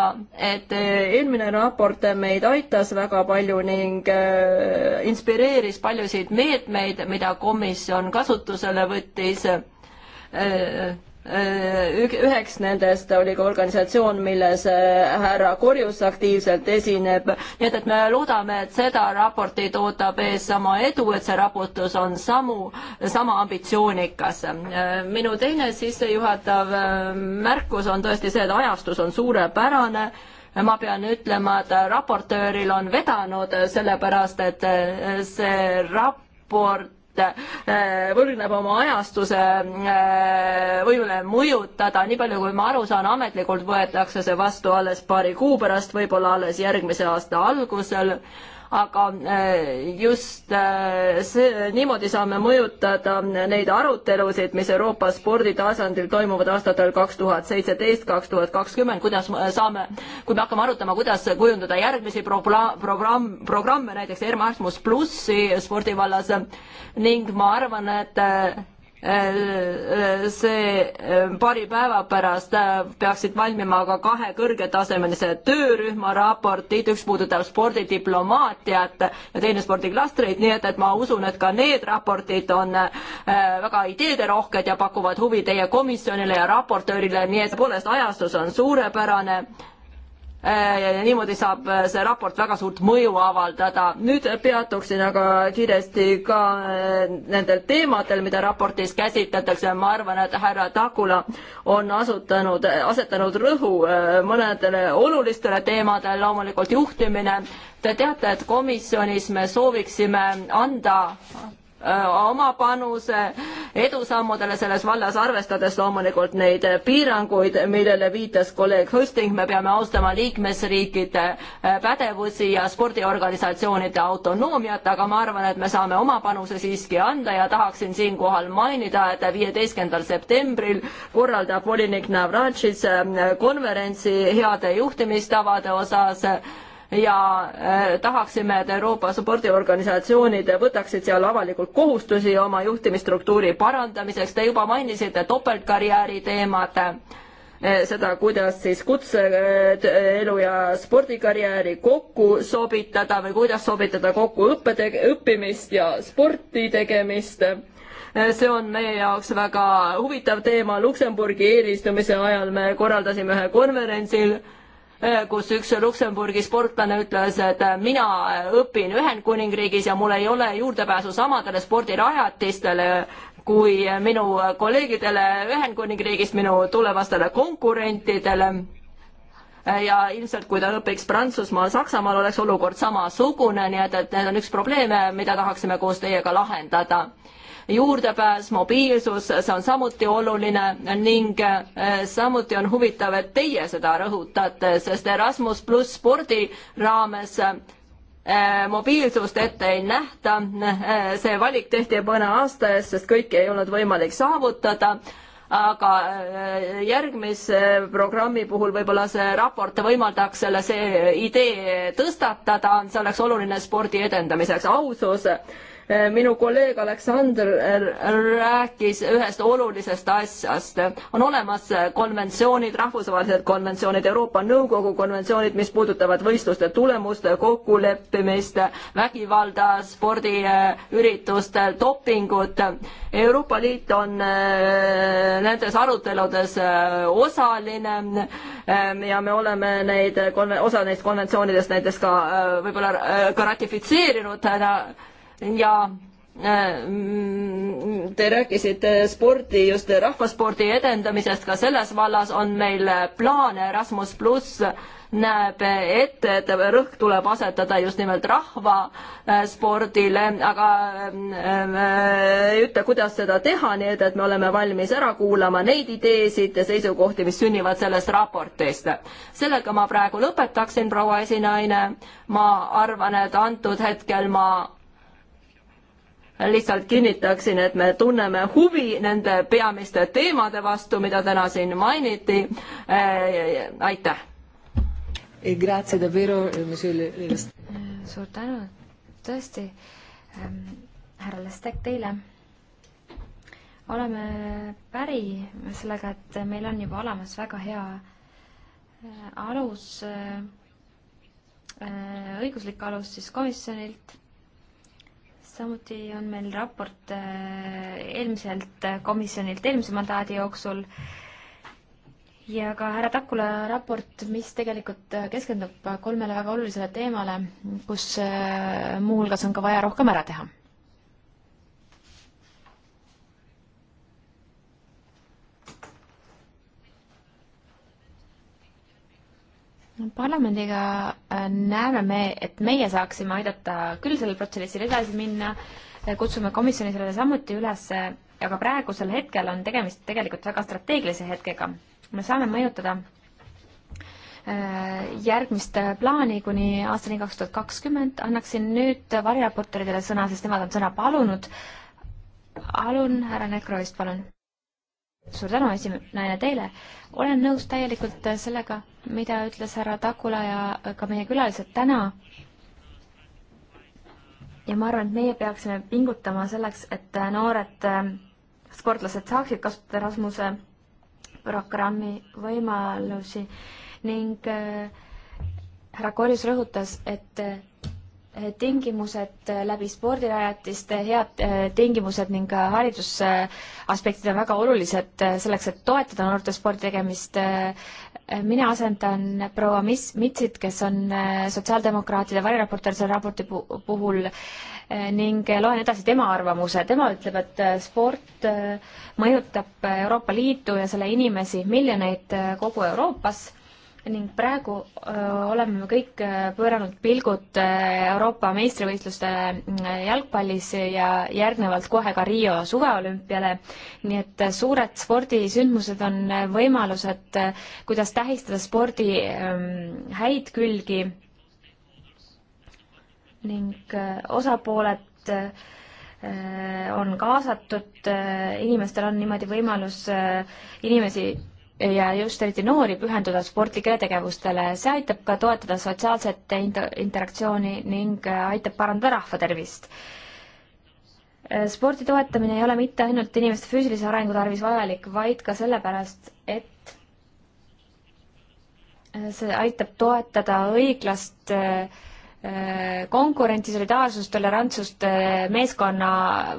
et eelmine raport meid aitas väga palju ning äh, inspireeris paljusid meetmeid, mida komisjon kasutusele võttis äh, Äh, üheks nendest oli ka organisatsioon, milles äh, härra Korjus aktiivselt esineb, nii et, et me loodame, et seda raportit ootab ees sama edu, et see raportus on samu, sama ambitsioonikas. Äh, minu teine sissejuhatav märkus on tõesti see, et ajastus on suurepärane, ma pean ütlema, et raportööril on vedanud, sellepärast et see raport Äh, võlgneb oma ajastuse äh, võimule mõjutada, nii palju kui ma aru saan, ametlikult võetakse see vastu alles paari kuu pärast, võib-olla alles järgmise aasta algusel aga äh, just äh, see, niimoodi saame mõjutada neid arutelusid, mis Euroopa spordi tasandil toimuvad aastatel kaks tuhat seitseteist, kaks tuhat kakskümmend, kuidas äh, saame, kui me hakkame arutama, kuidas kujundada järgmisi probla-, programm, programme, näiteks Erasmus plussi spordi vallas ning ma arvan, et Äh, äh, see äh, paari päeva pärast peaksid valmima ka kahe kõrgetasemelise töörühma raportid, üks puudutab spordidiplomaatiat ja teine spordiklastreid, nii et, et ma usun, et ka need raportid on väga ideederohked ja pakuvad huvi teie komisjonile ja raportöörile, nii et tõepoolest ajastus on suurepärane Äh, ja niimoodi saab äh, see raport väga suurt mõju avaldada. nüüd peatuksin aga kiiresti ka äh, nendel teemadel, mida raportis käsitletakse, ma arvan, et härra Takula on asutanud, asetanud rõhu mõnedele olulistele teemadele, loomulikult juhtimine. Te teate, et komisjonis me sooviksime anda Äh, oma panuse edusammudele selles vallas, arvestades loomulikult neid piiranguid, millele viitas kolleeg Hüsting, me peame austama liikmesriikide äh, pädevusi ja spordiorganisatsioonide autonoomiat, aga ma arvan, et me saame oma panuse siiski anda ja tahaksin siinkohal mainida, et viieteistkümnendal septembril korraldab volinik Navratšis äh, konverentsi heade juhtimistavade osas ja äh, tahaksime, et Euroopa spordiorganisatsioonid võtaksid seal avalikult kohustusi oma juhtimisstruktuuri parandamiseks. Te juba mainisite topeltkarjääri teemat äh, seda, kuidas siis kutseelu ja spordikarjääri kokku sobitada või kuidas sobitada kokku õppetege-, õppimist ja sporti tegemist. Äh, see on meie jaoks väga huvitav teema, Luksemburgi eelistumise ajal me korraldasime ühe konverentsil Äh, kus üks Luksemburgi sportlane ütles, et äh, mina äh, õpin Ühendkuningriigis ja mul ei ole juurdepääsu samadele spordirajatistele kui minu kolleegidele Ühendkuningriigist, minu tulevastele konkurentidele ja ilmselt kui ta õpiks Prantsusmaal, Saksamaal, oleks olukord samasugune, nii et, et need on üks probleeme, mida tahaksime koos teiega lahendada juurdepääs, mobiilsus, see on samuti oluline ning äh, samuti on huvitav, et teie seda rõhutate, sest Erasmus pluss spordi raames äh, mobiilsust ette ei nähta, äh, see valik tehti juba mõne aasta eest, sest kõike ei olnud võimalik saavutada, aga järgmise programmi puhul võib-olla see raport võimaldaks selle, see idee tõstatada, see oleks oluline spordi edendamiseks, ausus minu kolleeg Aleksander rääkis ühest olulisest asjast. on olemas konventsioonid, rahvusvahelised konventsioonid, Euroopa Nõukogu konventsioonid, mis puudutavad võistluste tulemuste kokkuleppimist, vägivalda, spordiüritustel, äh, dopingut. Euroopa Liit on äh, nendes aruteludes äh, osaline ja me oleme neid, osa neist konventsioonidest näiteks ka võib-olla ka ratifitseerinud ja äh, mm, Te rääkisite spordi, just rahvaspordi edendamisest, ka selles vallas on meil plaan Erasmus pluss näeb ette, et rõhk tuleb asetada just nimelt rahvaspordile, äh, aga äh, ei ütle, kuidas seda teha, nii et, et me oleme valmis ära kuulama neid ideesid ja seisukohti, mis sünnivad sellest raportist. sellega ma praegu lõpetaksin, proua esinaine. ma arvan, et antud hetkel ma lihtsalt kinnitaksin, et me tunneme huvi nende peamiste teemade vastu, mida täna siin mainiti. Äh, aitäh! Eh, eh, suur tänu, tõesti ähm,, härra Lestek teile. oleme päri sellega, et meil on juba olemas väga hea äh, alus äh, äh,, õiguslik alus siis komisjonilt samuti on meil raport äh, eelmiselt komisjonilt eelmise mandaadi jooksul ja ka härra Takula raport, mis tegelikult äh, keskendub kolmele väga olulisele teemale, kus äh, muuhulgas on ka vaja rohkem ära teha parlamendiga äh, näeme me, et meie saaksime aidata küll sellel protsessil edasi minna, äh, kutsume komisjoni sellele samuti üles, aga praegusel hetkel on tegemist tegelikult väga strateegilise hetkega. me saame mõjutada äh, järgmist plaani kuni aastani kaks tuhat kakskümmend, annaksin nüüd varjareporteridele sõna, sest nemad on sõna palunud. palun, härra Nekrovist, palun suur tänu, esimene teile. olen nõus täielikult sellega, mida ütles härra Takula ja ka meie külalised täna. ja ma arvan, et meie peaksime pingutama selleks, et noored ähm, sportlased saaksid kasutada Rasmuse programmi võimalusi ning äh, härra Koris rõhutas, et tingimused läbi spordirajatiste, head äh, tingimused ning ka haridusaspektid on väga olulised äh, selleks, et toetada noorte spordi tegemist. Äh, mina asendan proua Miss Mitsit, kes on sotsiaaldemokraatide variraportöör selle raporti puhul ning loen edasi tema arvamuse. tema ütleb, et sport mõjutab Euroopa Liitu ja selle inimesi miljoneid kogu Euroopas ning praegu öö, oleme me kõik pööranud pilgud Euroopa meistrivõistluste mm, jalgpallis ja järgnevalt kohe ka Rio suveolümpiale. nii et suured spordisündmused on võimalused, kuidas tähistada spordi öö, häid külgi ning osapooled öö, on kaasatud, inimestel on niimoodi võimalus inimesi ja just eriti noori pühenduda sportlikele tegevustele. see aitab ka toetada sotsiaalset interaktsiooni ning äh, aitab parandada rahva tervist. Äh, spordi toetamine ei ole mitte ainult inimeste füüsilise arengu tarvis vajalik, vaid ka sellepärast, et äh, see aitab toetada õiglast äh, Äh, konkurentsi, solidaarsust, tolerantsust, äh, meeskonna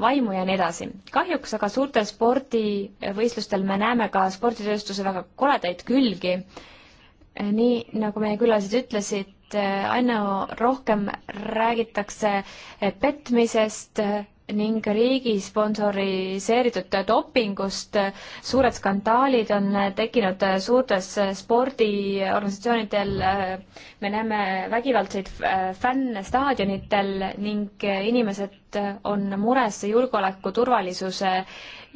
vaimu ja nii edasi. kahjuks aga suurtel spordivõistlustel me näeme ka sporditööstuse väga koledaid külgi. Äh, nii nagu meie külalised ütlesid, aina rohkem räägitakse petmisest, ning riigi sponsoriseeritud dopingust. suured skandaalid on tekkinud suurtes spordiorganisatsioonidel. me näeme vägivaldseid fänne staadionitel ning inimesed on mures julgeoleku, turvalisuse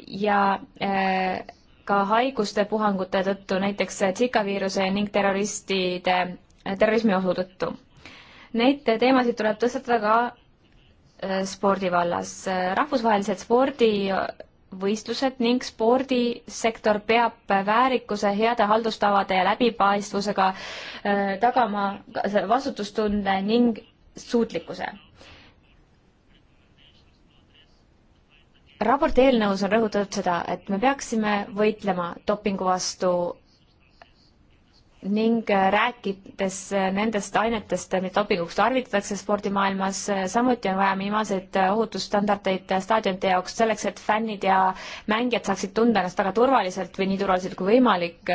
ja eh, ka haiguste puhangute tõttu, näiteks Zika viiruse ning terroristide, terrorismiohu tõttu. Neid teemasid tuleb tõstatada ka spordivallas. rahvusvahelised spordivõistlused ning spordisektor peab väärikuse, heade haldustavade ja läbipaistvusega äh, tagama vastutustunde ning suutlikkuse. raporti eelnõus on rõhutatud seda, et me peaksime võitlema dopingu vastu ning äh, rääkides äh, nendest ainetest, äh, mida dopinguks tarvitatakse spordimaailmas, samuti on vaja viimaseid ohutusstandardeid staadionite jaoks selleks, et fännid ja mängijad saaksid tunda ennast väga turvaliselt või nii turvaliselt kui võimalik.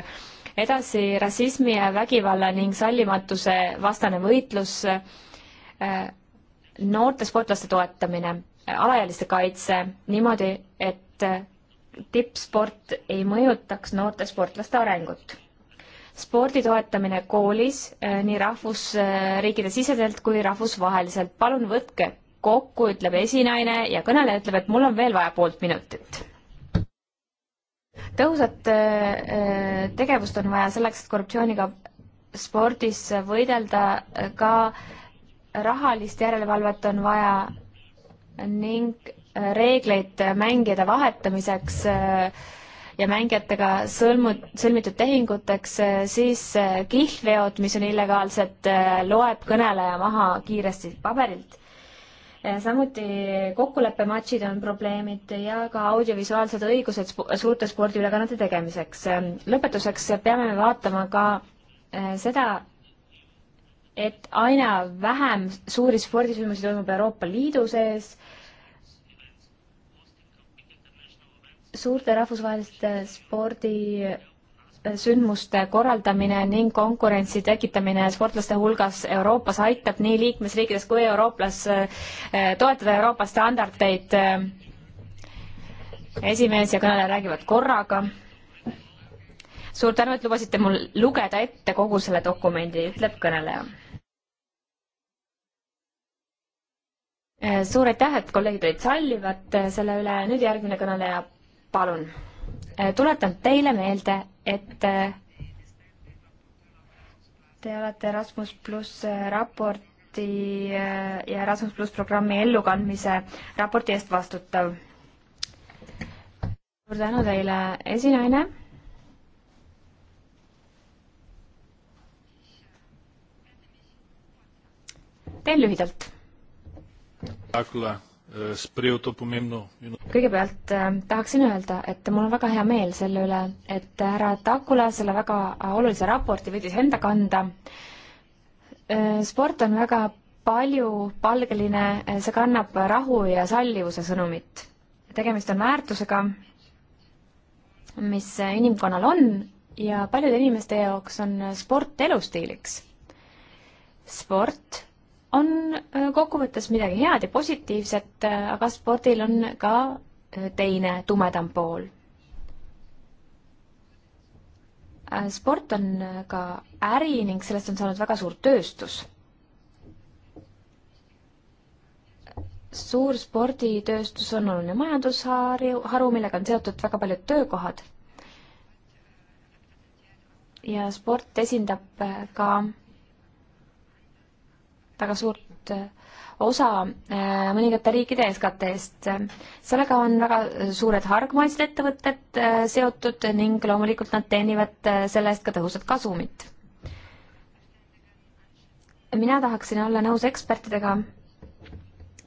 edasi rassismi ja vägivalla ning sallimatuse vastane võitlus, noorte sportlaste toetamine, alaealiste kaitse niimoodi, et tippsport ei mõjutaks noorte sportlaste arengut spordi toetamine koolis eh, nii rahvusriikide siseselt kui rahvusvaheliselt. palun võtke kokku, ütleb esinaine ja kõneleja ütleb, et mul on veel vaja poolt minutit. tõhusat eh, eh, tegevust on vaja selleks, et korruptsiooniga spordis võidelda, ka rahalist järelevalvet on vaja ning reegleid mängijate vahetamiseks äh, ja mängijatega sõlmud, sõlmitud tehinguteks, äh, siis äh, kihlveod, mis on illegaalsed, äh, loeb kõneleja maha kiiresti paberilt. samuti kokkuleppematšid on probleemid ja ka audiovisuaalsed õigused suurte spordiülekannete tegemiseks. lõpetuseks peame me vaatama ka seda, et aina vähem suuri spordisündmusi toimub Euroopa Liidu sees äh,, suurte rahvusvaheliste spordisündmuste äh, korraldamine ning konkurentsi tekitamine sportlaste hulgas Euroopas aitab nii liikmesriikides kui eurooplas äh, toetada Euroopa standardeid. Äh, esimees ja kõneleja räägivad korraga. suur tänu, et lubasite mul lugeda ette kogu selle dokumendi, ütleb kõneleja. suur aitäh, et kolleegid olid sallivad selle üle, nüüd järgmine kõneleja palun, äh, tuletan teile meelde, et äh, te olete Erasmus pluss äh, raporti ja Erasmus pluss programmi ellukandmise raporti eest vastutav. suur tänu teile, esinaine teen lühidalt sprejel to pomembno. kõigepealt äh, tahaksin öelda, et mul on väga hea meel selle üle, et härra Takula selle väga äh, olulise raporti võttis enda kanda. Äh, sport on väga paljupalgeline, äh, see kannab rahu ja sallivuse sõnumit. tegemist on väärtusega, mis inimkonnal on ja paljude inimeste jaoks on sport elustiiliks. sport on äh, kokkuvõttes midagi head ja positiivset, äh, aga spordil on ka äh, teine tumedam pool. sport on ka äri ning sellest on saanud väga suur tööstus suur sporditööstus on oluline majandusharu, haru, millega on seotud väga paljud töökohad. ja sport esindab ka väga suurt äh, osa äh, mõningate riikide SKT-st. sellega on väga suured hargmaised ettevõtted äh, seotud ning loomulikult nad teenivad selle eest ka tõhusat kasumit. mina tahaksin olla nõus ekspertidega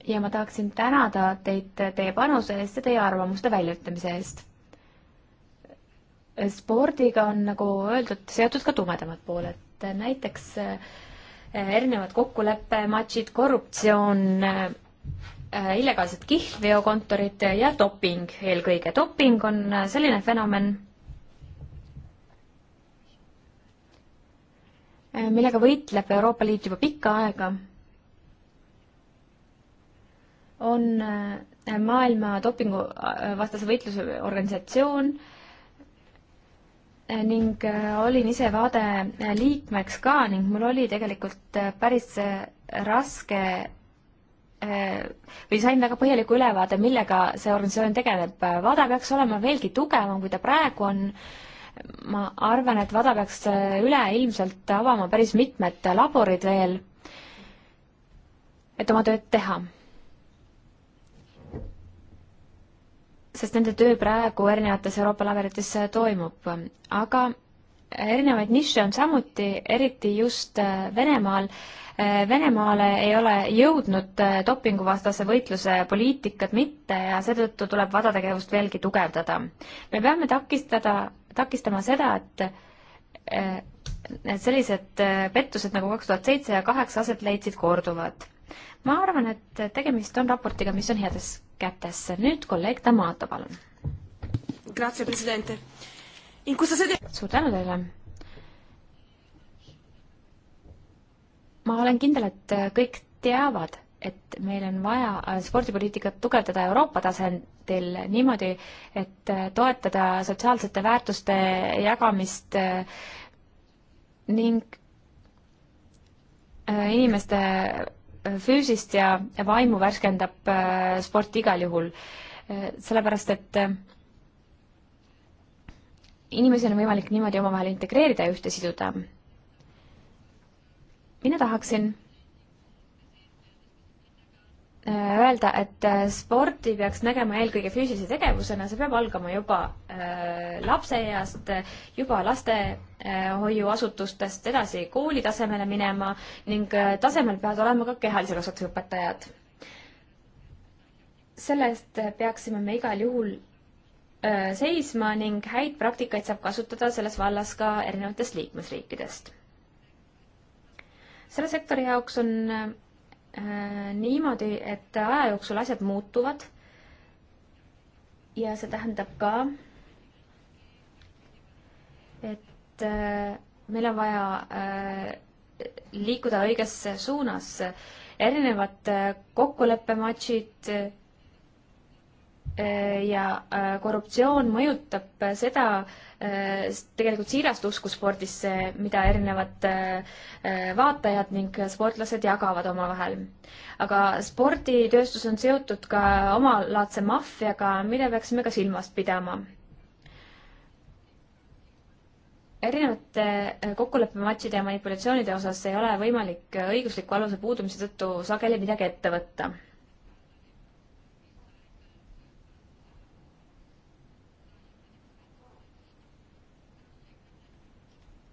ja ma tahaksin tänada teid teie panuse eest ja teie arvamuste väljaütlemise eest. spordiga on, nagu öeldud, seotud ka tumedamad pooled, näiteks äh, Eh, erinevad kokkuleppematšid, korruptsioon, eh, illegaalsed kihlveokontorid ja doping eelkõige. doping on eh, selline fenomen, millega võitleb Euroopa Liit juba pikka aega. on maailma dopinguvastase võitluse organisatsioon ning äh, olin ise vaade äh, liikmeks ka ning mul oli tegelikult äh, päris raske või sain väga põhjaliku ülevaade, millega see organisatsioon tegeleb. Vada peaks olema veelgi tugevam, kui ta praegu on. ma arvan, et Vada peaks üleilmselt avama päris mitmed laborid veel, et oma tööd teha sest nende töö praegu erinevates Euroopa laborites äh, toimub, aga erinevaid nišše on samuti, eriti just äh, Venemaal. Äh, Venemaale ei ole jõudnud dopinguvastase võitluse poliitikat mitte ja seetõttu tuleb WADA tegevust veelgi tugevdada. me peame takistada, takistama seda, et sellised pettused nagu kaks tuhat seitse ja kaheksa aset leidsid korduvad ma arvan, et tegemist on raportiga, mis on heades kätes. nüüd kolleeg Tamato, palun. suur tänu teile. ma olen kindel, et kõik teavad, et meil on vaja spordipoliitikat tugevdada Euroopa tasandil niimoodi, et toetada sotsiaalsete väärtuste jagamist eh, ning eh, inimeste füüsist ja vaimu värskendab äh, sport igal juhul. Äh, sellepärast, et äh, inimesi on võimalik niimoodi omavahel integreerida ja ühte siduda. mina tahaksin Äh, öelda, et äh, sporti peaks nägema eelkõige füüsilise tegevusena, see peab algama juba äh, lapseeast, juba lastehoiuasutustest äh, edasi kooli tasemele minema ning äh, tasemel peavad olema ka kehalise kasvatuse õpetajad. selle eest peaksime me igal juhul äh, seisma ning häid praktikaid saab kasutada selles vallas ka erinevatest liikmesriikidest. selle sektori jaoks on äh, Äh, niimoodi, et aja jooksul asjad muutuvad. ja see tähendab ka, et äh, meil on vaja äh, liikuda õiges suunas. erinevad kokkuleppematšid ja korruptsioon mõjutab seda, Äh, tegelikult siirast usku spordisse, mida erinevad äh, äh, vaatajad ning sportlased jagavad omavahel. aga sporditööstus on seotud ka omalaadse maffiaga, mida peaksime ka silmas pidama. erinevate kokkuleppematšide ja manipulatsioonide osas ei ole võimalik õigusliku aluse puudumise tõttu sageli midagi ette võtta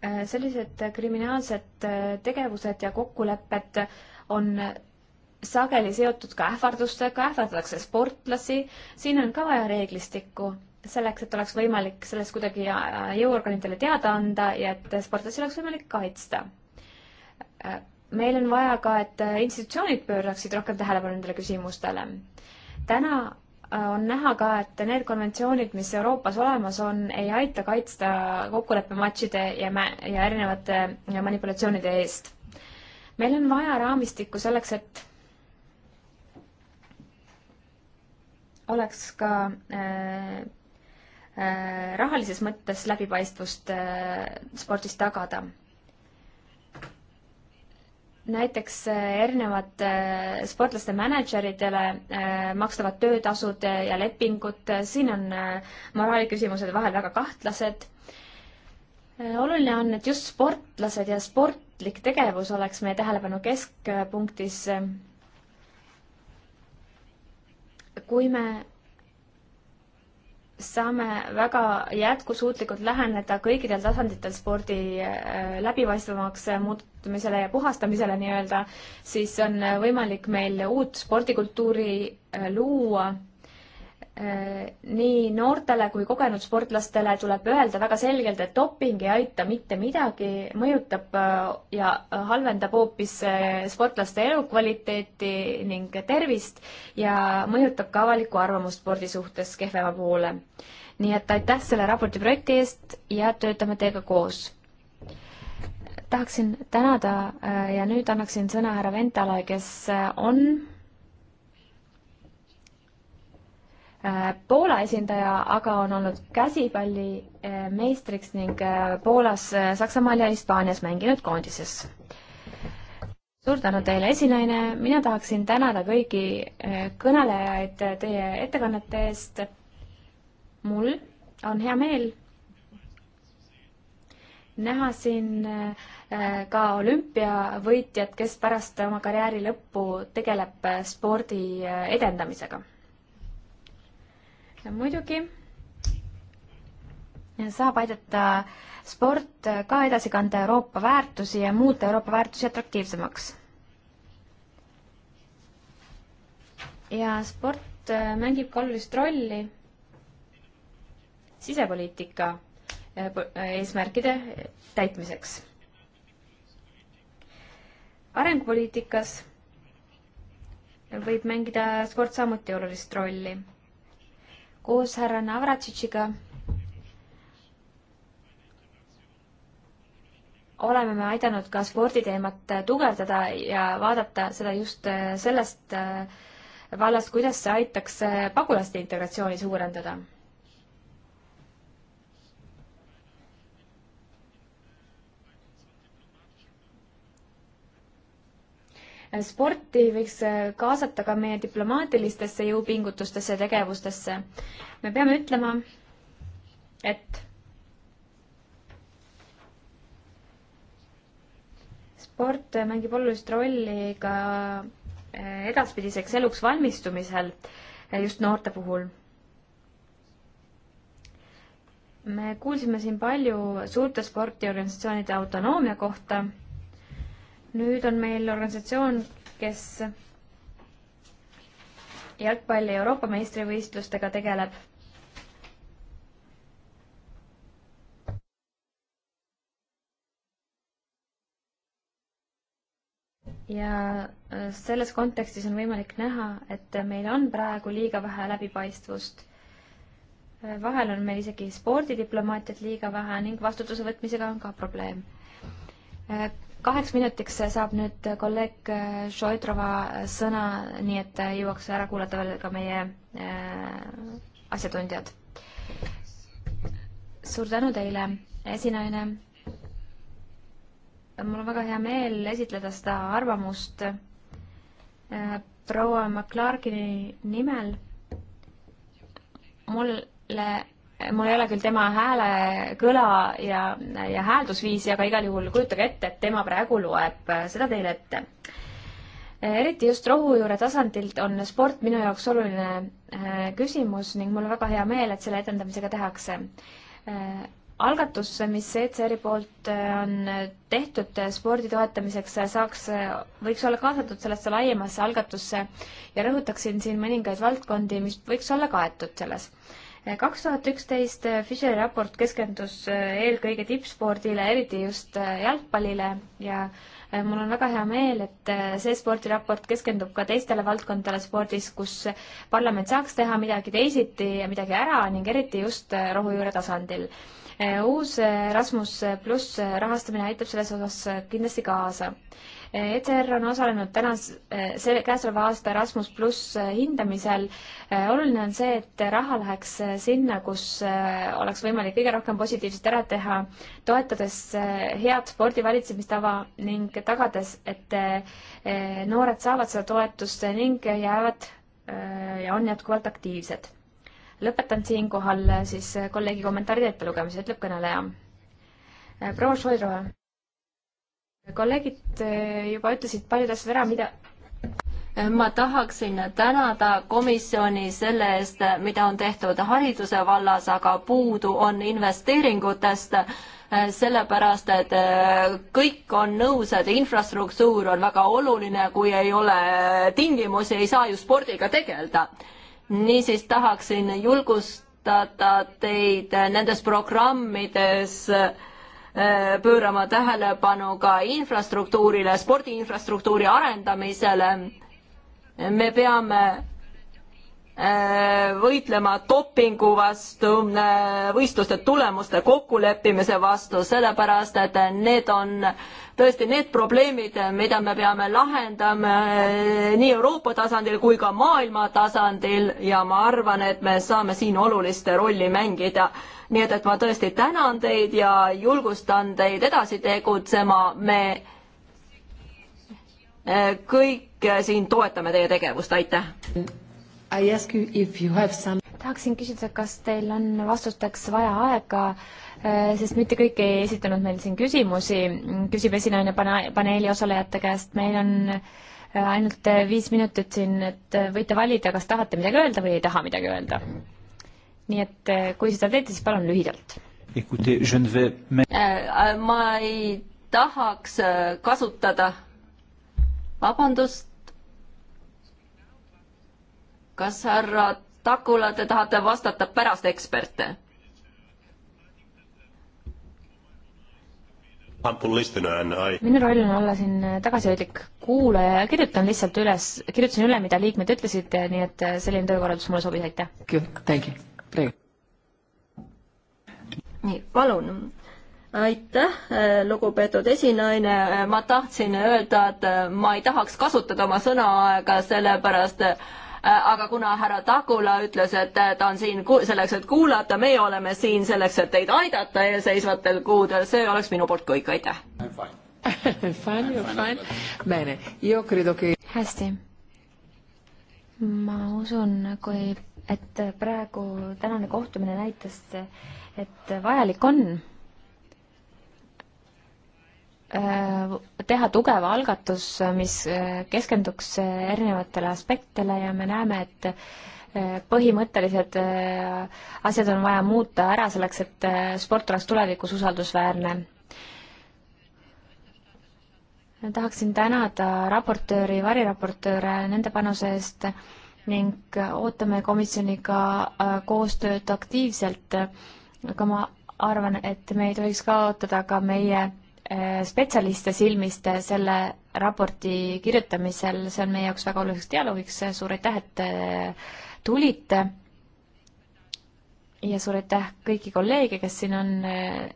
Äh, sellised kriminaalsed äh, tegevused ja kokkulepped on sageli seotud ka ähvardustega, ähvardatakse sportlasi, siin on ka vaja reeglistikku selleks, et oleks võimalik sellest kuidagi äh, jõuorganitele teada anda ja et sportlasi oleks võimalik kaitsta. meil on vaja ka, et institutsioonid pööraksid rohkem tähelepanu nendele küsimustele. täna on näha ka, et need konventsioonid, mis Euroopas olemas on, ei aita kaitsta kokkuleppematšide ja, ja erinevate manipulatsioonide eest. meil on vaja raamistikku selleks, et oleks ka äh, äh, rahalises mõttes läbipaistvust äh, spordis tagada näiteks äh, erinevate äh, sportlaste mänedžeridele äh, makstavad töötasud ja lepingud, siin on moraaliküsimused vahel väga kahtlased. oluline on, et just sportlased ja sportlik tegevus oleks meie tähelepanu keskpunktis. kui me saame väga jätkusuutlikult läheneda kõikidel tasanditel spordi äh, läbipaistvamaks äh, muutumisele ja puhastamisele nii-öelda, siis on äh, võimalik meil uut spordikultuuri luua Äh, nii noortele kui kogenud sportlastele tuleb öelda väga selgelt, et doping ei aita mitte midagi, mõjutab äh, ja äh, halvendab hoopis sportlaste elukvaliteeti ning tervist ja mõjutab ka avalikku arvamust spordi suhtes kehvema poole. nii et aitäh selle raporti projekti eest ja töötame teiega koos. tahaksin tänada ja nüüd annaksin sõna härra Ventale, kes on Äh, Poola esindaja aga on olnud käsipalli äh, meistriks ning äh, Poolas, Saksamaal ja Hispaanias mänginud koondises. suur tänu teile, esinaine, mina tahaksin tänada kõigi kõnelejaid teie ettekannete eest. mul on hea meel näha siin ka olümpiavõitjat, kes pärast oma karjääri lõppu tegeleb spordi edendamisega muidugi saab aidata sport ka edasi kanda Euroopa väärtusi ja muuta Euroopa väärtusi atraktiivsemaks. ja sport mängib ka olulist rolli sisepoliitika eh, eh, eesmärkide täitmiseks. arengupoliitikas võib mängida sport samuti olulist rolli koos härra Navratšitšiga oleme me aidanud ka sporditeemat tugevdada ja vaadata seda just äh, sellest äh, vallast, kuidas see aitaks äh, pagulaste integratsiooni suurendada sporti võiks äh, kaasata ka meie diplomaatilistesse jõupingutustesse ja tegevustesse. me peame ütlema, et sport äh, mängib olulist rolli ka äh, edaspidiseks eluks valmistumisel just noorte puhul. me kuulsime siin palju suurte spordiorganisatsioonide autonoomia kohta nüüd on meil organisatsioon, kes jalgpalli Euroopa meistrivõistlustega tegeleb. ja äh, selles kontekstis on võimalik näha, et meil on praegu liiga vähe läbipaistvust. Äh, vahel on meil isegi spordidiplomaatiat liiga vähe ning vastutuse võtmisega on ka probleem äh, kaheks minutiks saab nüüd kolleeg Šoitrova sõna, nii et jõuaks ära kuulata veel ka meie äh, asjatundjad. suur tänu teile, esinaine. mul on väga hea meel esitleda seda arvamust äh, proua McClarkini nimel. mulle mul ei ole küll tema hääle, kõla ja, ja hääldusviisi, aga igal juhul kujutage ette, et tema praegu loeb äh, seda teile ette. eriti just rohujuure tasandilt on sport minu jaoks oluline äh, küsimus ning mul on väga hea meel, et selle edendamisega tehakse äh, algatus, mis ECR-i poolt on tehtud spordi toetamiseks, saaks, võiks olla kaasatud sellesse laiemasse algatusse ja rõhutaksin siin mõningaid valdkondi, mis võiks olla kaetud selles kaks tuhat üksteist Fischeri raport keskendus äh, eelkõige tippspordile, eriti just äh, jalgpallile ja äh, mul on väga hea meel, et see spordiraport keskendub ka teistele valdkondadele spordis, kus parlament saaks teha midagi teisiti ja midagi ära ning eriti just rohujuure tasandil. uus Rasmus pluss rahastamine aitab selles osas kindlasti kaasa ECR on osalenud tänas, eh, selle, käesoleva aasta Erasmus pluss eh, hindamisel. Eh, oluline on see, et raha läheks sinna, kus oleks võimalik kõige rohkem positiivset ära teha, toetades head spordivalitsemistava ning tagades, et noored saavad seda toetust ning jäävad ja on jätkuvalt aktiivsed. lõpetan siinkohal siis kolleegi kommentaaride ettelugemise, ütleb kõneleja. proua Šoidrova kolleegid juba ütlesid paljud asjad ära, mida ma tahaksin tänada komisjoni selle eest, mida on tehtud hariduse vallas, aga puudu on investeeringutest, sellepärast et äh, kõik on nõus, et infrastruktuur on väga oluline, kui ei ole tingimusi, ei saa ju spordiga tegeleda. niisiis tahaksin julgustada teid nendes programmides äh, Äh, pöörama tähelepanu ka infrastruktuurile, spordi infrastruktuuri arendamisele. me peame Äh, võitlema dopingu vastu, äh, võistluste tulemuste kokkuleppimise vastu, sellepärast et need on tõesti need probleemid, mida me peame lahendama äh, nii Euroopa tasandil kui ka maailma tasandil ja ma arvan, et me saame siin olulist rolli mängida. nii et, et ma tõesti tänan teid ja julgustan teid edasi tegutsema, me kõik siin toetame teie tegevust, aitäh! Some... tahaksin küsida, kas teil on vastusteks vaja aega, eh, sest mitte kõik ei esitanud meil siin küsimusi, küsib esinaine pane-, paneeli osalejate käest, meil on eh, ainult eh, viis minutit siin, et võite valida, kas tahate midagi öelda või ei taha midagi öelda. nii et kui seda teete, siis palun lühidalt. ma ei tahaks kasutada, vabandust, kas härra Takula, te tahate vastata pärast eksperte? minu roll on olla siin tagasihoidlik kuulaja ja kirjutan lihtsalt üles, kirjutasin üle, mida liikmed ütlesid, nii et selline töökorraldus mulle sobis, aitäh. nii, palun aitäh, lugupeetud esinaine, ma tahtsin öelda, et ma ei tahaks kasutada oma sõnaaega, sellepärast Äh, aga kuna härra Takula ütles, et äh, ta on siin selleks, et kuulata, meie oleme siin selleks, et teid aidata eelseisvatel kuudel, see oleks minu poolt kõik, aitäh. hästi. ma usun, kui, et praegu tänane kohtumine näitas, et vajalik on Äh, teha tugev algatus, mis äh, keskenduks äh, erinevatele aspektidele ja me näeme, et põhimõttelised asjad on vaja muuta ära selleks, et sport oleks tulevikus usaldusväärne. tahaksin tänada raportööri, variraportööre nende panuse eest ning ootame komisjoniga koostööd aktiivselt, aga ma arvan, et me ei tohiks kaotada ka meie Äh, spetsialiste silmist selle raporti kirjutamisel, see on meie jaoks väga oluliseks dialoogiks, suur aitäh, et äh, tulite ja suur aitäh kõiki kolleege, kes siin on. Äh,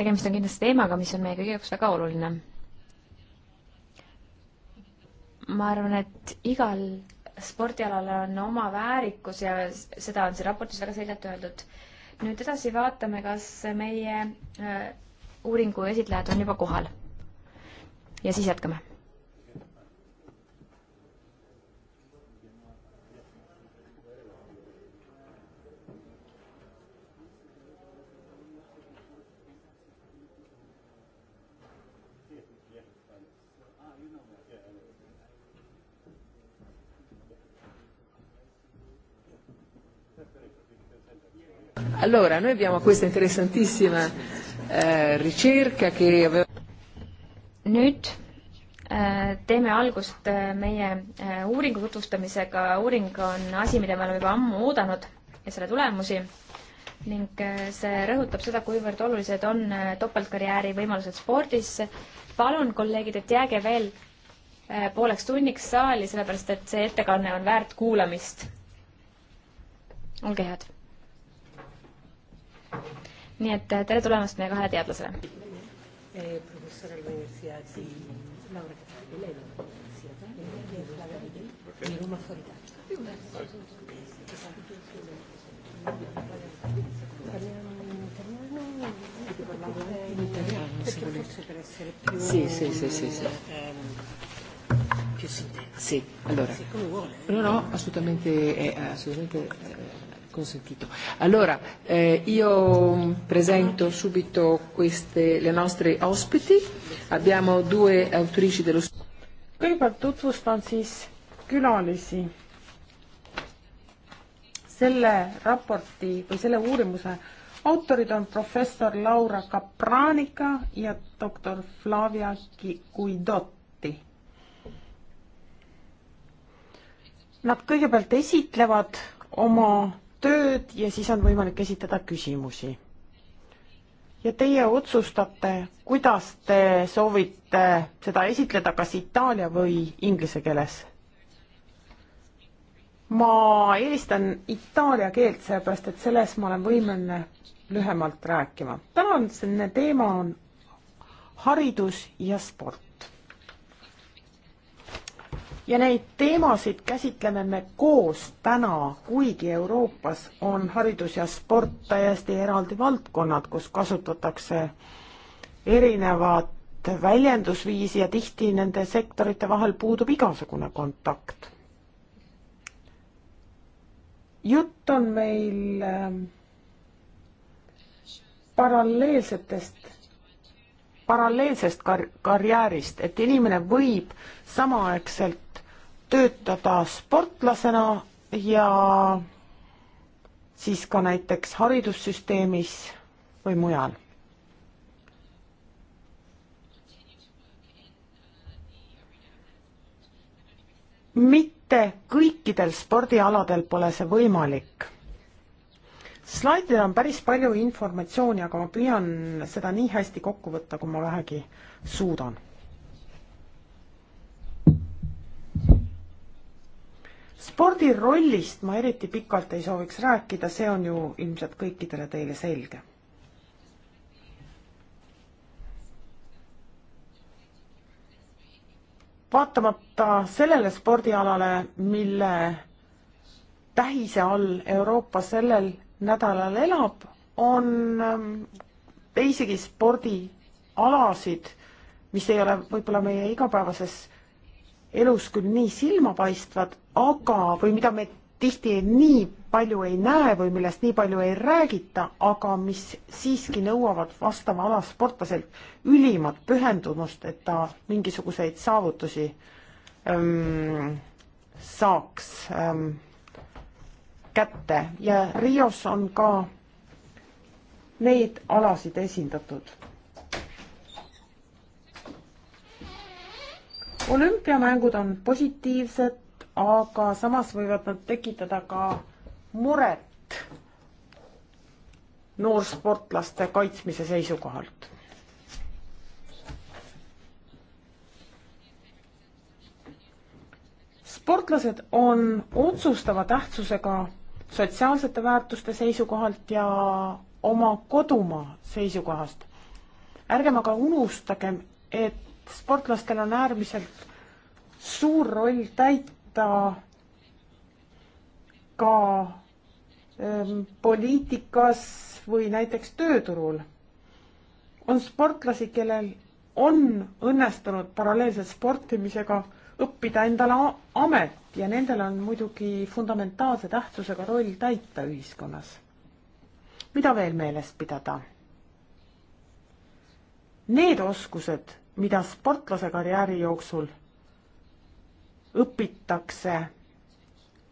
tegemist on kindlasti teemaga, mis on meie kõigi jaoks väga oluline. ma arvan, et igal spordialal on oma väärikus ja seda on siin raportis väga selgelt öeldud nüüd edasi vaatame, kas meie äh, uuringu esitlejad on juba kohal. ja siis jätkame Allora, noi abbiamo questa interessantissima eh, ricerca che aveva... Nüüd eh, teeme algust eh, meie eh, uuringu tutvustamisega. uuring on asi, mida me oleme juba ammu oodanud ja selle tulemusi ning see rõhutab seda, kuivõrd olulised on topeltkarjääri võimalused spordis. palun, kolleegid, et jääge veel pooleks tunniks saali, sellepärast et see ettekanne on väärt kuulamist. olge head nii et eh, tere tulemast meie kahele teadlasele. Sì, sì, sì, sì, sì. Più sì, allora. No, no, assolutamente, eh, assolutamente eh, consentito. Allora, eh, io presento subito queste, le nostre ospiti. Abbiamo due autrici dello kõigepealt tutvustan siis külalisi. selle raporti või selle uurimuse autorid on professor Laura Kapranika ja doktor Flavia Guidotti. Nad kõigepealt esitlevad oma tööd ja siis on võimalik esitada küsimusi. ja teie otsustate, kuidas te soovite seda esitleda, kas itaalia või inglise keeles? ma eelistan itaalia keelt, sellepärast et selles ma olen võimeline lühemalt rääkima. tänane teema on haridus ja sport ja neid teemasid käsitleme me koos täna, kuigi Euroopas on haridus ja sport täiesti eraldi valdkonnad, kus kasutatakse erinevat väljendusviisi ja tihti nende sektorite vahel puudub igasugune kontakt. jutt on meil ähm, paralleelsetest, paralleelsest kar-, karjäärist, et inimene võib samaaegselt töötada sportlasena ja siis ka näiteks haridussüsteemis või mujal. mitte kõikidel spordialadel pole see võimalik. slaidil on päris palju informatsiooni, aga ma püüan seda nii hästi kokku võtta, kui ma vähegi suudan spordi rollist ma eriti pikalt ei sooviks rääkida, see on ju ilmselt kõikidele teile selge. vaatamata sellele spordialale, mille tähise all Euroopa sellel nädalal elab, on ähm, teisigi spordialasid, mis ei ole võib-olla meie igapäevases elus küll nii silmapaistvad, aga, või mida me tihti nii palju ei näe või millest nii palju ei räägita, aga mis siiski nõuavad vastava ala sportlaselt ülimat pühendumust, et ta mingisuguseid saavutusi ähm, saaks ähm, kätte ja Rios on ka neid alasid esindatud. olümpiamängud on positiivsed aga samas võivad nad tekitada ka muret noorsportlaste kaitsmise seisukohalt. sportlased on otsustava tähtsusega sotsiaalsete väärtuste seisukohalt ja oma kodumaa seisukohast. ärgem aga unustagem, et sportlastel on äärmiselt suur roll täita võtta ka ähm, poliitikas või näiteks tööturul. on sportlasi, kellel on õnnestunud paralleelselt sportimisega õppida endale amet ja nendel on muidugi fundamentaalse tähtsusega roll täita ühiskonnas. mida veel meeles pidada? Need oskused, mida sportlase karjääri jooksul õpitakse,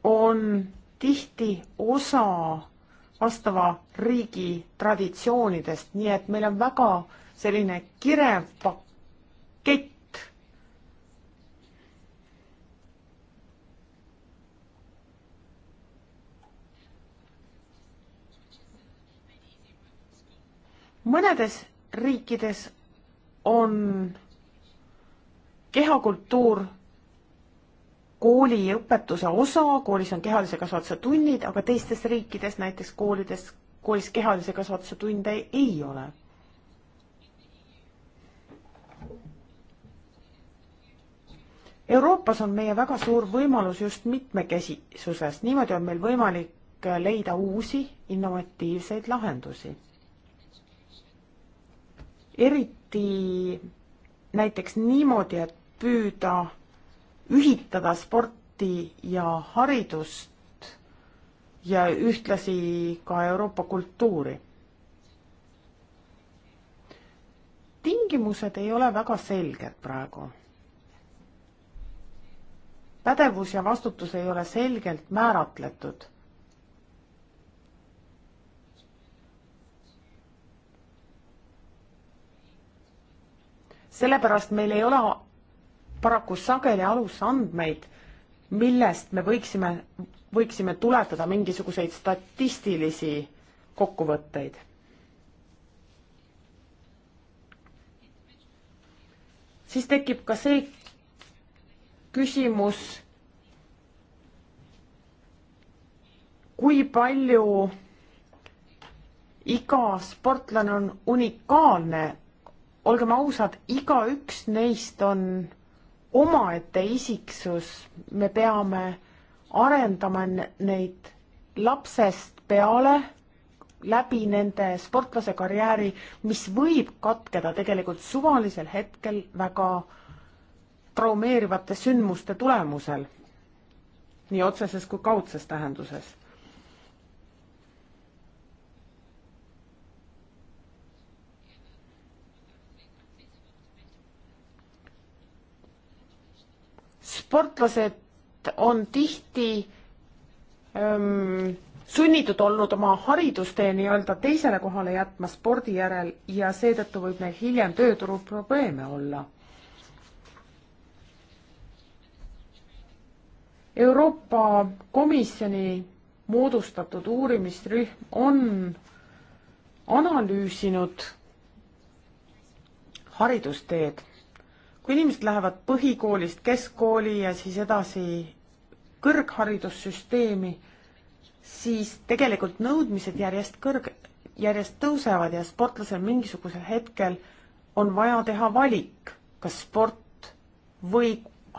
on tihti osa vastava riigi traditsioonidest, nii et meil on väga selline kirev pakett. mõnedes riikides on kehakultuur kooliõpetuse osa, koolis on kehalise kasvatuse tunnid, aga teistes riikides, näiteks koolides, koolis kehalise kasvatuse tunde ei, ei ole. Euroopas on meie väga suur võimalus just mitmekesisuses, niimoodi on meil võimalik leida uusi innovatiivseid lahendusi. eriti näiteks niimoodi, et püüda ühitada sporti ja haridust ja ühtlasi ka Euroopa kultuuri. tingimused ei ole väga selged praegu. pädevus ja vastutus ei ole selgelt määratletud. sellepärast meil ei ole paraku sageli alusandmeid, millest me võiksime, võiksime tuletada mingisuguseid statistilisi kokkuvõtteid siis tekib ka see küsimus, kui palju iga sportlane on unikaalne, olgem ausad, igaüks neist on omaette isiksus, me peame arendama neid lapsest peale läbi nende sportlase karjääri, mis võib katkeda tegelikult suvalisel hetkel väga traumeerivate sündmuste tulemusel, nii otseses kui kaudses tähenduses. sportlased on tihti öö, ähm, sunnitud olnud oma haridustee nii-öelda teisele kohale jätma spordi järel ja seetõttu võib neil hiljem tööturul probleeme olla. Euroopa Komisjoni moodustatud uurimisrühm on analüüsinud haridusteed kui inimesed lähevad põhikoolist keskkooli ja siis edasi kõrgharidussüsteemi, siis tegelikult nõudmised järjest kõrg-, järjest tõusevad ja sportlasel mingisugusel hetkel on vaja teha valik, kas sport või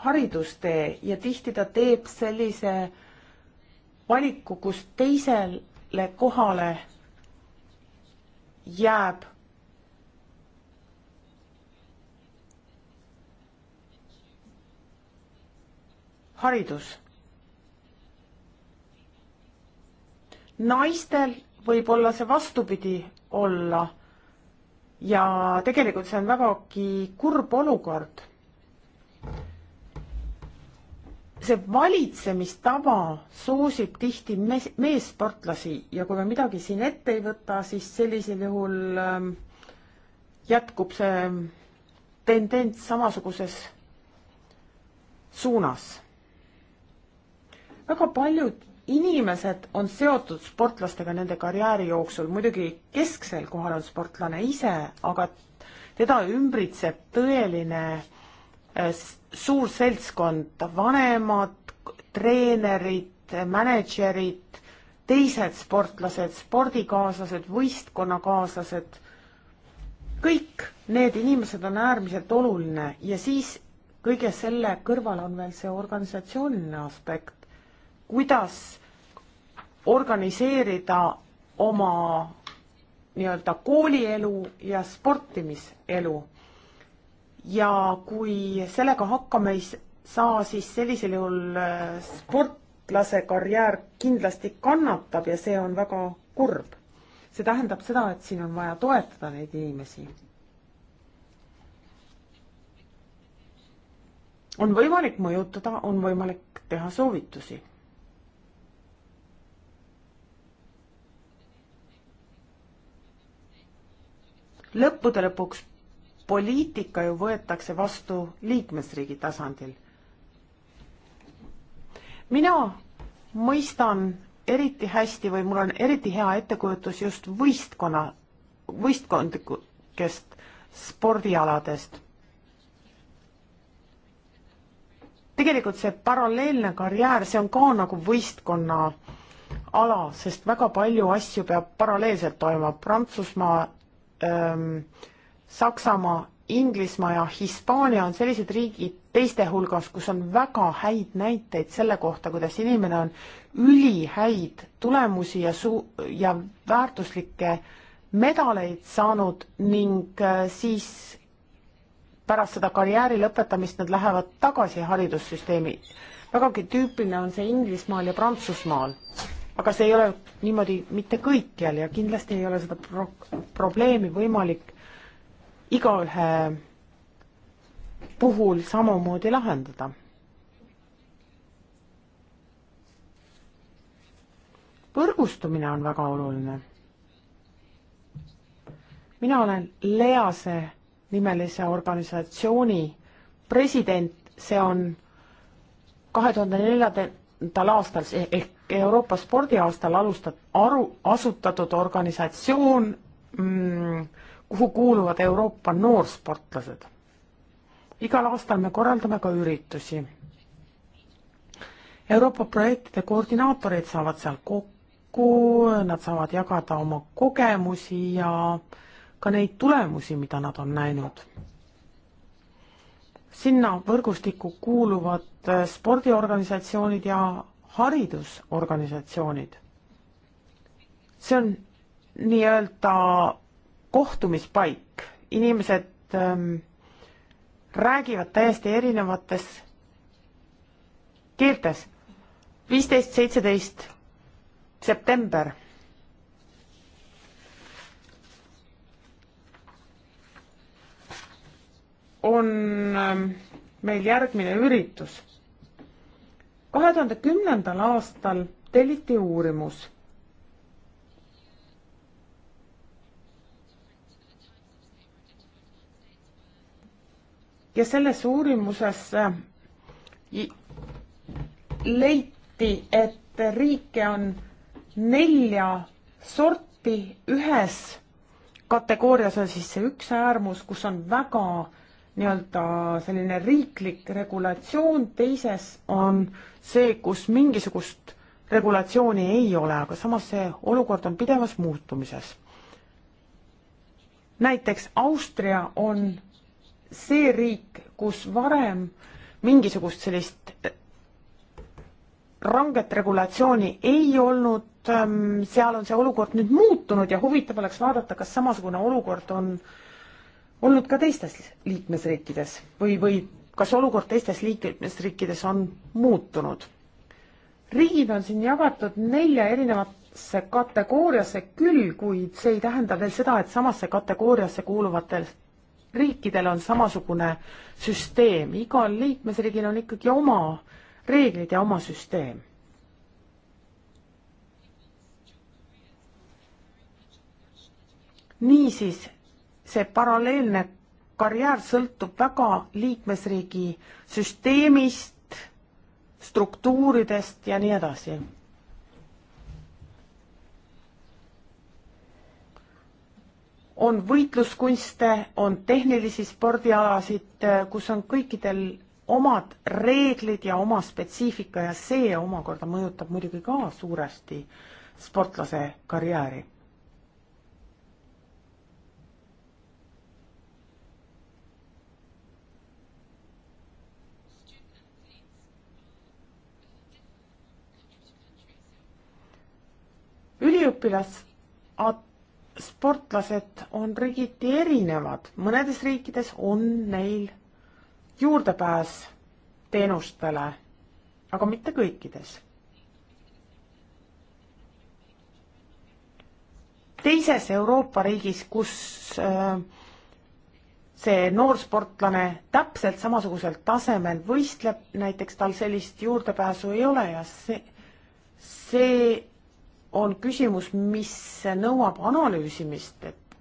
haridustee ja tihti ta teeb sellise valiku, kus teisele kohale jääb haridus. naistel võib olla see vastupidi olla. ja tegelikult see on vägagi kurb olukord. see valitsemistava soosib tihti mees, meessportlasi ja kui me midagi siin ette ei võta, siis sellisel juhul ähm, jätkub see tendents samasuguses suunas väga paljud inimesed on seotud sportlastega nende karjääri jooksul, muidugi kesksel kohal on sportlane ise, aga teda ümbritseb tõeline äh, suur seltskond, vanemad, treenerid, mänedžerid, teised sportlased, spordikaaslased, võistkonnakaaslased, kõik need inimesed on äärmiselt oluline ja siis kõige selle kõrval on veel see organisatsiooniline aspekt kuidas organiseerida oma nii-öelda koolielu ja sportimiselu. ja kui sellega hakkama ei saa, siis sellisel juhul äh, sportlase karjäär kindlasti kannatab ja see on väga kurb. see tähendab seda, et siin on vaja toetada neid inimesi. on võimalik mõjutada, on võimalik teha soovitusi lõppude lõpuks poliitika ju võetakse vastu liikmesriigi tasandil. mina mõistan eriti hästi või mul on eriti hea ettekujutus just võistkonna, võistkondlikest spordialadest. tegelikult see paralleelne karjäär, see on ka nagu võistkonna ala, sest väga palju asju peab paralleelselt toimuma. Prantsusmaa ähm, Saksamaa, Inglismaa ja Hispaania on sellised riigid teiste hulgas, kus on väga häid näiteid selle kohta, kuidas inimene on ülihäid tulemusi ja suu- ja väärtuslikke medaleid saanud ning äh, siis pärast seda karjääri lõpetamist nad lähevad tagasi haridussüsteemi. vägagi tüüpiline on see Inglismaal ja Prantsusmaal aga see ei ole niimoodi mitte kõikjal ja kindlasti ei ole seda pro probleemi võimalik igaühe puhul samamoodi lahendada. võrgustumine on väga oluline. mina olen Lease nimelise organisatsiooni president, see on kahe tuhande neljanda kolmandal aastal ehk eh, Euroopa spordiaastal alustat-, aru, asutatud organisatsioon mm,, kuhu kuuluvad Euroopa noorsportlased. igal aastal me korraldame ka üritusi. Euroopa projektide koordinaatorid saavad seal kokku, nad saavad jagada oma kogemusi ja ka neid tulemusi, mida nad on näinud sinna võrgustikku kuuluvad äh, spordiorganisatsioonid ja haridusorganisatsioonid. see on nii-öelda kohtumispaik, inimesed ähm, räägivad täiesti erinevates keeltes. viisteist, seitseteist september on ähm, meil järgmine üritus. kahe tuhande kümnendal aastal telliti uurimus. ja selles uurimuses äh, leiti, et riike on nelja sorti ühes kategoorias on siis see üks äärmus, kus on väga äh, nii-öelda selline riiklik regulatsioon, teises on see, kus mingisugust regulatsiooni ei ole, aga samas see olukord on pidevas muutumises. näiteks Austria on see riik, kus varem mingisugust sellist ranget regulatsiooni ei olnud, ähm, seal on see olukord nüüd muutunud ja huvitav oleks vaadata, kas samasugune olukord on äh, olnud ka teistes liikmesriikides või, või kas olukord teistes liikmesriikides on muutunud? riigid on siin jagatud nelja erinevasse kategooriasse küll, kuid see ei tähenda veel seda, et samasse kategooriasse kuuluvatel riikidel on samasugune süsteem, igal liikmesriigil on ikkagi oma reeglid ja oma süsteem niisiis see paralleelne karjäär sõltub väga liikmesriigi süsteemist, struktuuridest ja nii edasi. on võitluskunste, on tehnilisi spordialasid, kus on kõikidel omad reeglid ja oma spetsiifika ja see omakorda mõjutab muidugi ka suuresti sportlase karjääri õpilas, sportlased on riigiti erinevad, mõnedes riikides on neil juurdepääs teenustele, aga mitte kõikides. teises Euroopa riigis, kus äh, see noorsportlane täpselt samasugusel tasemel võistleb, näiteks tal sellist juurdepääsu ei ole ja see, see on küsimus, mis nõuab analüüsimist, et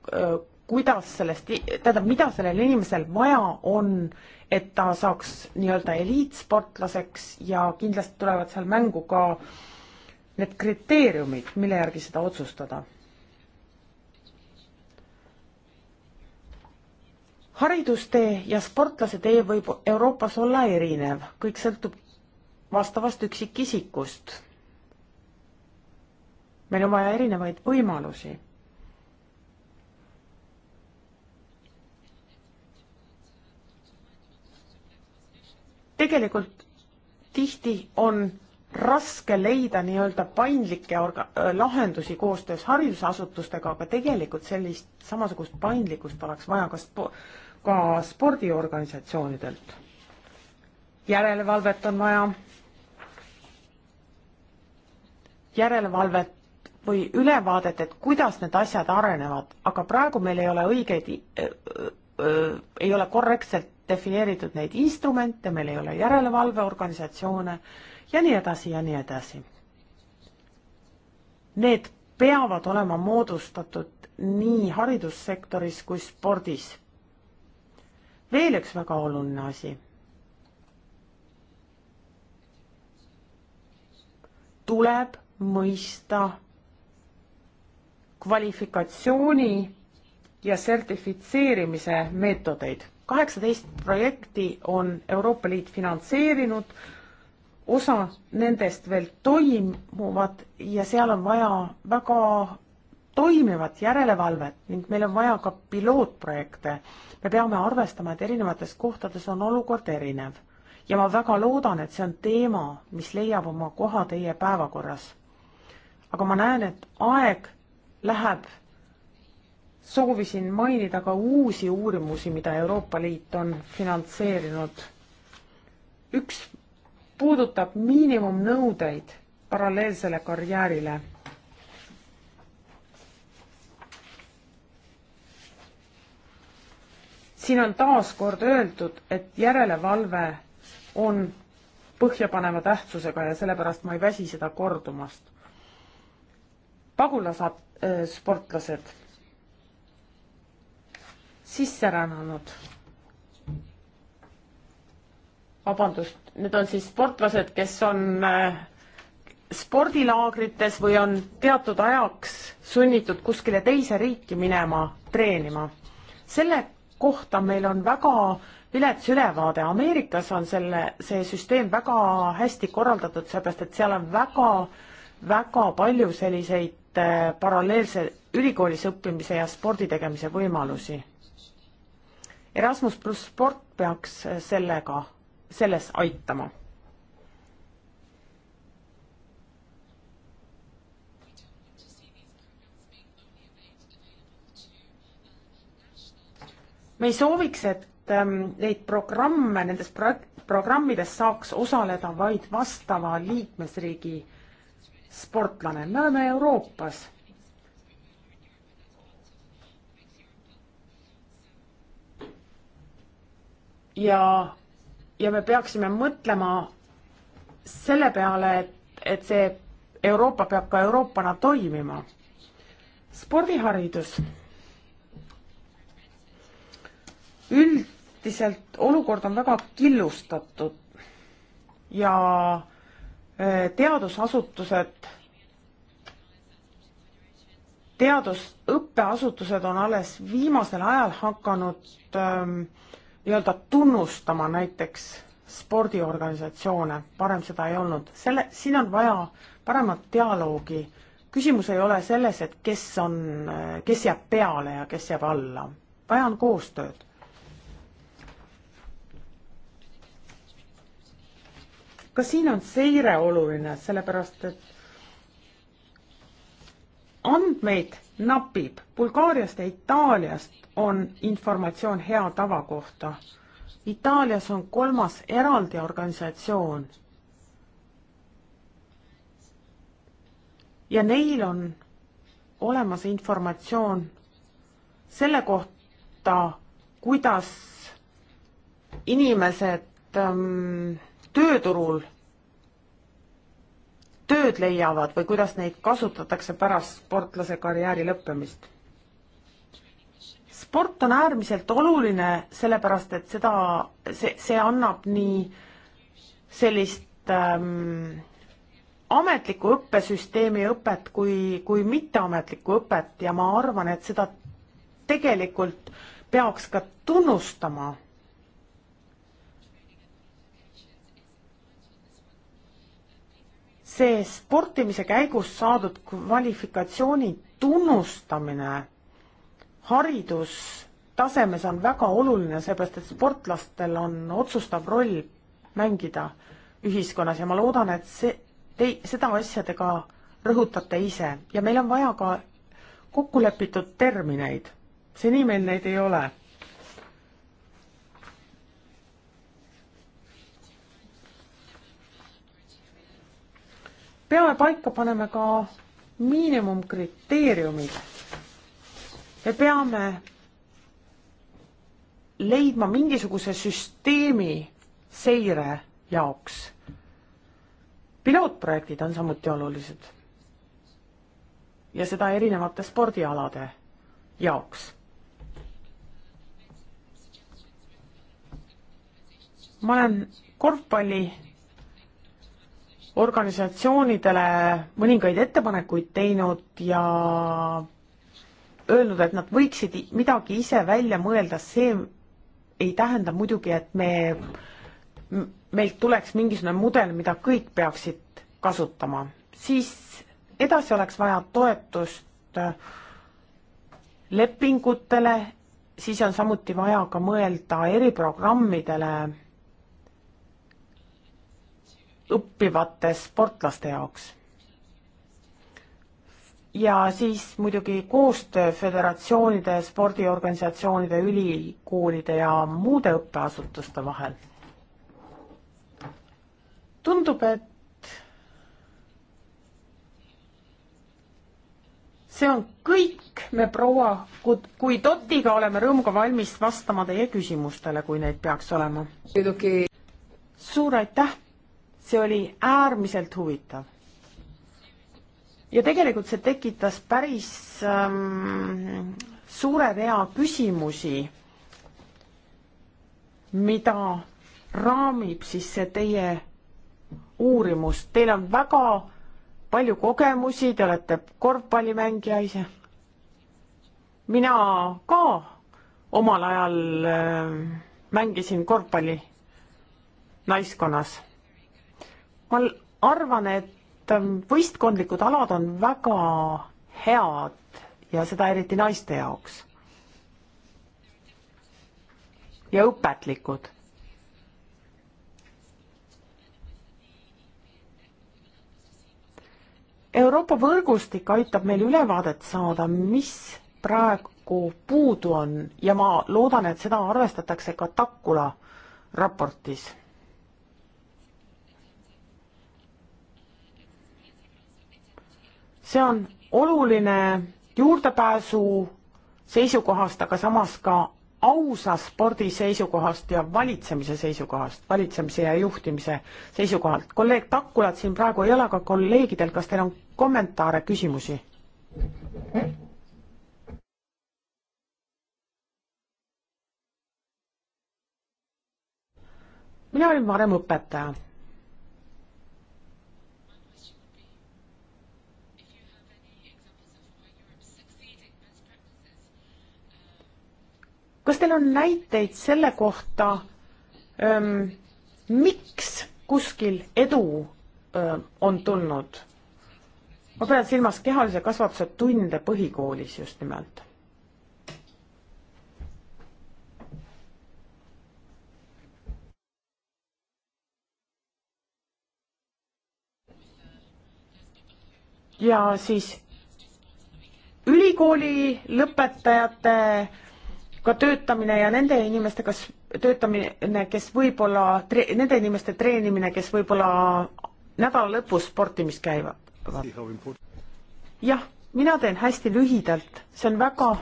kuidas sellest, tähendab, mida sellel inimesel vaja on, et ta saaks nii-öelda eliitsportlaseks ja kindlasti tulevad seal mängu ka need kriteeriumid, mille järgi seda otsustada. haridustee ja sportlase tee võib Euroopas olla erinev, kõik sõltub vastavast üksikisikust meil on vaja erinevaid võimalusi. tegelikult tihti on raske leida nii-öelda paindlikke orga-, äh, lahendusi koostöös haridusasutustega, aga tegelikult sellist samasugust paindlikkust oleks vaja ka spo-, ka spordiorganisatsioonidelt. järelevalvet on vaja järelevalvet või ülevaadet, et kuidas need asjad arenevad, aga praegu meil ei ole õigeid, ei ole korrektselt defineeritud neid instrumente, meil ei ole järelevalveorganisatsioone ja nii edasi ja nii edasi. Need peavad olema moodustatud nii haridussektoris kui spordis. veel üks väga oluline asi. tuleb mõista kvalifikatsiooni ja sertifitseerimise meetodeid. kaheksateist projekti on Euroopa Liit finantseerinud, osa nendest veel toimuvad ja seal on vaja väga toimivat järelevalvet ning meil on vaja ka pilootprojekte. me peame arvestama, et erinevates kohtades on olukord erinev ja ma väga loodan, et see on teema, mis leiab oma koha teie päevakorras. aga ma näen, et aeg läheb, soovisin mainida ka uusi uurimusi, mida Euroopa Liit on finantseerinud. üks puudutab miinimumnõudeid paralleelsele karjäärile. siin on taas kord öeldud, et järelevalve on põhjapaneva tähtsusega ja sellepärast ma ei väsi seda kordumast. pagulasapp Äh, sportlased sisse rännanud. vabandust, need on siis sportlased, kes on äh, spordilaagrites või on teatud ajaks sunnitud kuskile teise riiki minema treenima. selle kohta meil on väga vilets ülevaade, Ameerikas on selle, see süsteem väga hästi korraldatud, sellepärast et seal on väga, väga palju selliseid Äh, paralleelse ülikoolis õppimise ja spordi tegemise võimalusi. Erasmus pluss sport peaks äh, sellega, selles aitama. me ei sooviks, et ähm, neid programme, nendes pro-, programmides saaks osaleda vaid vastava liikmesriigi äh, sportlane, me oleme Euroopas. ja, ja me peaksime mõtlema selle peale, et, et see Euroopa peab ka Euroopana toimima. spordiharidus. üldiselt olukord on väga killustatud ja Äh, teadusasutused, teadusõppeasutused on alles viimasel ajal hakanud ähm, nii-öelda tunnustama näiteks spordiorganisatsioone, varem seda ei olnud. selle, siin on vaja paremat dialoogi. küsimus ei ole selles, et kes on, äh, kes jääb peale ja kes jääb alla. vaja on koostööd ka siin on seire oluline, sellepärast et andmeid napib. Bulgaariast ja Itaaliast on informatsioon hea tava kohta. Itaalias on kolmas eraldi organisatsioon. ja neil on olemas informatsioon selle kohta, kuidas inimesed ähm, tööturul tööd leiavad või kuidas neid kasutatakse pärast sportlase karjääri lõppemist? sport on äärmiselt oluline, sellepärast et seda, see, see annab nii sellist ähm, ametliku õppesüsteemi õpet kui, kui mitteametlikku õpet ja ma arvan, et seda tegelikult peaks ka tunnustama see sportimise käigus saadud kvalifikatsiooni tunnustamine haridustasemes on väga oluline, seepärast et sportlastel on otsustav roll mängida ühiskonnas ja ma loodan, et see, te seda asja te ka rõhutate ise ja meil on vaja ka kokkulepitud termineid. seni meil neid ei ole peame paika panema ka miinimumkriteeriumid. me peame leidma mingisuguse süsteemi seire jaoks. pilootprojektid on samuti olulised. ja seda erinevate spordialade jaoks. ma olen korvpalli organisatsioonidele mõningaid ettepanekuid teinud ja öelnud, et nad võiksid midagi ise välja mõelda, see ei tähenda muidugi, et me, meilt tuleks mingisugune mudel, mida kõik peaksid kasutama. siis edasi oleks vaja toetust lepingutele, siis on samuti vaja ka mõelda eriprogrammidele õppivate sportlaste jaoks. ja siis muidugi koostöö föderatsioonide, spordiorganisatsioonide, ülikoolide ja muude õppeasutuste vahel. tundub, et see on kõik, me proua Kuidotiga oleme rõõmuga valmis vastama teie küsimustele, kui neid peaks olema. muidugi. suur aitäh see oli äärmiselt huvitav. ja tegelikult see tekitas päris ähm, suure rea küsimusi, mida raamib siis see teie uurimus, teil on väga palju kogemusi, te olete korvpallimängija ise. mina ka omal ajal äh, mängisin korvpalli naiskonnas ma arvan, et ähm, võistkondlikud alad on väga head ja seda eriti naiste jaoks. ja õpetlikud. Euroopa võrgustik aitab meil ülevaadet saada, mis praegu puudu on ja ma loodan, et seda arvestatakse ka Takula raportis see on oluline juurdepääsu seisukohast, aga samas ka ausa spordi seisukohast ja valitsemise seisukohast, valitsemise ja juhtimise seisukohalt. kolleeg Takkulat siin praegu ei ole, aga kolleegidel, kas teil on kommentaare, küsimusi? mina olin varem õpetaja kas teil on näiteid selle kohta, ähm, miks kuskil edu öö, ähm, on tulnud? ma pean silmas kehalise kasvatuse tunde põhikoolis just nimelt. ja siis ülikooli lõpetajate ka töötamine ja nende inimestega töötamine, kes võib-olla, nende inimeste treenimine, kes võib-olla nädala lõpus sportimis käivad. jah, mina teen hästi lühidalt, see on väga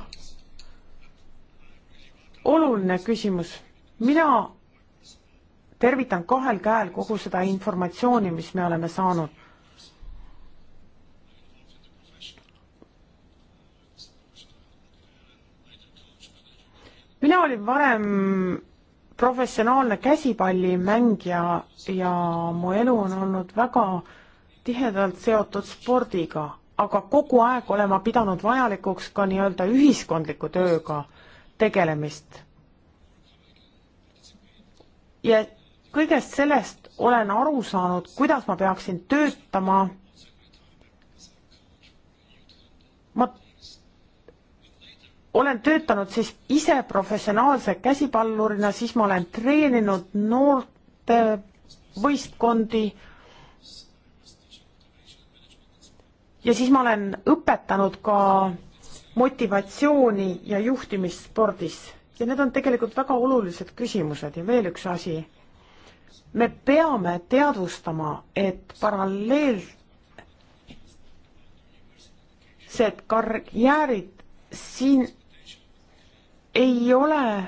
oluline küsimus. mina tervitan kahel käel kogu seda informatsiooni, mis me oleme saanud. mina olin varem professionaalne käsipallimängija ja mu elu on olnud väga tihedalt seotud spordiga, aga kogu aeg olen ma pidanud vajalikuks ka nii-öelda ühiskondliku tööga tegelemist. ja kõigest sellest olen aru saanud, kuidas ma peaksin töötama. ma olen töötanud siis ise professionaalse käsipallurina, siis ma olen treeninud noorte võistkondi. ja siis ma olen õpetanud ka motivatsiooni ja juhtimist spordis ja need on tegelikult väga olulised küsimused ja veel üks asi. me peame teadvustama, et paralleelsed karjäärid siin ei ole,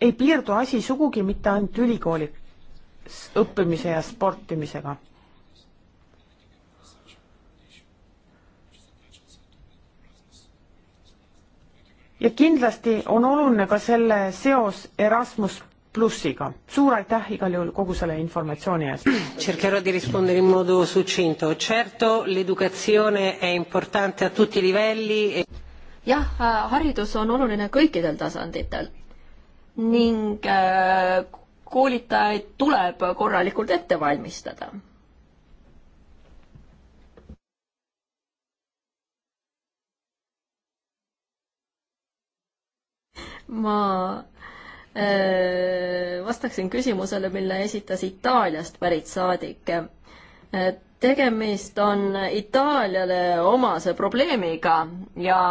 ei piirdu asi sugugi mitte ainult ülikoolis õppimise ja sportimisega. ja kindlasti on oluline ka selle seos Erasmus plussiga. suur aitäh igal juhul kogu selle informatsiooni eest. Cercherò di rispondere in modo succinto. Certo l'educazione è importante a tutti i livelli e jah, äh, haridus on oluline kõikidel tasanditel ning äh, koolitajaid tuleb korralikult ette valmistada ma äh, vastaksin küsimusele, mille esitas Itaaliast pärit saadik. tegemist on Itaaliale omase probleemiga ja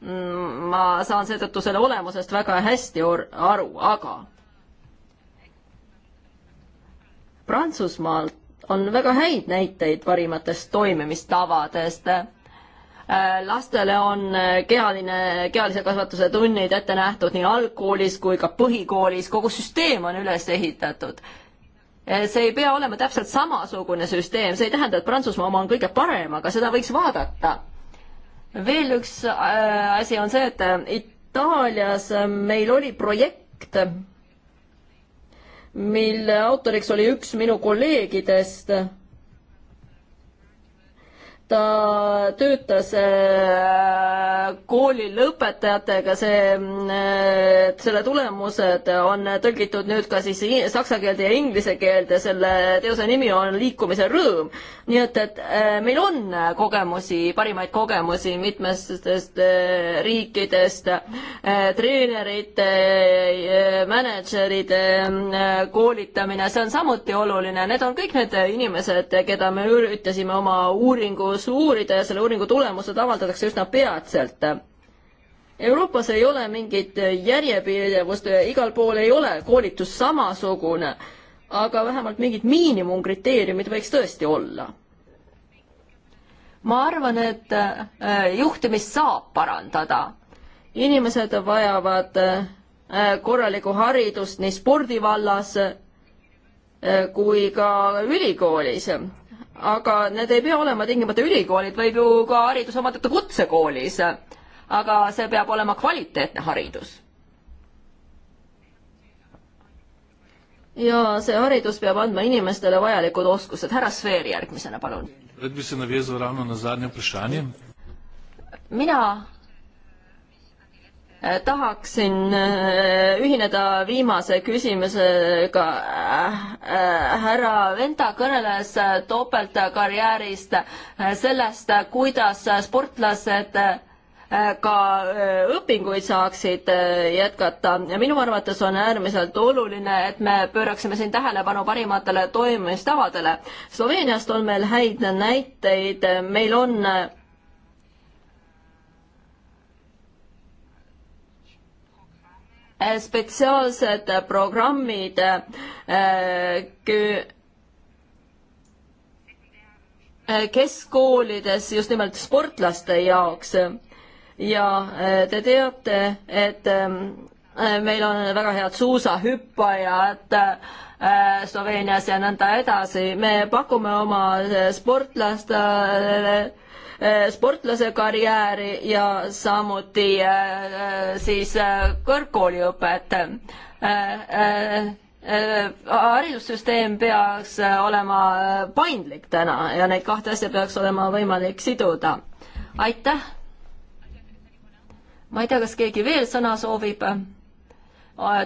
ma saan seetõttu selle olemusest väga hästi aru, aga Prantsusmaalt on väga häid näiteid parimatest toimimistavadest. Äh, lastele on äh, kehaline, kehalise kasvatuse tunnid ette nähtud nii algkoolis kui ka põhikoolis, kogu süsteem on üles ehitatud. Äh, see ei pea olema täpselt samasugune süsteem, see ei tähenda, et Prantsusmaa oma on kõige parem, aga seda võiks vaadata veel üks äh, asi on see, et äh, Itaalias äh, meil oli projekt, mille autoriks oli üks minu kolleegidest ta töötas äh, kooli lõpetajatega, see, äh, selle tulemused on tõlgitud nüüd ka siis saksa keelde ja inglise keelde, selle teose nimi on Liikumise rõõm. nii et, et äh, meil on kogemusi, parimaid kogemusi mitmestest riikidest, treenerite, mänedžeride koolitamine, see on samuti oluline, need on kõik need inimesed, keda me üritasime oma uuringus tulemus uurida ja selle uuringu tulemused avaldatakse üsna peatselt. Euroopas ei ole mingit järjepidevust, igal pool ei ole koolitus samasugune, aga vähemalt mingid miinimumkriteeriumid võiks tõesti olla. ma arvan, et äh, juhtimist saab parandada. inimesed vajavad äh, korralikku haridust nii spordivallas äh, kui ka ülikoolis aga need ei pea olema tingimata ülikoolid, võib ju ka haridus omandada kutsekoolis. aga see peab olema kvaliteetne haridus. ja see haridus peab andma inimestele vajalikud oskused. härra Sveer järgmisena, palun. mina Äh, tahaksin äh, ühineda viimase küsimusega. Äh, härra Venta kõneles topeltkarjäärist, sellest, kuidas sportlased ka õpinguid saaksid jätkata ja minu arvates on äärmiselt oluline, et me pööraksime siin tähelepanu parimatele toimimistavadele. Sloveeniast on meil häid näiteid, meil on Äh, spetsiaalsed äh, programmid äh, keskkoolides just nimelt sportlaste jaoks. ja te teate, et ähm, meil on väga head suusahüppajad Sloveenias ja nõnda edasi. me pakume oma sportlastele Äh, sportlase karjääri ja samuti äh, äh, siis kõrgkooliõpet haridussüsteem peaks olema paindlik täna ja neid kahte asja peaks olema võimalik siduda. aitäh! ma ei tea, kas keegi veel sõna soovib.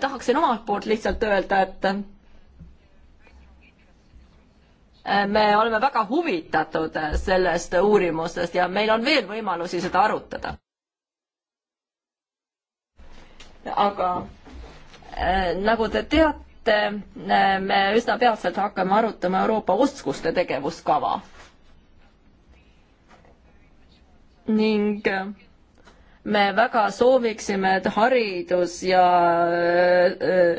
tahaksin omalt poolt lihtsalt öelda, et me oleme väga huvitatud sellest uurimustest ja meil on veel võimalusi seda arutada. aga äh, nagu te teate, äh, me üsna peatselt hakkame arutama Euroopa oskuste tegevuskava. ning äh, me väga sooviksime, et haridus ja öö, öö,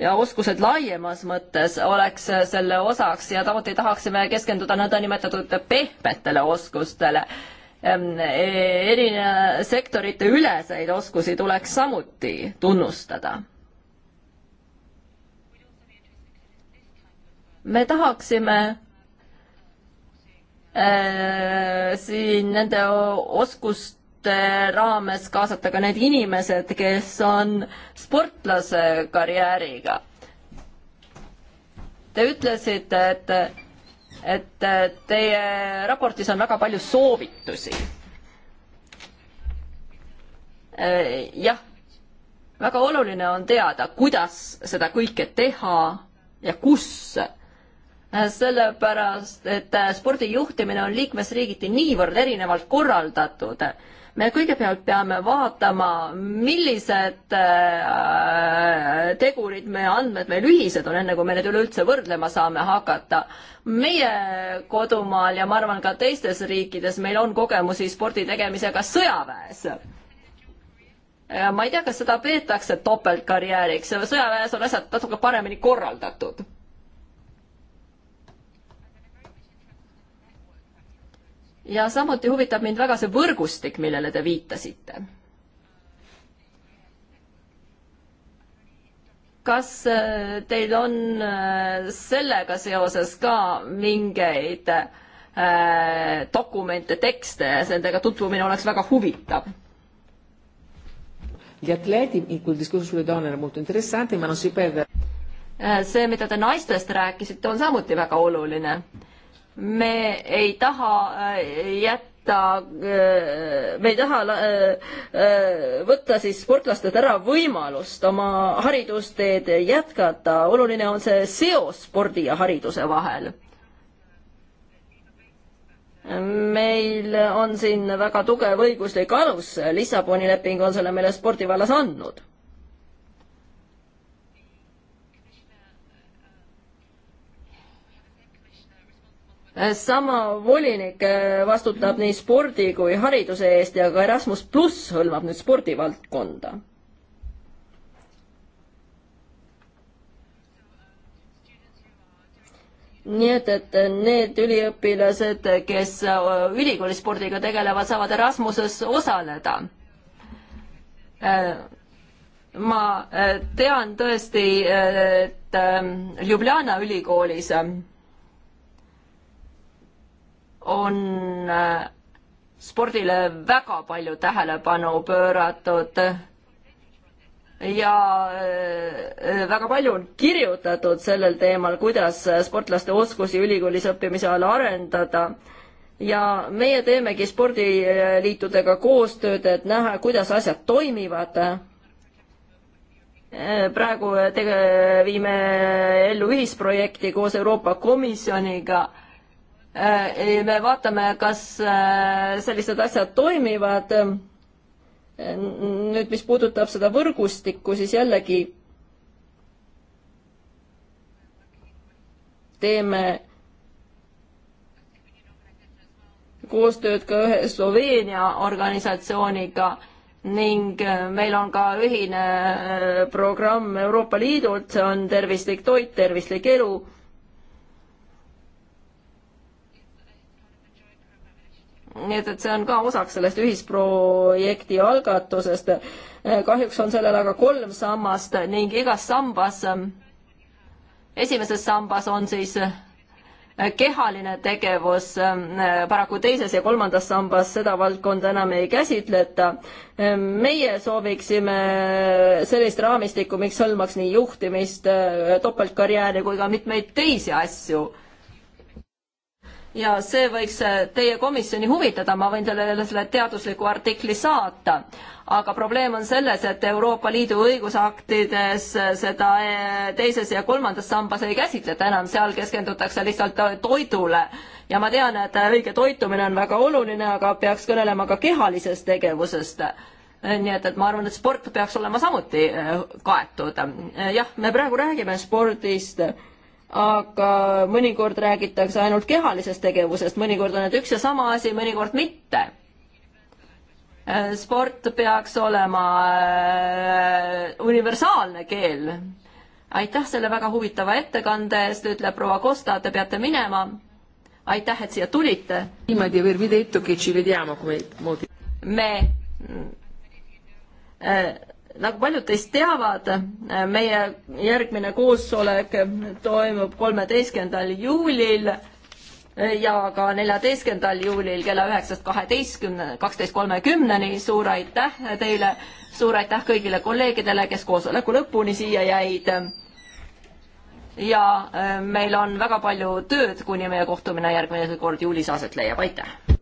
ja oskused laiemas mõttes oleks selle osaks ja samuti tahaksime keskenduda nõndanimetatud pehmetele oskustele. Ehm, e, erine- sektorite üleseid oskusi tuleks samuti tunnustada. me tahaksime e, siin nende oskust spordialaliitude raames kaasata ka need inimesed, kes on sportlase karjääriga. Te ütlesite, et, et teie raportis on väga palju soovitusi. jah, väga oluline on teada, kuidas seda kõike teha ja kus sellepärast, et spordi juhtimine on liikmesriigiti niivõrd erinevalt korraldatud me kõigepealt peame vaatama, millised äh, tegurid, meie andmed meil ühised on, enne kui me need üleüldse võrdlema saame hakata. meie kodumaal ja ma arvan ka teistes riikides meil on kogemusi spordi tegemisega sõjaväes äh, ma ei tea, kas seda peetakse topeltkarjääriks, sõjaväes on asjad natuke paremini korraldatud ja samuti huvitab mind väga see võrgustik, millele te viitasite. kas äh, teil on äh, sellega seoses ka mingeid äh, dokumente, tekste, nendega tutvumine oleks väga huvitav? Gli atleti, quel discorso sulle donne era molto interessante, ma non si perde. see, mida te naistest rääkisite, on samuti väga oluline me ei taha äh, jätta, äh, me ei taha äh, võtta siis sportlastelt ära võimalust oma haridusteed jätkata, oluline on see seos spordi ja hariduse vahel meil on siin väga tugev õiguslik alus, Lissaboni leping on selle meile spordi vallas andnud sama volinik äh, vastutab nii spordi kui hariduse eest ja ka Erasmus pluss hõlmab nüüd spordivaldkonda. nii et, et need üliõpilased, kes äh, ülikooli spordiga tegelevad, saavad Erasmuses osaleda äh, ma tean tõesti, et Ljubljana ülikoolis on äh, spordile väga palju tähelepanu pööratud ja äh, äh, väga palju on kirjutatud sellel teemal, kuidas sportlaste oskusi ülikoolis õppimise ajal arendada. ja meie teemegi spordiliitudega koostööd, et näha, kuidas asjad toimivad. praegu tege-, viime ellu ühisprojekti koos Euroopa Komisjoniga Äh, eh, me vaatame, kas äh, sellised asjad toimivad. Äh, nüüd, mis puudutab seda võrgustikku, siis jällegi teeme koostööd ka ühe Sloveenia organisatsiooniga ning meil on ka ühine programm Euroopa Liidult, see on tervislik toit, tervislik elu nii et, et see on ka osaks sellest ühisprojekti algatusest. kahjuks on sellel aga kolm sammast ning igas sambas, esimeses sambas on siis kehaline tegevus, paraku teises ja kolmandas sambas seda valdkonda enam ei käsitleta. meie sooviksime sellist raamistikku, mis hõlmaks nii juhtimist, topeltkarjääri kui ka mitmeid teisi asju ja see võiks äh, teie komisjoni huvitada, ma võin teile selle teadusliku artikli saata. aga probleem on selles, et Euroopa Liidu õigusaktides äh, seda äh, teises ja kolmandas sambas ei käsitleta enam, seal keskendutakse lihtsalt toidule. ja ma tean, et õige toitumine on väga oluline, aga peaks kõnelema ka kehalisest tegevusest nii et, et ma arvan, et sport peaks olema samuti kaetud. jah, me praegu räägime spordist aga mõnikord räägitakse ainult kehalisest tegevusest, mõnikord on need üks ja sama asi, mõnikord mitte. sport peaks olema äh, universaalne keel. aitäh selle väga huvitava ettekande eest, ütleb proua Kosta, te peate minema. aitäh, et siia tulite. me äh, nagu paljud teist teavad, meie järgmine koosolek toimub kolmeteistkümnendal juulil ja ka neljateistkümnendal juulil kella üheksast kaheteistkümne, kaksteist kolmekümneni. suur aitäh teile, suur aitäh kõigile kolleegidele, kes koosoleku lõpuni siia jäid. ja eh, meil on väga palju tööd, kuni meie kohtumine järgmine kord juulis aset leiab, aitäh!